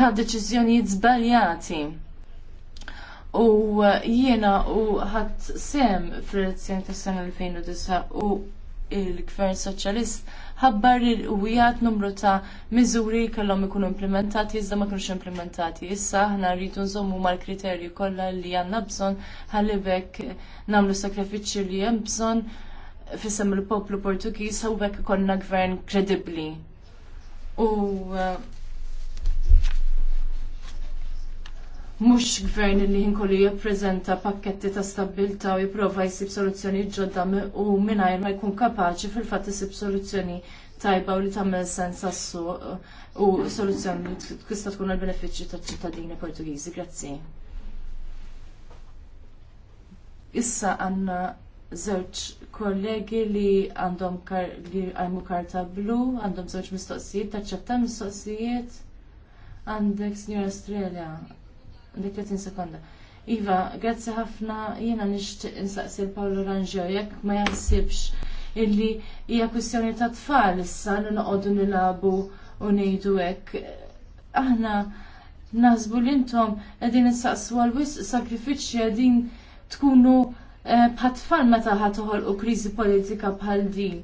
ħad deċiżjonijiet żbaljati u uh, jiena u ħadd sem fil-elezzjoni tas-sena 2009 u il-Gvern Soċjalist ħabbar il-wijat numru ta' miżuri kellhom ikunu implementati iżda ma kienux implementati. Issa aħna rridu nżommu mal-kriterju kollha li għandna bżonn ħallibek nagħmlu sakrifiċċju li hemm bżonn fissem il-poplu Portugiż u bekk ikollna gvern kredibbli. U uh, mhux gvern li jinkollu jippreżenta pakketti ta' stabilta u jipprova jsib soluzzjoni ġodda u mingħajr ma jkun kapaċi fil-fatt isib soluzzjoni tajba u li tagħmel sens għas-suq u soluzzjoni li tista' tkun għall-benefiċċju tal-ċittadini Portugiżi. Grazzi. Issa għandna Żewġ kollegi li għandhom kar, li għajmu karta blu, għandhom żewġ mistoqsijiet, taċċetta mistoqsijiet. Għandek, Signora Australia, Dik 30 sekonda. Iva, grazzi ħafna, jiena nixtieq insaqsi l-Paolo Rangio, jekk ma jaħsibx illi hija kwistjoni ta' tfal issa li noqogħdu nilagħbu u ngħidu hekk. Aħna naħsbu li intom qegħdin insaqsu għal wisq sakrifiċċji qegħdin tkunu eh, bħat tfal meta ħad toħolqu kriżi politika bħal din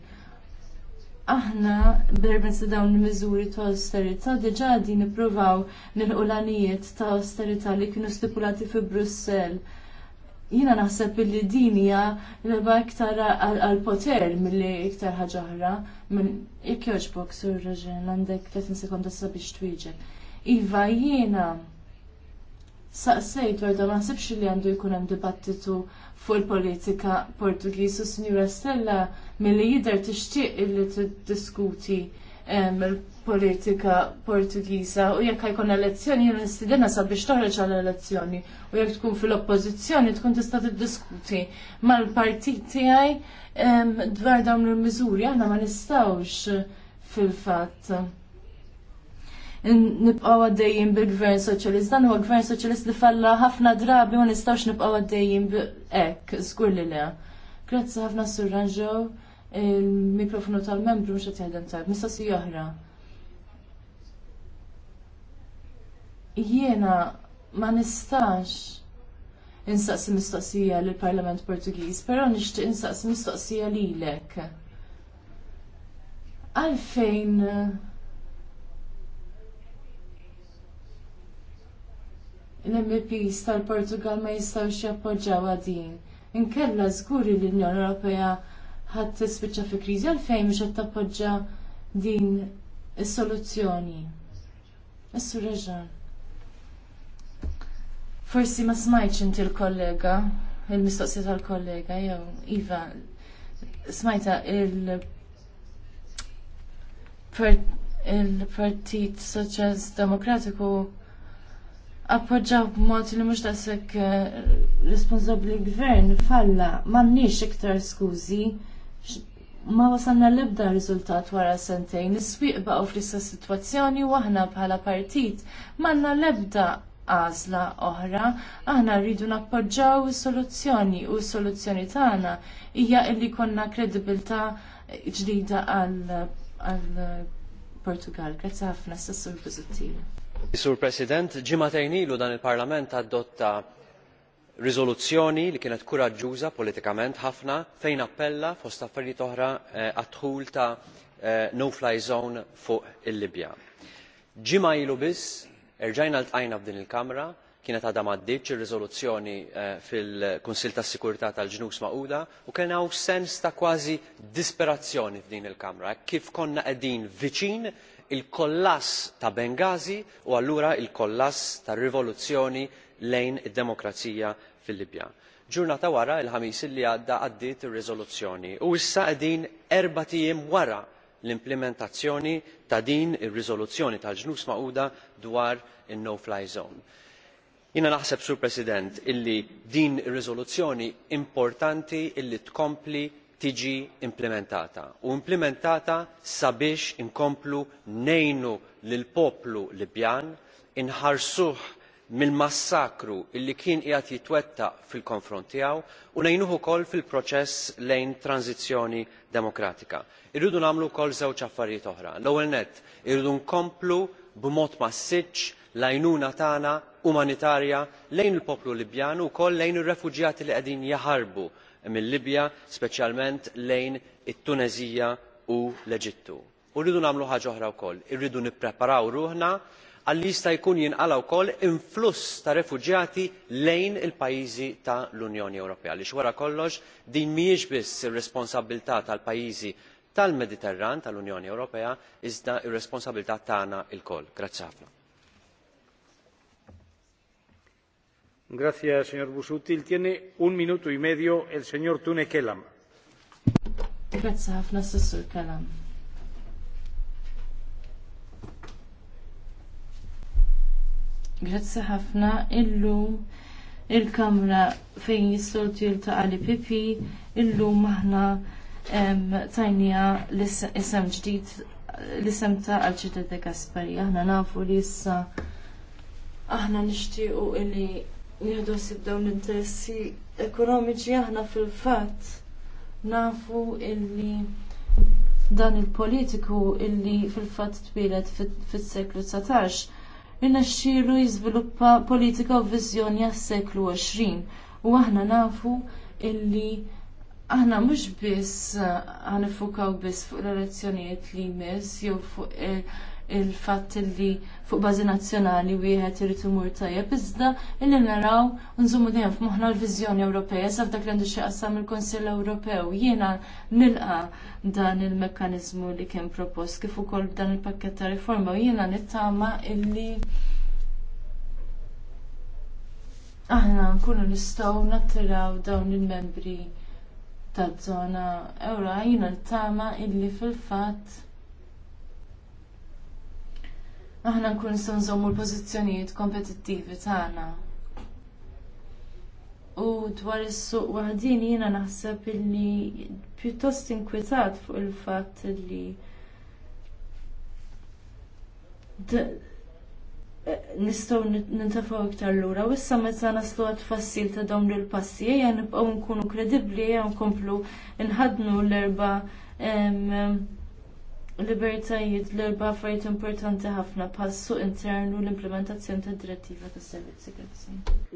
aħna permezz ta' dawn il-miżuri ta' austerità diġà din ippruvaw nilħu l għanijiet ta' austerità li kienu stipulati fi Brussell. Jiena naħseb li din hija l-eba iktar għal-poter milli iktar ħaġa oħra minn jekk jogħġbok sur raġel għandek 30 sekonda sabiex twieġeb. Iva jiena saqsejt wara ma naħsibx li għandu jkun hemm dibattitu fuq il-politika Portugiż u Sinjura Stella milli jidher tixtieq illi tiddiskuti politika Portugiża u jekk jkun elezzjoni jien nistiedna sabiex toħroġ għall elezzjoni u jekk tkun fil-oppożizzjoni tkun tista' tiddiskuti mal-partit tiegħi dwar dawn il-miżuri aħna ma nistgħux fil-fatt Nibqgħu għaddejjin bil-gvern soċjalist. Dan huwa gvern soċjalist li falla ħafna drabi ma nistgħux nibqgħu għaddejjin hekk, żgur li le. Grazzi ħafna Sur Ranġow il-mikrofonu tal-membru mhux qed jaħdem tajb, mistoqsija oħra. Jiena ma nistax instaqsi mistoqsija lill parlament Portugiż, però nixtieq instaqsi mistoqsija lilek. Għalfejn l-MPs tal-Portugal ma jistgħux jappoġġaw din. Inkella zguri l-Unjoni Ewropea ħadd tispiċċa fi kriżi għalfejn mhux qed tappoġġa din is-soluzzjoni. Issu reġan. Forsi ma smajtx inti l-kollega, il-mistoqsija tal-kollega, jew Iva, smajta il- il-Partit Soċjalist Demokratiku appoġġaw b'mod li mhux tasek eh, responsabbli l-gvern falla m'għandniex iktar skużi ma wasalna l-ebda riżultat wara sentejn, is-swieq baqgħu fl-istess sitwazzjoni u aħna bħala partit m'għandna l-ebda għażla oħra, aħna rridu nappoġġaw is-soluzzjoni u s-soluzzjoni tagħna hija li jkollna kredibilità ġdida għall Portugal. Grazzi ħafna, stessur pożittiv. Sur President, ġimagħtejn ilu dan il-Parlament adotta riżoluzzjoni li kienet kuraġġuża politikament ħafna fejn appella fost affarijiet oħra eh, għad-dħul ta' eh, no fly zone fuq il libja ġimgħa ilu biss irġajna ltqajna f'din il-kamra kienet għadha m'għaddietx ir-riżoluzzjoni eh, fil-kunsill tas-sikurtà tal-ġnus magħquda u kien hawn sens ta' kważi disperazzjoni f'din il-kamra kif konna qegħdin viċin il-kollass ta' Bengazi u allura l kollass tar-rivoluzzjoni lejn id-demokrazija fil-Libja. Ġurnata wara il-ħamis li għadda għaddiet ir rizoluzzjoni u issa għedin erba' tiem wara l-implementazzjoni ta' din ir-riżoluzzjoni tal-ġnus Magħquda dwar in no fly zone. Jiena naħseb, Sur President, illi din ir rizoluzzjoni importanti illi tkompli tiġi implementata u implementata sabiex inkomplu nejnu lill poplu Libjan inħarsuh mill-massakru li kien qiegħed jitwetta fil-konfront tiegħu u ngħinuh ukoll fil-proċess lejn tranzizzjoni demokratika. Irridu nagħmlu wkoll żewġ affarijiet oħra. L-ewwel nett irridu nkomplu b'mod massiġġ l-għajnuna tagħna umanitarja lejn il-poplu Libjan u wkoll lejn ir-refuġjati li qegħdin jaħarbu minn Libja, speċjalment lejn it-Tunezija u l-Eġittu. U rridu nagħmlu ħaġa oħra wkoll, irridu nippreparaw ruħna għal jista' jkun jinqala wkoll influss ta' refuġjati lejn il-pajjiżi ta' l-Unjoni Ewropea. Għaliex wara kollox din mhijiex biss ir-responsabilità tal-pajjiżi tal-Mediterran tal-Unjoni Ewropea iżda r responsabilità tagħna lkoll. Grazzi ħafna. Gracias, señor Busutil. Tiene un minuto y medio el señor Tune Kelam. Grazie ħafna s-sur Kelam. Grazzi ħafna illum il-kamra fejn jistoltu jiltaqa li pipi illu maħna tajnija l-isem ġdijt l-isem ta' għal-ċittà ta' Aħna nafu li jissa aħna nishtiqu illi nieħdu sib dawn l-interessi ekonomiċi aħna fil-fatt nafu illi dan il-politiku illi fil-fatt twilet fis-seklu 19 irnexxielu jizviluppa politika u viżjoni għas-seklu 20 u aħna nafu illi aħna mhux biss eh, ħanifukaw biss fuq l-elezzjonijiet li jmiss jew fuq il-fatt li fuq bażi nazzjonali wieħed irid imur tajjeb iżda illi naraw nżommu dejjem f'moħħna l-viżjoni Ewropea saf dak l għandu xi qassam il-Kunsill Ewropew jiena nilqa dan il-mekkaniżmu li kien propost kif ukoll dan il pakketta ta' riforma u jiena nittama illi aħna nkunu nistgħu nattiraw dawn il-membri taż żona ewra jiena nittama tama illi fil fatt aħna nkun nistgħu nżommu l-pożizzjonijiet kompetittivi tagħna. U dwar is-suq waħdin jiena naħseb illi pjuttost inkwetat fuq il-fatt li nistgħu nintafgħu iktar lura u issa meta naslu għat tfassil ta' dawn il-passi ejja nibqgħu nkunu kredibbli ejja nkomplu nħadnu l-erba' libertajiet l erba' affarijiet importanti ħafna pass suq internu l-implementazzjoni tad direttiva tas servizzi grazzi.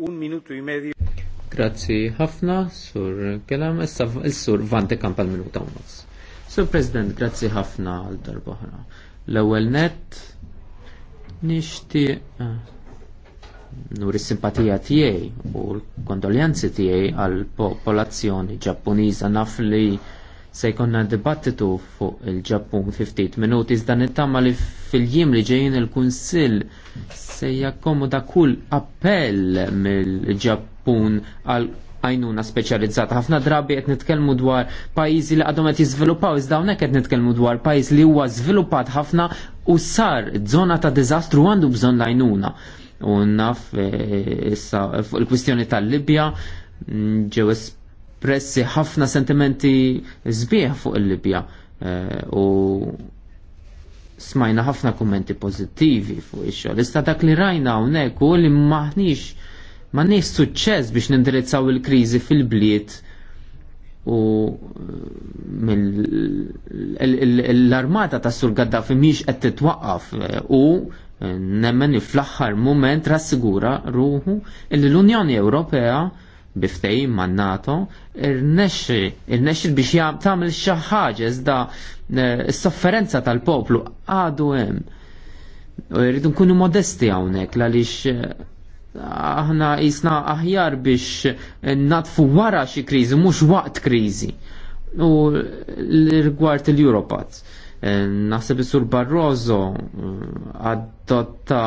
Un minutu jmedju. E grazzi ħafna, sur kelam, il-sur Vante Kampal minuta unos. Sur President, grazzi ħafna għal darba L-ewwel net nishti, eh, Nuri simpatija tiegħi u l-kondoljanzi tiegħi għall popolazzjoni Ġappuniża nafli. li se jkonna dibattitu fuq il-ġappun fi ftit minuti iżda nittama li fil-jiem li ġejjin il-Kunsill se jakkomoda kull appell mill-Ġappun għal għajnuna speċjalizzata. ħafna drabi qed nitkellmu dwar pajjiżi li għadhom qed jiżviluppaw iżda hawnhekk qed nitkellmu dwar pajjiż li huwa żviluppat ħafna u sar żona ta' diżastru għandu bżonn għajnuna. U naf eh, issa il-kwistjoni tal-Libja mm, ġew pressi ħafna sentimenti zbieħ fuq il-Libja eh, u smajna ħafna kummenti pozittivi fuq ix-xogħol. Issa dak li rajna hawnhekk u li maħniex maħniex suċċess biex nindirizzaw il-kriżi fil-bliet u eh, l-armata ta' Sur Gaddafi miex qed titwaqqaf eh, u nemmen fl-aħħar mument rassigura ruħu illi l-Unjoni Ewropea biftejn man NATO irnexxi biex tagħmel xi ħaġa iżda eh, s-sofferenza tal-poplu għadu hemm. U jridu nkunu modesti hawnhekk għaliex eh, aħna jisna aħjar biex eh, natfu wara xi kriżi mhux waqt kriżi. U l-rigward l europat Naħseb sur Barroso adotta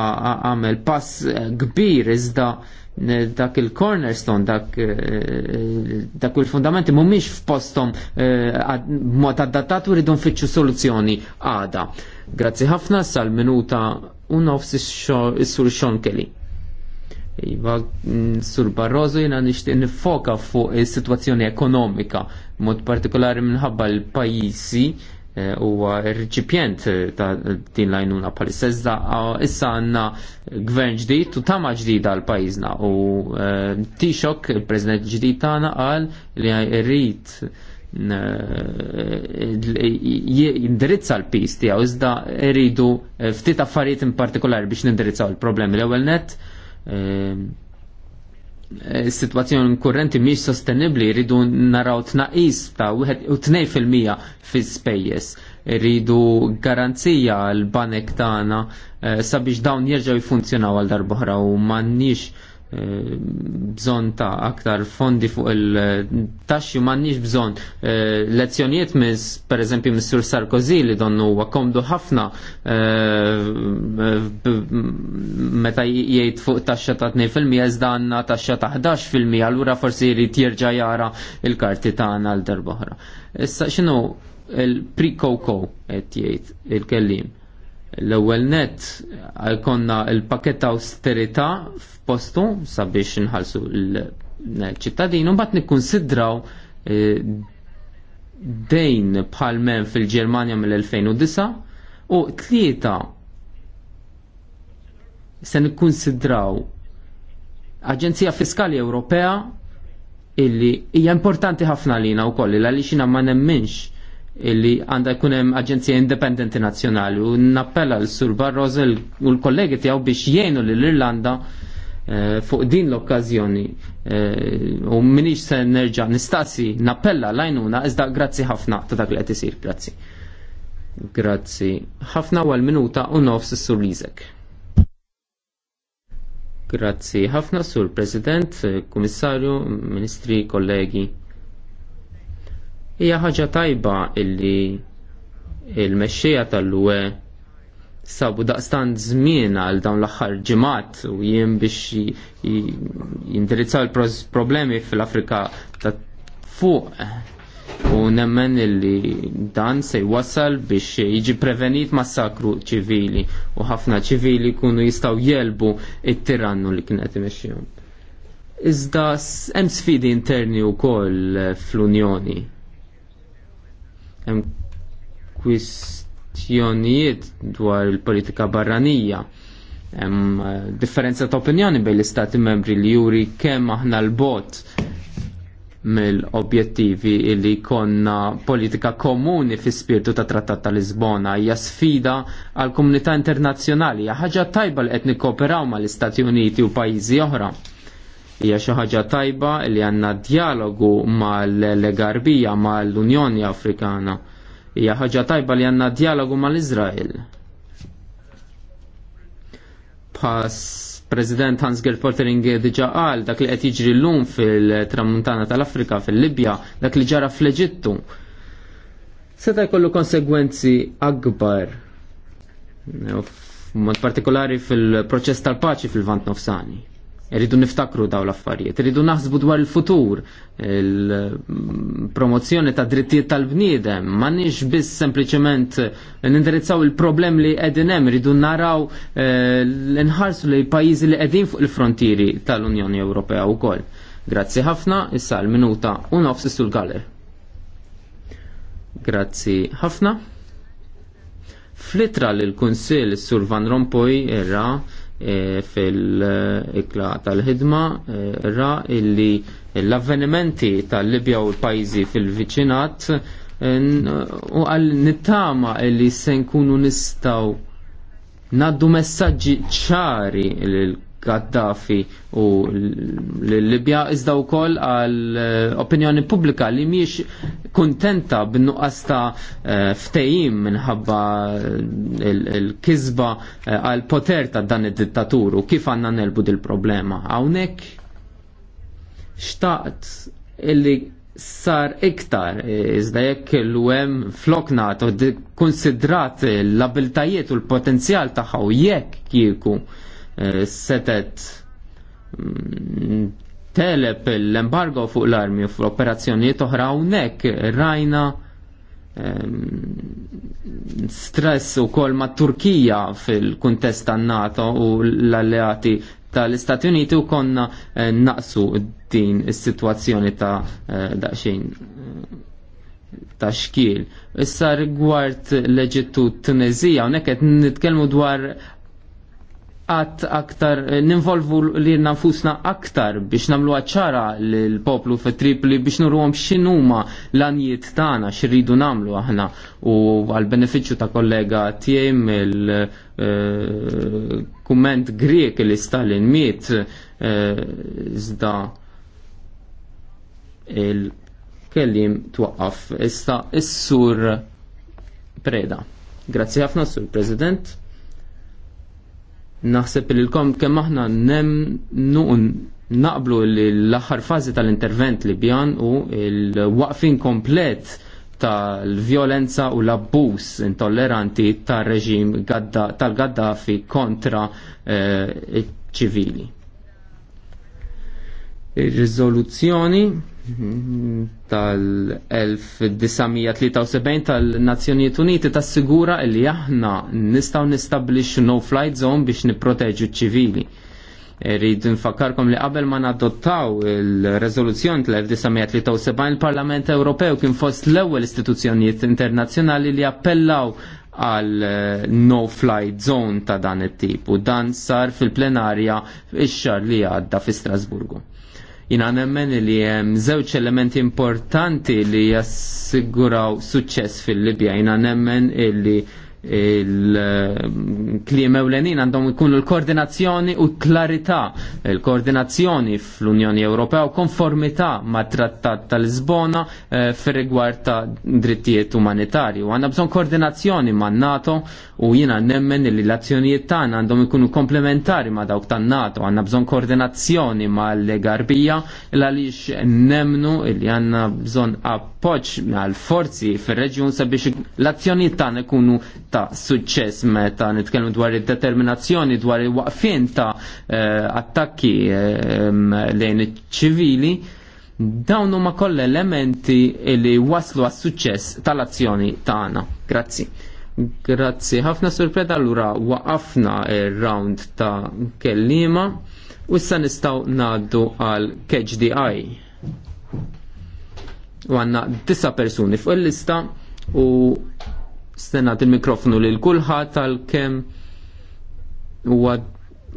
għamel pass kbir iżda dak il-cornerstone, dak, eh, dak il-fundamenti mumiex f'postom eh, mod adattat u ridun fiċċu soluzzjoni għada. Grazzi ħafna sal-minuta u nofs is-sur Sean Kelly. Iva, mm, sur Barroso jiena nishtiq nifoka fuq is-situazzjoni ekonomika, mod partikolari minħabba l-pajjiżi Eh, huwa reċipjent eh, ta' din l-għajnuna palissa. Iżda issa għanna gvern ġdid u tama ġdida għal pajizna u eh, Tixok, il-president ġdid tagħna qal li rrid jindirizza l-pis tiegħu iżda rridu ftit affarijiet in partikolari biex nindirizzaw il-problemi l-ewwel net Eh, situazzjoni kurrenti mhix sostenibbli rridu naraw tnaqis ta' wieħed u tnej fil-mija fil-spejjeż. Rridu garanzija l-banek tagħna eh, sabiex dawn jerġgħu jfunzjonaw għal darbohra u m'għandniex bżon ta' aktar fondi fuq il-taxxi ma nix bżon eh, lezzjonijiet mis per eżempju mis-Sur Sarkozy li donnu huwa komdu ħafna eh, meta jgħid fuq taxxa ta' 2% jazda għanna taxxa ta' 11% allura forsi jrid jerġa' jara il-karti tagħna għal darba Issa xinu il-pre-coco jiejt il-kellim. il-pre-coco qed jgħid il-kellim l-ewwel net għal konna l-pakket ta' austerità f'postu sabiex inħallsu l-ċittadin u mbagħad nikkunsidraw eh, dejn bħal men fil-Ġermanja mill-2009 u tlieta se nikkunsidraw Aġenzija Fiskali Ewropea illi hija importanti ħafna lina wkoll għaliex jiena ma nemminx illi għanda jkunem aġenzija indipendenti nazjonali u nappella l-Sur Barroso u l-kollegi tijaw biex jgħinu l-Irlanda eh, fuq din l-okkazjoni eh, u minix se nerġa nistasi nappella lajnuna iżda grazzi ħafna ta' dak li qed isir grazzi. Grazzi. Ħafna għal minuta u nofs sur Lizek. Grazzi ħafna sur President, Komissarju, Ministri, kollegi. Hija ħaġa tajba illi il-mexxija tal-lue sabu daqstant żmien għal dawn l-aħħar ġimgħat u jien biex jindirizzaw il-problemi fil afrika ta' fuq u nemmen illi dan se jwassal biex jiġi prevenit massakru ċivili u ħafna ċivili kunu jistaw jelbu it-tirannu li kienet imexxihom. Iżda hemm sfidi interni wkoll fl-Unjoni Hemm kwistjonijiet dwar il-politika barranija. Hemm eh, differenza ta' opinjoni bejn l-istati membri li juri kemm aħna l-bot mill-objettivi li konna politika komuni fi spirtu ta' trattat ta' Lisbona hija sfida għal komunità internazzjonali ħaġa tajba li qed nikkooperaw mal istati Uniti u pajjiżi oħra hija xi ħaġa tajba li għandna dialogu mal-Legarbija mal-Unjoni Afrikana. Hija ħaġa tajba li għandna dialogu mal-Iżrael. Pass President Hans Gerd Portering diġa qal dak li qed jiġri llum fil-tramuntana tal-Afrika fil-Libja, dak li ġara fl-Eġittu. Seta jkollu konsegwenzi akbar eh, mod partikolari fil-proċess tal-paċi fil-vant nofsani rridu niftakru daw l-affarijiet, rridu naħsbu dwar il-futur, il-promozzjoni ta' drittijiet tal-bniedem, ma nix biss sempliciment nindirizzaw il-problem li qegħdin hemm, irridu naraw l-inħarsu eh, li pajjiżi li qegħdin fuq il-frontieri tal-Unjoni Ewropea wkoll. Grazzi ħafna, issa l-minuta u nofs istul galler. Grazzi ħafna. Flitra l kunsil Sur Van Rompuy era. E, fil-ikla tal-ħidma e, ra illi l-avvenimenti tal-Libja u l-pajzi fil-viċinat e, u għal nittama illi se nkunu nistaw naddu messaġġi ċari l Gaddafi u l-Libja iżda wkoll għal eh, opinjoni pubblika li mhijiex kuntenta b'nuqqas ta' eh, ftejim minħabba eh, l-kisba għal poter ta' dan id-dittatur u kif għandna nelbu dil-problema. Hawnhekk xtaqt illi sar iktar, iżda jekk l-UM flokna konsidrat l-abiltajiet u l-potenzjal taħħa jekk kieku Eh, setet mm, teleb l-embargo fuq l-armi u fuq operazzjonijiet oħra hawnhekk rajna stress u kol ma' Turkija fil-kuntest tan-NATO u l-alleati tal-Istati Uniti u konna eh, naqsu din is-sitwazzjoni ta' eh, daqsxejn ta' xkiel. Issa rigward l-Eġittu Tunezija, unek qed nitkellmu dwar għat aktar, eh, ninvolvu li nfusna aktar biex namlu ċara l-poplu fit tripli biex nurruhom xinuma l-anjiet tagħna x'irridu namlu aħna u għal benefiċċju ta' kollega tiegħi mill eh, kumment Grek li Stalin miet eh, iżda il-kellim twaqqaf issa is-sur Preda. Grazzi ħafna sur President. Naħseb li l-kom kemm aħna nemnu naqblu l-aħħar fażi tal-intervent Libjan u l-waqfin komplet tal-violenza u l-abbuż intolleranti tal-reġim tal-Gaddafi kontra eh, ċivili. Ir-riżoluzzjoni tal-1973 tal-Nazzjonijiet Uniti tassigura li aħna nistgħu nistablixxu no-flight zone biex nipproteġu ċ-ċivili. Rridu nfakkarkom li qabel ma nadottaw il-rezoluzzjoni tal-1973 il-Parlament Ewropew kien fost l-ewwel istituzzjonijiet internazzjonali li appellaw għal eh, no-fly zone ta' dan it-tip u dan sar fil-plenarja ix-xar li għadda fi Strasburgu. Jina nemmen li jem zewċ elementi importanti li jassiguraw suċċess fil-Libja. Jina nemmen li il-kliem ewlenin għandhom ikunu l-koordinazzjoni u klarità, il-koordinazzjoni fl-Unjoni Ewropea u konformità ma' trattat tal-Lisbona eh, fir rigward ta' drittijiet umanitari u għanna bżon koordinazzjoni ma' NATO u jina nemmen il l ta' għandhom ikunu komplementari ma' dawk ta' NATO, għanna bżon koordinazzjoni ma' l-Garbija għaliex nemnu li għanna bżon appoċ ma' l forzi fir-reġjun sabiex l-azzjonijiet tagħna ikunu ta' suċċess meta nitkellmu dwar id-determinazzjoni dwar il-waqfien ta' eh, attakki eh, lejn iċ-ċivili dawn huma koll elementi li waslu għas suċċess tal-azzjoni tagħna. Grazzi. Grazzi. Ħafna surpreda allura waqafna ir-round ta' kellima u issa nistgħu ngħaddu għal KHDI. U għandna disa persuni fuq il-lista u stenat il-mikrofonu lil kulħadd tal-kem huwa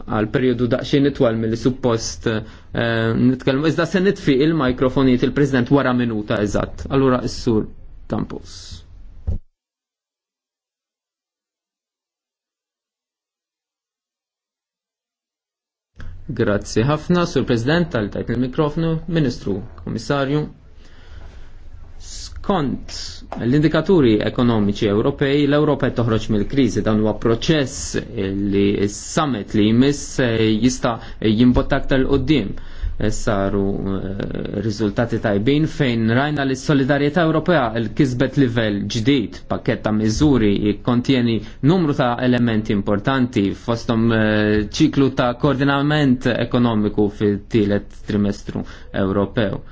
għal periodu daqxin itwal mill suppost eh, nitkellmu. Iżda se nitfi il-mikrofoniet il-President wara minuta eżatt. Allura s-sur Tampus. Grazzi ħafna, sur President, tal-tajt il-mikrofonu, Ministru, Komissarju. Kont l-indikaturi ekonomiċi Ewropej l-Ewropa toħroġ mill-kriżi dan huwa proċess li s-summit li jmiss eh, jista' jimbotta aktar qudiem eh, saru eh, riżultati tajbin fejn rajna li s-Solidarjetà Ewropea l-kisbet livell ġdid, pakket ta' miżuri kontieni numru ta' elementi importanti fostom ċiklu ta' koordinament ekonomiku fit-tielet trimestru Ewropew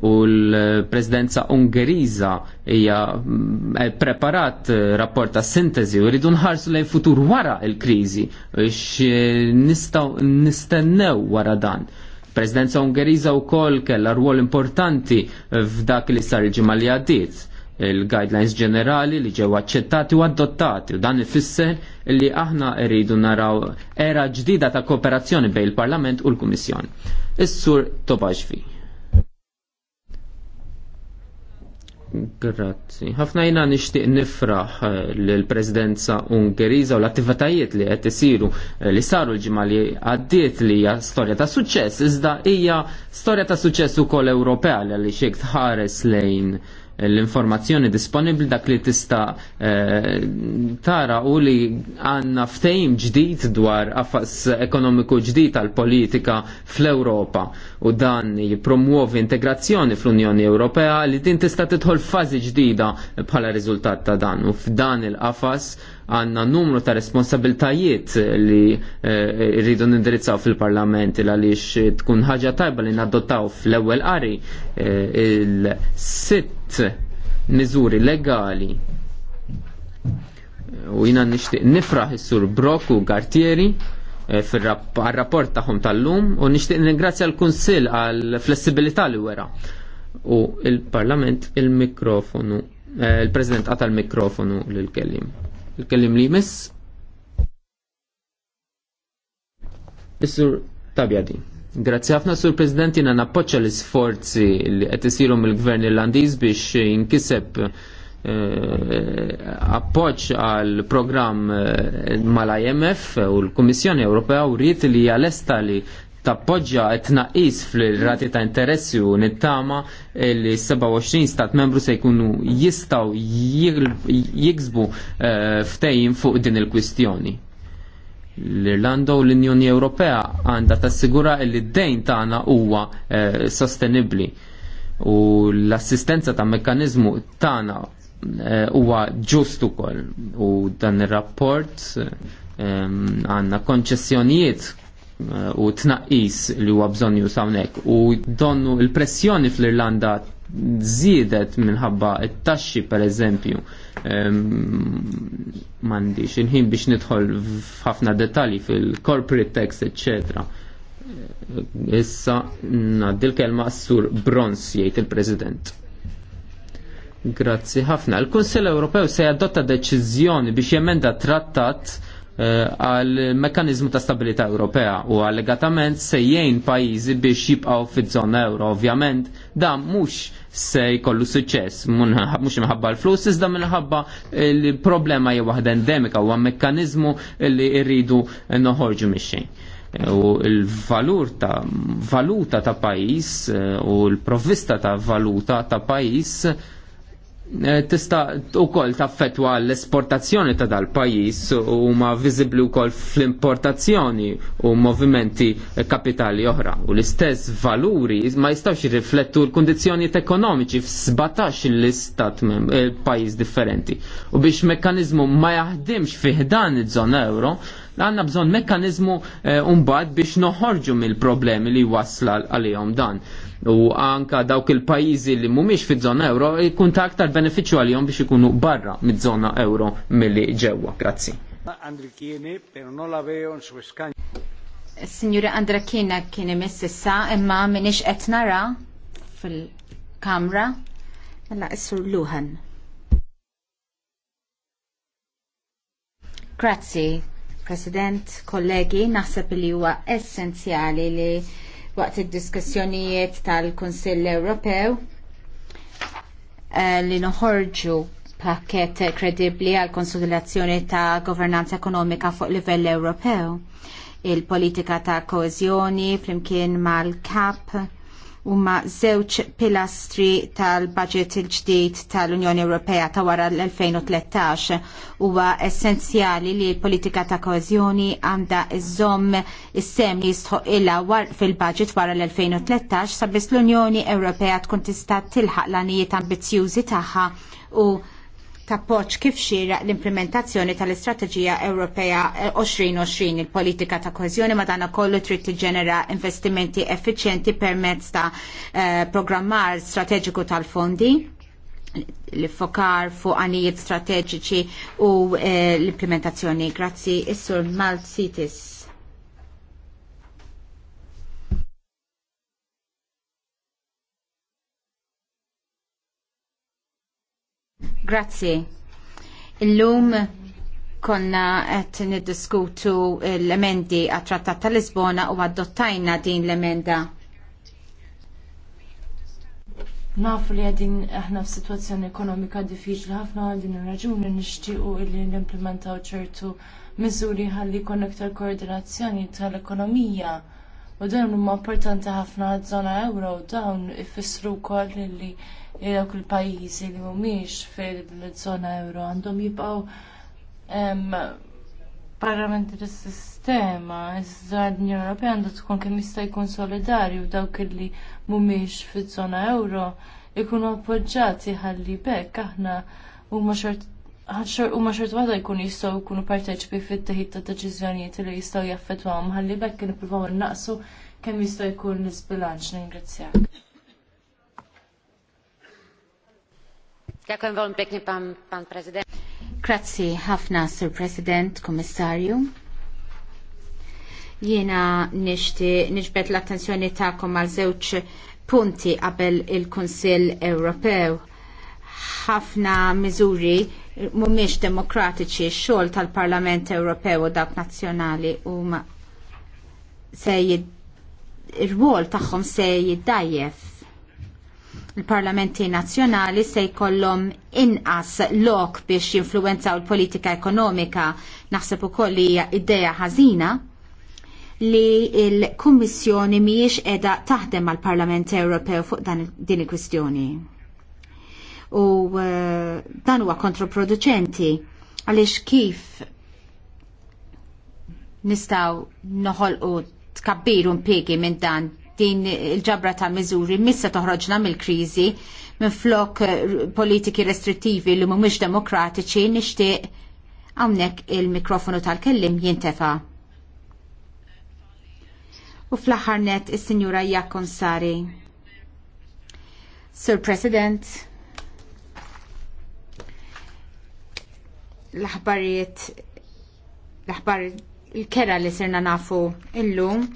u l-presidenza Ungeriża hija mm, eh, preparat eh, rapport ta' sintesi u rridu nħarsu lejn futur wara l-kriżi biex eh, nistennew wara dan. Presidenza Ungeriża wkoll kellha rwol importanti f'dak li sar il-ġimgħa li għaddiet il-guidelines ġenerali li ġew aċċettati u adottati u dan ifisser li aħna rridu naraw era ġdida ta' kooperazzjoni bejn il-Parlament u l-Kummissjoni. Is-sur Tobaġvi. Grazzi. Ħafna jina nixtieq nifraħ eh, l-Presidenza Ungeriża u l-attivitajiet li qed isiru eh, li saru l-ġimgħa li għaddiet li hija storja ta' suċċess, iżda hija storja ta' suċċess ukoll Ewropea li xejn tħares lejn l-informazzjoni disponibli dak li tista eh, tara u li għanna ftejm ġdid dwar affas ekonomiku ġdid għal politika fl-Europa u dan jipromuovi integrazzjoni fl-Unjoni Ewropea li din tista titħol fazi ġdida bħala riżultat ta' dan u f'dan il-qafas għanna numru ta' responsabiltajiet li eh, rridu nindirizzaw fil-parlament il għaliex tkun ħaġa tajba li nadottaw fl-ewwel qari eh, il-sitt miżuri legali u jina nishtiq nifraħ is-sur Brok u Gartieri eh, fil-rapport tagħhom tal-lum u nixtieq ningrazzja l-Kunsill għal flessibilità li wera u il-Parlament il-mikrofonu eh, il-President għata l-mikrofonu l-kellim il-kellim li jmiss. Is-sur Tabjadi. Grazzi ħafna sur President jiena nappoċċa l sforzi li qed isirhom il-Gvern Irlandiż biex jinkiseb eh, appoġġ għal programm eh, mal-IMF u l-Kummissjoni Ewropea u rrit li hija lesta li tappoġġja t-tnaqqis fil-rati ta' interessi u nittama li 27 stat membru se jkunu jistaw jiksbu eh, ftejn fuq din il-kwistjoni. L-Irlanda u l-Unjoni Ewropea għandha tassigura li d-dejn tagħna huwa eh, sostenibbli u l-assistenza ta' mekkanizmu tagħna eh, huwa ġust ukoll u dan ir-rapport għandna konċessjonijiet u tnaqqis li huwa bżonn ju hawnhekk u donnu l-pressjoni fl-Irlanda żiedet minħabba it-taxxi pereżempju ehm, m'għandix xinħin biex nidħol f'ħafna dettalji fil-corporate tax, etc. Issa naddil l-kelma sur Bronz jgħid il-President. Grazzi ħafna. Il-Kunsell Ewropew se jadotta deċiżjoni biex jemenda trattat Eh, għal mekkanizmu ta' stabilità Ewropea u allegatament se jgħin pajjiżi biex jibqgħu fit zona euro. Ovvjament dan mhux se jkollu suċċess mhux imħabba l-flus iżda minħabba il problema jew waħda endemika u mekkaniżmu li rridu noħorġu mix U l-valur ta' valuta ta' pajis eh, u l-provvista ta' valuta ta' pajis Eh, tista' ukoll taffettwa l-esportazzjoni ta' dal-pajjiż u ma viżibbli wkoll fl-importazzjoni u movimenti e kapitali oħra. U l-istess valuri ma jistawx jirriflettu l-kundizzjonijiet ekonomiċi f-sbatax l-istat eh, pajjiż differenti. U biex mekkaniżmu ma jaħdimx fih dan iż-żona euro, għanna bżon un-bad eh, biex noħorġu mill-problemi li wasla għalihom dan u anka dawk il-pajjiżi li mhumiex fi żona euro jkun ta' aktar beneficju għalihom biex ikunu barra mid żona euro milli ġewwa. Grazzi. Signora Andra Kiena kien imess issa imma minix qed nara fil-kamra. Mela issur Luhan. Grazzi, President, kollegi, naħseb li huwa essenzjali li waqt id-diskussjonijiet tal-Kunsill Ewropew eh, li noħorġu pakket kredibbli għal konsolidazzjoni ta' governanza ekonomika fuq livell Ewropew il-politika ta' koezjoni flimkien mal-kap huma żewġ pilastri tal-budget il-ġdid tal-Unjoni Ewropea ta' wara l-2013 huwa essenzjali li l-politika ta' koezjoni għandha iżomm is-sem li jistħoq ilha fil-budget wara l-2013 sabiex l-Unjoni Ewropea tkun tista' tilħaq l-anijiet ambizzjużi tagħha u tappoġġ kif xieraq l-implementazzjoni tal-Istrateġija Ewropea 2020 eh, il-politika ta' koeżjoni madana kollu trid tiġġenera investimenti effiċjenti permezz ta' eh, programmar strateġiku tal-fondi l-fokar fuq għanijiet strateġiċi u eh, l-implementazzjoni. Grazzi, Is-Sur Citis. Grazzi. Illum konna qed niddiskutu l-emendi għat-Trattat ta' Lisbona u adottajna din l-emenda. Nafu li għadin aħna f-situazzjoni ekonomika diffiċli ħafna għadin raġuni nishtiqu illi n-implementaw ċertu miżuri ħalli konnektar koordinazzjoni tal-ekonomija. U dan huma importanti ħafna għad-żona euro dawn ifissru wkoll illi E dawk il-pajjiżi li mhumiex fil-żona euro għandhom jibqgħu parlamenti tas-sistema, iżda l-Unjoni Ewropea għandha tkun kemm jista' jkun solidarju dawk li mhumiex fiż-żona euro jkunu appoġġjati ħalli bekk aħna huma xorta waħda jkunu jistgħu jkun jkunu parteċipi fit teħid ta' deċiżjonijiet li jistgħu jaffettwahom ħalli bekk nippruvaw innaqsu kemm jista' jkun l-isbilanċ ningrazzjak. Grazzi ħafna, Sur President, Kommissarju. Jiena nixti nixbet l-attenzjoni ta'kom għal żewġ punti qabel il-Kunsill Ewropew. Ħafna miżuri mhumiex demokratiċi x-xogħol tal-Parlament Ewropew u dawk nazzjonali huma se ir-rwol tagħhom se jiddajjef il-parlamenti nazzjonali se jkollhom inqas lok biex jinfluwenzaw il-politika ekonomika naħseb ukoll li hija idea ħażina li l kummissjoni mhijiex qiegħda taħdem għall parlament Ewropew fuq dan din il-kwistjoni. U eh, dan huwa kontraproduċenti għaliex kif nistgħu noħolqu tkabbir un minn dan din il-ġabra ta' miżuri missa toħroġna mill-kriżi minn flok eh, politiki restrittivi li mhumiex demokratiċi nixtieq hawnhekk il-mikrofonu tal-kellim jintefa. U fl-aħħar net is-Sinjura Jakon Sari. Sir President, l-aħbarijiet l-aħbar il-kera li sirna nafu illum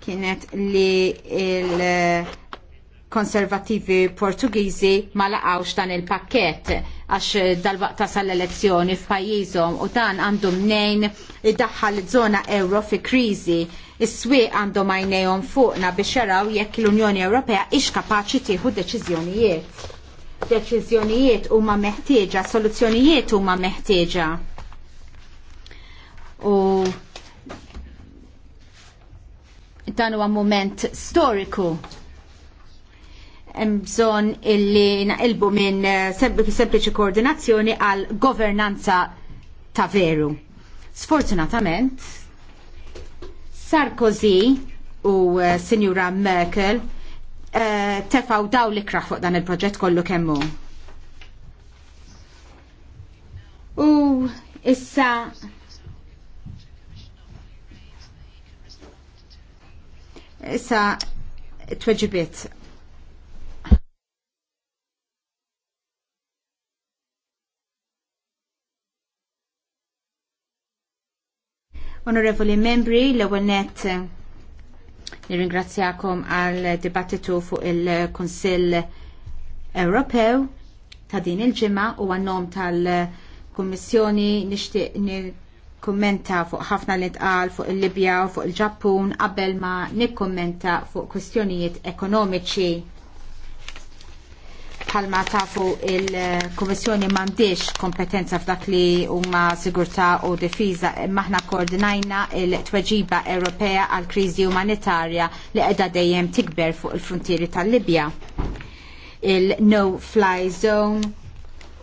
kienet li il-konservativi Portugiżi ma laqgħux dan il-pakket għax dal-waqt tasal elezzjoni f'pajjiżhom u dan għandhom nejn id-daħħal żona euro fi kriżi is-swieq għandhom għajnejhom fuqna biex jaraw jekk l-Unjoni Ewropea ix kapaċi tieħu deċiżjonijiet. Deċiżjonijiet huma meħtieġa, soluzzjonijiet huma meħtieġa. U dan huwa moment storiku hemm bżonn illi naqilbu minn eh, sempliċi koordinazzjoni għal governanza ta' veru. Sfortunatament, Sarkozy u eh, Sinjura Merkel uh, tefaw daw li fuq dan il-proġett kollu kemmu. U issa Issa tweġibiet Onorevoli membri, l-ewwel net nirringrazzjakom għal dibattitu fuq il-Kunsill Ewropew ta' din il ġimma u għannom tal-Kummissjoni nixtieq kummenta fuq ħafna li tqal fuq il-Libja u fuq il-Ġappun qabel ma nikkummenta fuq kwistjonijiet ekonomiċi. Bħalma tafu il komissjoni m'għandix kompetenza f'dak li huma sigurtà u difiża maħna koordinajna il-tweġiba Ewropea għal kriżi umanitarja li qiegħda dejjem tikber fuq il-frontieri tal-Libja. Il-no-fly zone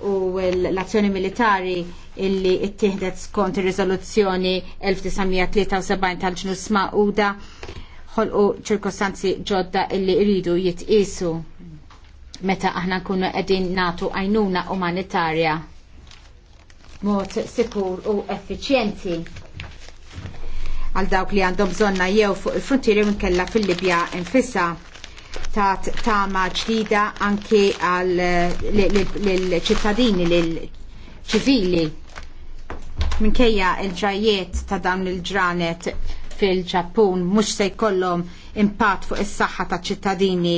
u l-azzjoni militari illi ittieħdet skont ir-riżoluzzjoni 1973 tal-ġnus Mauda ħolqu ċirkostanzi ġodda illi jridu jitqisu meta aħna nkunu qegħdin nagħtu għajnuna umanitarja mod sikur u effiċjenti għal dawk li għandhom bżonna jew fuq il-frontieri minkella fil-Libja infissa ta' tama ġdida anke għal l-ċittadini l-ċivili minkejja il-ġrajiet ta' dawn il-ġranet fil-ġappun mhux se jkollhom impatt fuq is-saħħa taċ ċittadini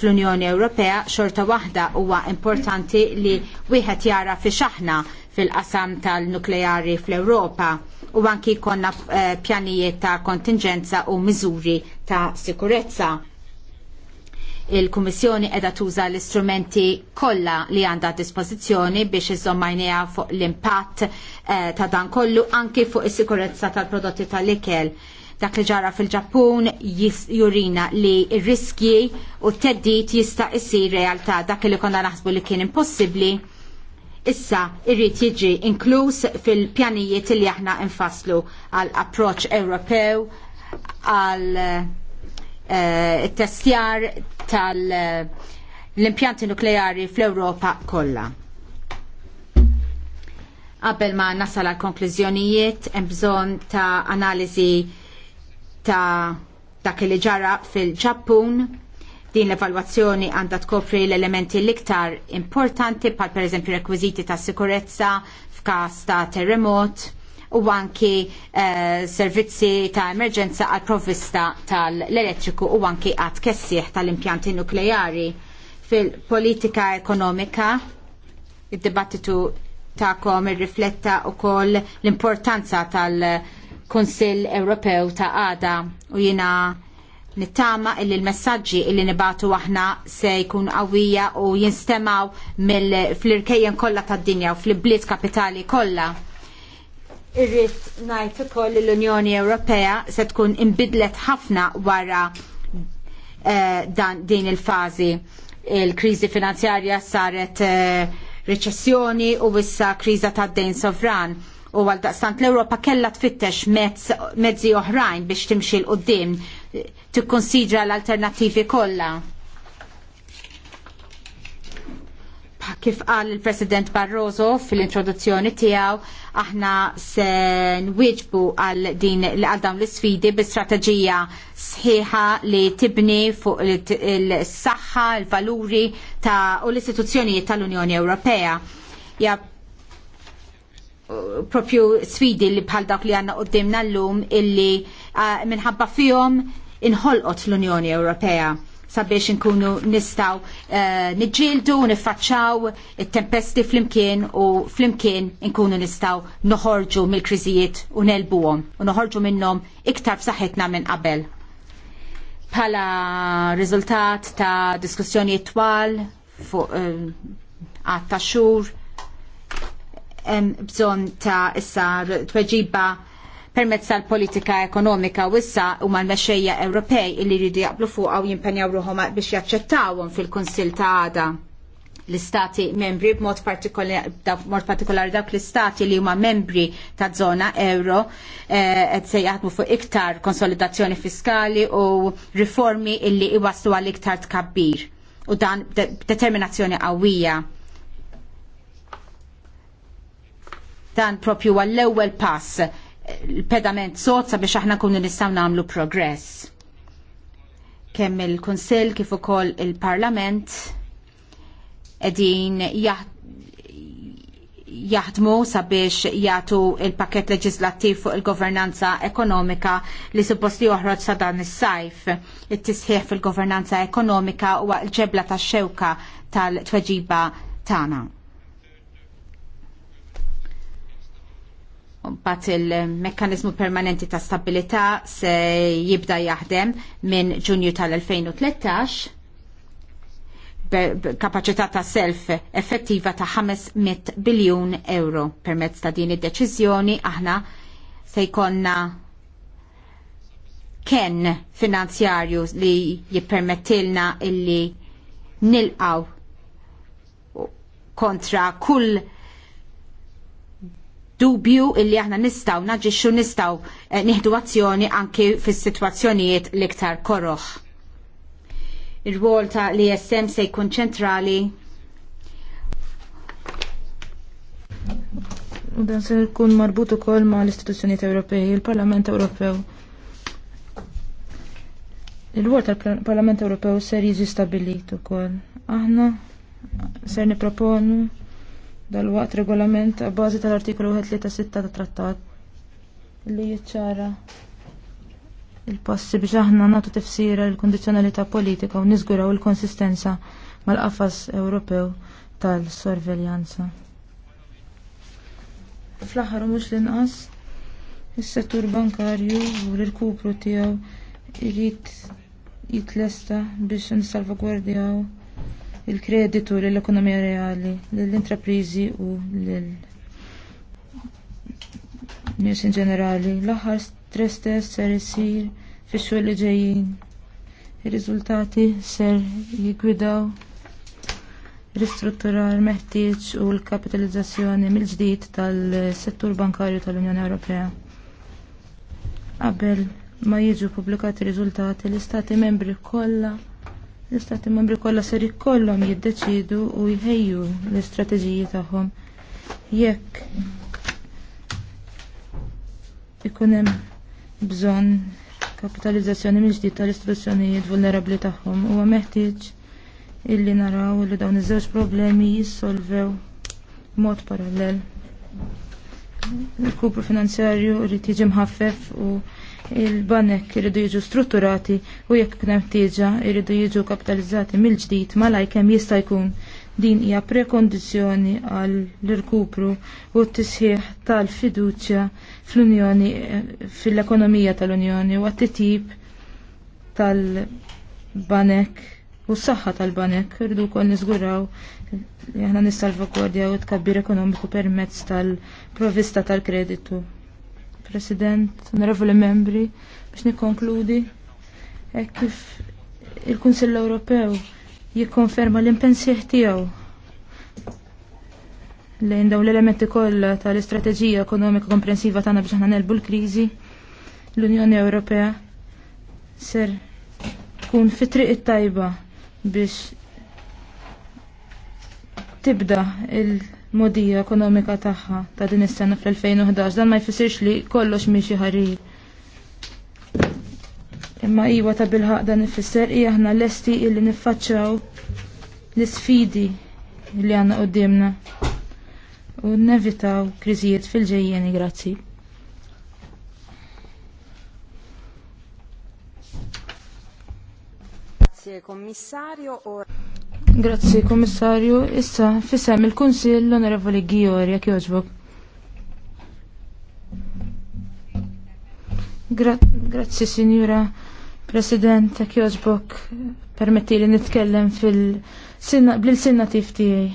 fl-Unjoni Ewropea, xorta waħda huwa importanti li wieħed jara fi xaħna fil-qasam tal-nukleari fl-Ewropa u anki jkollna eh, pjanijiet ta' kontingenza u miżuri ta' sikurezza il-Kummissjoni edha tuża l-istrumenti kollha li għandha a dispożizzjoni biex iżommajnija fuq l-impatt eh, ta' dan kollu anki fuq is-sikurezza tal-prodotti tal-ikel. Dak li ġara fil-Ġappun jurina li r-riskji u t-teddit jista' jsir realtà dak li konna naħsbu li kien impossibbli issa irrid jiġi inkluż fil-pjanijiet li aħna nfasslu għal approċċ Ewropew għal Eh, testjar tal-impjanti eh, nukleari fl-Europa kollha. Qabel ma nasal għal konklużjonijiet hemm bżonn ta' analiżi ta' dak li ġara fil-Ġappun din l-evalwazzjoni għandha tkopri l-elementi l-iktar importanti bħal pereżempju rekwiżiti ta' sikurezza f'każ ta' terremot, u anki eh, servizzi ta' emerġenza għal provvista tal-elettriku u anki għat kessieħ tal-impjanti nukleari fil-politika ekonomika. Id-dibattitu ta'kom rifletta u koll l-importanza tal-Konsil Ewropew ta' għada u jina nittama illi l-messagġi illi nibatu aħna se jkun qawwija u jinstemaw mill fl-irkejjen kollha tad-dinja u fl-bliet kapitali kollha Irrid ngħid ukoll li l-Unjoni Ewropea se tkun inbidlet ħafna wara eh, dan din il-fażi. Il-kriżi finanzjarja saret eh, riċessjoni u issa kriża tad-dejn sovran u għaldaqstant l ewropa kellha tfittex mezzi oħrajn biex timxi l qudiem eh, tikkonsidra l-alternattivi kollha. kif qal il-President Barroso fil-introduzzjoni tiegħu aħna se nwieġbu għal din għal dawn l-isfidi bi strateġija sħiħa li tibni fuq il-saħħa, il-valuri ta' u l-istituzzjonijiet tal-Unjoni Ewropea. Ja propju sfidi li bħal dawk li għanna qoddimna l-lum illi minħabba fihom inħolqot l-Unjoni Ewropea sabiex inkunu nistaw uh, eh, nġildu, nifacċaw il-tempesti flimkien u flimkien inkunu nistaw noħorġu mill-kriżijiet u nelbuhom u noħorġu minnhom iktar b'saħħitna minn qabel. Pala riżultat ta' diskussjoni twal fuq eh, għatta xur, bżon ta' issa tweġiba permezz tal-politika ekonomika u issa huma l-mexxejja Ewropej li jridu jaqblu fuqha u jimpenjaw ruhom biex jaċċettawhom fil-Kunsill ta' għada l-istati membri b'mod partikolari dawk l-istati li huma membri ta' zona euro eh, qed se jaħdmu fuq iktar konsolidazzjoni fiskali u riformi illi iwaslu għal iktar tkabbir u dan determinazzjoni qawwija. Dan propju għall ewwel pass l-pedament sozza biex aħna kunu nistgħu nagħmlu progress. Kemm il-Kunsill kif ukoll il-Parlament qegħdin jaħdmu sabiex jagħtu il-pakket leġislattiv fuq il-governanza ekonomika li suppost li joħroġ sa dan is-sajf. It-tisħiħ fil-governanza ekonomika huwa l-ġebla tax-xewka tal-tweġiba tagħna. Bat il-mekkanizmu permanenti ta' stabilità se jibda jaħdem minn ġunju tal-2013 kapacità ta' self effettiva ta' 500 biljun euro. Permezz ta' din id-deċiżjoni aħna se jkonna ken finanzjarju li jippermettilna illi nilqaw kontra kull dubju illi aħna nistaw naġixxu nistaw eh, nieħdu azzjoni anki fis-sitwazzjonijiet l-iktar korroħ. Ir-rwol ta' l-ISM se jkun ċentrali U dan se jkun marbut ukoll ma' l-istituzzjonijiet Ewropej, il-Parlament Ewropew. Il-wol tal-Parlament Ewropew ser jiġi stabilit ukoll. Aħna ser niproponu dal-waqt regolament bażi tal artiklu 136 ta' trattat li jiċċara il-passi biex aħna nagħtu tifsira l-kondizzjonalità politika u niżguraw il-konsistenza mal-qafas Ewropew tal-sorveljanza. Fl-aħħar mhux l-inqas is-settur bankarju u l-irkupru tiegħu jrid jitlesta biex nsalvagwardjaw il-kreditu l-ekonomija reali, l-intraprizi u l-nies in ġenerali. L-aħħar stress test ser isir fix-xogħol li ġejjin. Ir-riżultati ser jiggwidaw ristrutturar meħtieġ u l-kapitalizzazzjoni mill-ġdid tal-settur bankarju tal-Unjoni Ewropea. Qabel ma jiġu pubblikati riżultati l-istati membri kollha l-istati membri kollha ser jikollhom jiddeċidu u jħejju l-istrateġiji tagħhom jekk ikun hemm bżonn kapitalizzazzjoni mill ġdid tal-istituzzjonijiet vulnerabbli tagħhom huwa meħtieġ illi naraw li dawn iż-żewġ problemi jissolvew mod parallel. Il-kupru finanzjarju rrid jiġi mħaffef u il-banek irridu jiġu strutturati u jekk kien hemm ħtieġa jiġu kapitalizzati mill-ġdid malajk hemm jista' jkun din hija prekondizzjoni għal l-irkupru u t-tisħiħ tal-fiduċja fl-Unjoni fil-ekonomija tal-Unjoni u għat titib tal-banek u s-saħħa tal-banek irridu kon niżguraw li aħna nissalvagwardja u tkabbir ekonomiku permezz tal-provista tal-kreditu. President, onorevoli membri, biex nikkonkludi hekk kif il-Kunsill Ewropew jikkonferma l-impensieħ tiegħu lejn dawn l-elementi kollha tal-istrateġija ekonomika komprensiva tagħna biex aħna nelbu l-kriżi, l-Unjoni Ewropea ser tkun fi triq it-tajba biex tibda il- modija ekonomika tagħha ta' din is-sena fl-2011 dan ma jfissirx li kollox miexi ħarir. Imma iwa ta' bilħaq dan ifisser hija aħna lesti illi niffaċċaw l-isfidi li għandna qudiemna u nevitaw kriżijiet fil-ġejjeni grazzi. Grazie commissario. Grazzi, Komissarju. Issa, fissem il-Kunsil l-Onorevoli Gjori, jak joġbok. Gra grazzi, Signora President, jak joġbok. Permetti li nitkellem fil-sinna, bil-sinnativ tijaj.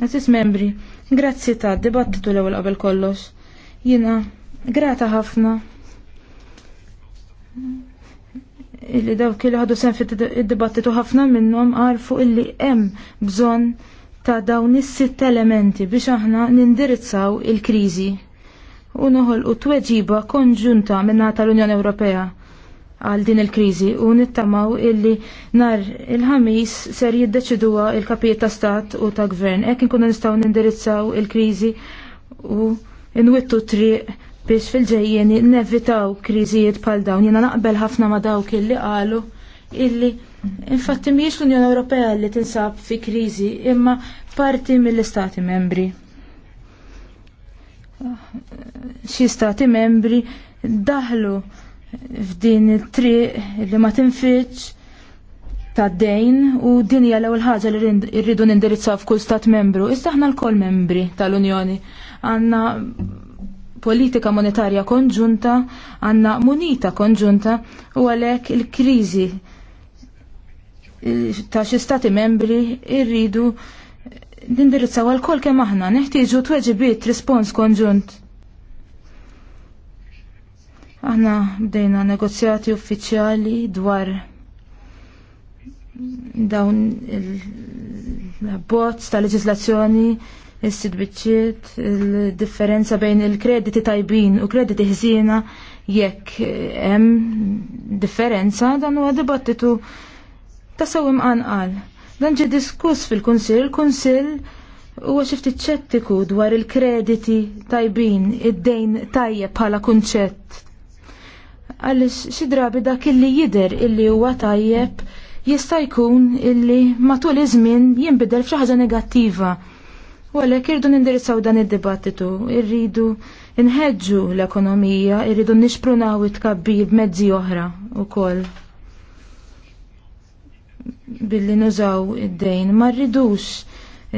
Għazis membri, grazzi ta' dibattitu l-ewel qabel kollox. Jina, grata ħafna illi dawk li ħadu sen id-dibattitu ħafna minnhom għarfu illi hemm bżonn ta' dawn is-sitt elementi biex aħna nindirizzaw il-kriżi u noħolqu tweġiba konġunta minna tal-Unjoni Ewropea għal din il-kriżi u nittamaw illi nar il-ħamis ser jiddeċiduha il-kapijiet ta' stat u ta' gvern. Hekk inkunu nistgħu nindirizzaw il-kriżi u nwittu triq biex fil-ġejjeni nevitaw kriżijiet bħal dawn. Jiena naqbel ħafna ma dawk illi qalu illi infatti mhijiex l-Unjoni Ewropea li tinsab fi kriżi imma parti mill-istati membri. Xi stati membri daħlu f'din it-triq li ma tinfitx ta' dejn u din hija l-ewwel ħaġa li rridu nindirizzaw f'kull stat membru. Issa aħna l-kol membri tal-Unjoni għandna politika monetarja konġunta, għandna munita konġunta u għalhekk il-kriżi eh, ta' xi stati membri irridu nindirizzaw għal kol kem aħna neħtieġu tweġibiet rispons konġunt. Aħna bdejna negozjati uffiċjali dwar dawn il bots ta' leġislazzjoni is-sidbiċċiet, il-differenza bejn il-krediti tajbin u krediti ħsiena jekk eh, hemm differenza dan huwa dibattitu ta' sew imqanqal. Dan ġie diskuss fil-Kunsill, il-Kunsill huwa xi ftit ċettiku dwar il-krediti tajbin, id-dejn tajjeb bħala kunċett għalix xi drabi dak illi jider illi huwa tajjeb jista' jkun illi matul iż-żmien jinbidel f'xi ħaġa negattiva. U għalhekk irdu nindirizzaw dan id-dibattitu, irridu nħeġġu l-ekonomija, irridu nixprunaw it-tkabbir b'mezzi oħra wkoll billi nużaw id-dejn, ma rridux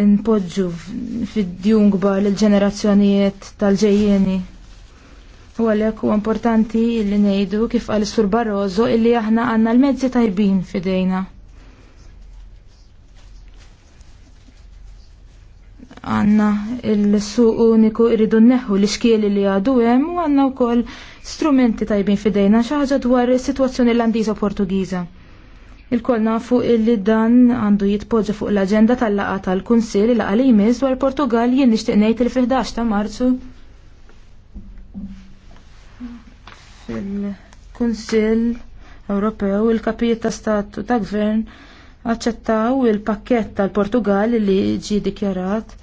npoġġu fid-djun gbar l-ġenerazzjonijiet tal-ġejjeni. U għalek u importanti li nejdu kif għal Sur Barroso illi aħna għanna l-mezzi tajbin fidejna. għanna il-suq uniku irridu neħu l-iskieli li għadu hemm u għanna wkoll strumenti tajbin fidejna xaħġa dwar is-sitwazzjoni andiza Portugiża. Il-koll nafu illi dan għandu jitpoġġa fuq l-aġenda tal-laqa tal-Kunsill laqa li jmiss dwar Portugal jien nixtieq ngħid il-11 ta' Marzu. Fil-Kunsill Ewropew il-kapijiet ta' statu ta' gvern aċċettaw il-pakket tal-Portugal li ġi dikjarat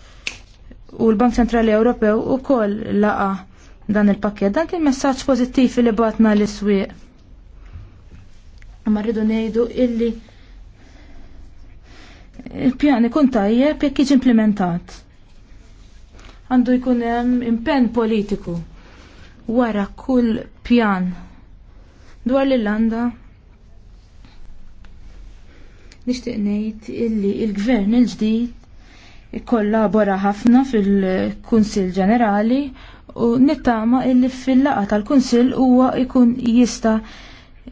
u l-Bank Centrali Ewropew ukoll laqa dan il-pakket. Dan kien messaċ pożittiv li batna l swieq Ma rridu ngħidu illi il-pjan ikun tajjeb jekk jiġi implementat. Għandu jkun hemm impenn politiku wara kull pjan dwar l-Irlanda. Nixtieq ngħid illi il-gvern il-ġdid kollabora ħafna fil-Kunsil Ġenerali u nittama illi fil-laqa tal-Kunsil huwa jkun jista'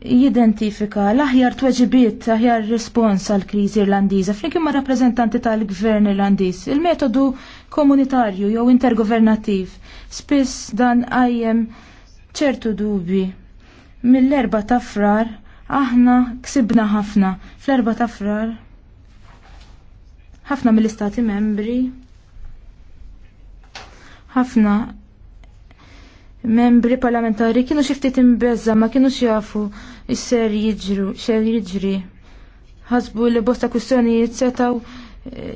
jidentifika l-aħjar tweġibiet, aħjar respons għal kriżi Irlandiża flimkien imma rappreżentanti tal-Gvern Irlandiż. Il-metodu komunitarju jew intergovernattiv spiss dan għajjem ċertu dubi. Mill-erba ta' frar aħna ksibna ħafna. Fl-erba ta' frar ħafna mill-istati membri ħafna membri parlamentari kienu xiftit imbezza ma kienu xjafu xer jiġru, xer jiġri. Ħasbu li bosta kwistjonijiet setaw eh,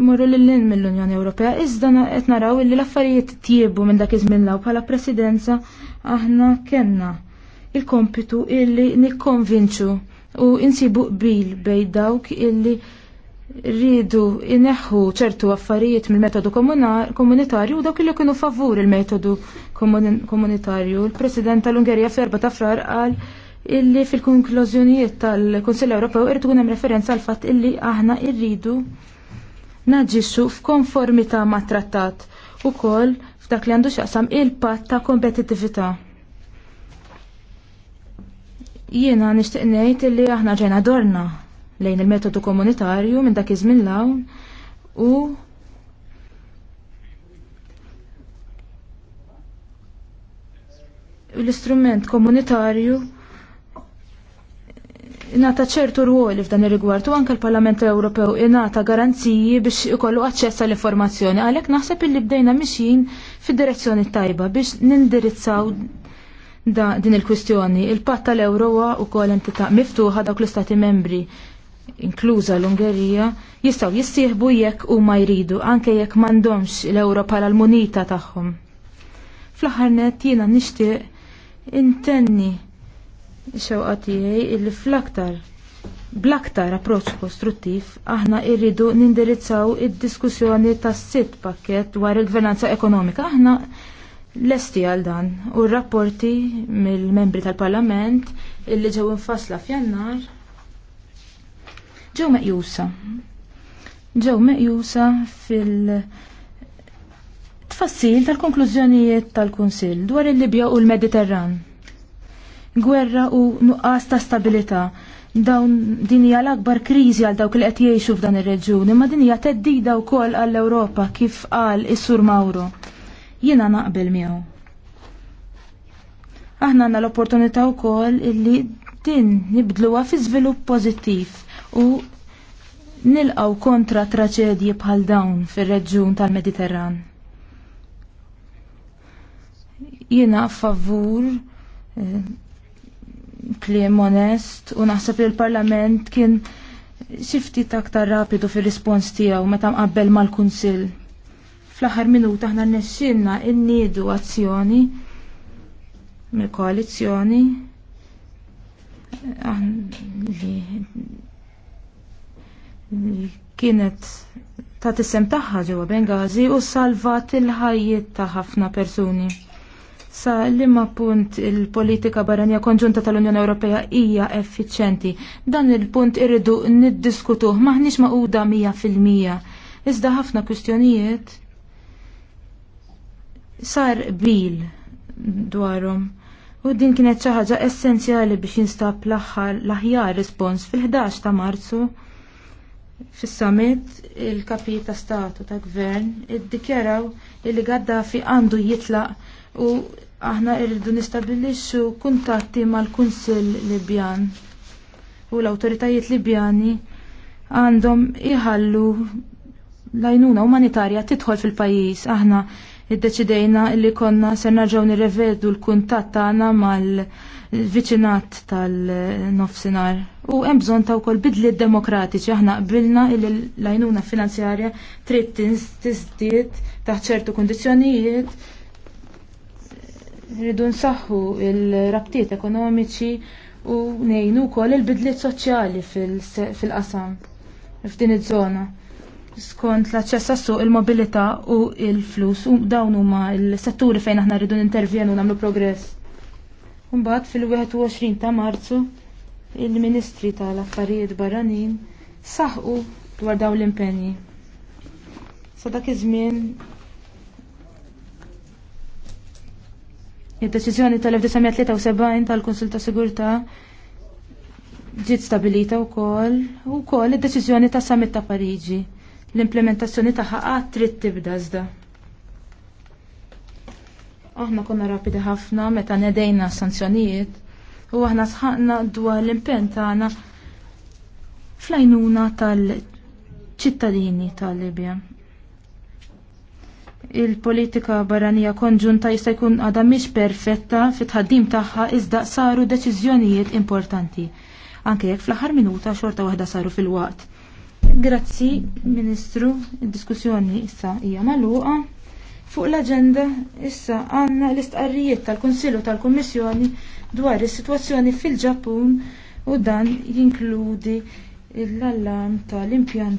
imorru l lin mill-Unjoni Ewropea. Iżda qed naraw li l-affarijiet tiebu minn dak iż-żmien law bħala presidenza aħna kenna il-kompitu illi nikkonvinċu u insibu qbil bejn dawk illi rridu ineħħu ċertu affarijiet mill-metodu komunitarju u dawk li kienu favur il-metodu komunitarju. Il-President tal-Ungerija ferba ta' frar qal illi fil-konklużjonijiet tal-Kunsill Ewropew irid tkun hemm referenza għal fatt illi aħna rridu naġixxu f'konformità ma' trattat ukoll f'dak li għandu xaqsam il-patt ta' kompetittività. Jiena nixtieq ngħid illi aħna ġejna dorna lejn il-metodu komunitarju minn dak iż-żmien lawn u l-istrument komunitarju nata ċertu ruoli f'dan ir-rigward u anke l-Parlament Ewropew ingħata garanziji biex ikollu aċċess għall informazzjoni għalhekk naħseb illi bdejna mixjin fid-direzzjoni tajba biex nindirizzaw din il-kwistjoni. Il-patt tal-Ewrowa u kol entità miftuħa dawk l-Istati membri inkluża l-Ungerija, jistaw jissieħbu jekk u ma jridu, anke jekk mandomx l-Europa l-munita tagħhom. Fl-aħħar net jiena nixtieq intenni xewqa tiegħi illi fl-aktar bl-aktar approċċ kostruttiv aħna irridu nindirizzaw id-diskussjoni tas-sitt pakket dwar il-gvernanza ekonomika. Aħna lesti għal dan u r-rapporti mill-membri tal-Parlament illi ġew infasla f'jannar ġew meqjusa. Ġew meqjusa fil- tfassil tal-konklużjonijiet tal-Kunsill dwar il-Libja u l-Mediterran. Gwerra u nuqqas ta' stabilità dawn din hija l-akbar kriżi għal dawk li qed jgħixu f'dan ir-reġjun, imma din hija teddida wkoll għall-Ewropa kif qal is-Sur Mauro. Jiena naqbel miegħu. Aħna għandna l-opportunità wkoll illi din nibdluha fi żvilupp pożittiv u nilqaw kontra traċedji bħal dawn fir-reġjun tal-Mediterran. Jiena favur eh, kliem onest u naħseb li l-Parlament kien xifti aktar rapidu fir-rispons tiegħu meta mqabbel mal-Kunsill. Fl-aħħar minuta aħna nnexxinna nniedu azzjoni mill-koalizzjoni kienet ta' tissem tagħha ġewwa Bengazi u salvat il-ħajjiet ta' ħafna persuni. Sa liema punt il-politika barranija konġunta tal-Unjoni Ewropea hija effiċenti. Dan il-punt irridu niddiskutuh maħniex maquda mija fil-mija. Iżda ħafna kwistjonijiet sar bil dwarhom. U din kienet xi ħaġa essenzjali biex jinstab l-aħħar l-aħjar rispons fil-11 ta' Marzu Fis-summit il-kapi ta' statu ta' gvern iddikjaraw li Gaddafi għandu jitlaq u aħna irridu nistabilixxu kuntatti mal-Kunsill Libjan u l-awtoritajiet Libjani għandhom iħallu l-għajnuna umanitarja tidħol fil-pajjiż aħna iddeċidejna li konna se nerġgħu nirrevedu l-kuntatt tagħna mal-viċinat tal-nofsinhar u hemm bżonn ta' wkoll bidliet demokratiċi aħna qbilna li l-għajnuna finanzjarja trid tiżdied taħt ċertu kundizzjonijiet rridu nsaħħu il-rabtiet ekonomiċi u ngħinu wkoll il-bidliet soċjali fil-qasam f'din iż-żona. Skont l-aċċess għas-suq il-mobilità u il-flus u dawn huma l-setturi fejn aħna rridu nintervjenu nagħmlu progress. Mbagħad fil-21 ta' Marzu il-Ministri tal-Affarijiet Barranin saħqu dwar dawn l-impenji. Sa dak iż-żmien id-deċiżjoni tal-1973 tal-Kunsil ta' Sigurtà ġiet stabilita wkoll u wkoll id-deċiżjoni tas Summit ta' Pariġi. L-implementazzjoni tagħha qatt trid tibda żda. Aħna konna rapidi ħafna meta nedejna s sanzjonijiet u aħna sħaqna dwar l-impenn tagħna fl-għajnuna tal-ċittadini tal-Libja. Il-politika barranija konġunta jista' jkun għadha mhix perfetta fit-ħaddim tagħha iżda saru deċiżjonijiet importanti. Anke jekk fl-aħħar minuta xorta waħda saru fil-waqt. Grazzi, Ministru, il diskussjoni issa hija magħluqa. Fuq l-agenda issa għanna l-istqarrijiet tal-Konsillu tal-Kommissjoni dwar is-sitwazzjoni fil-Ġappun u dan jinkludi l-allam tal-impjant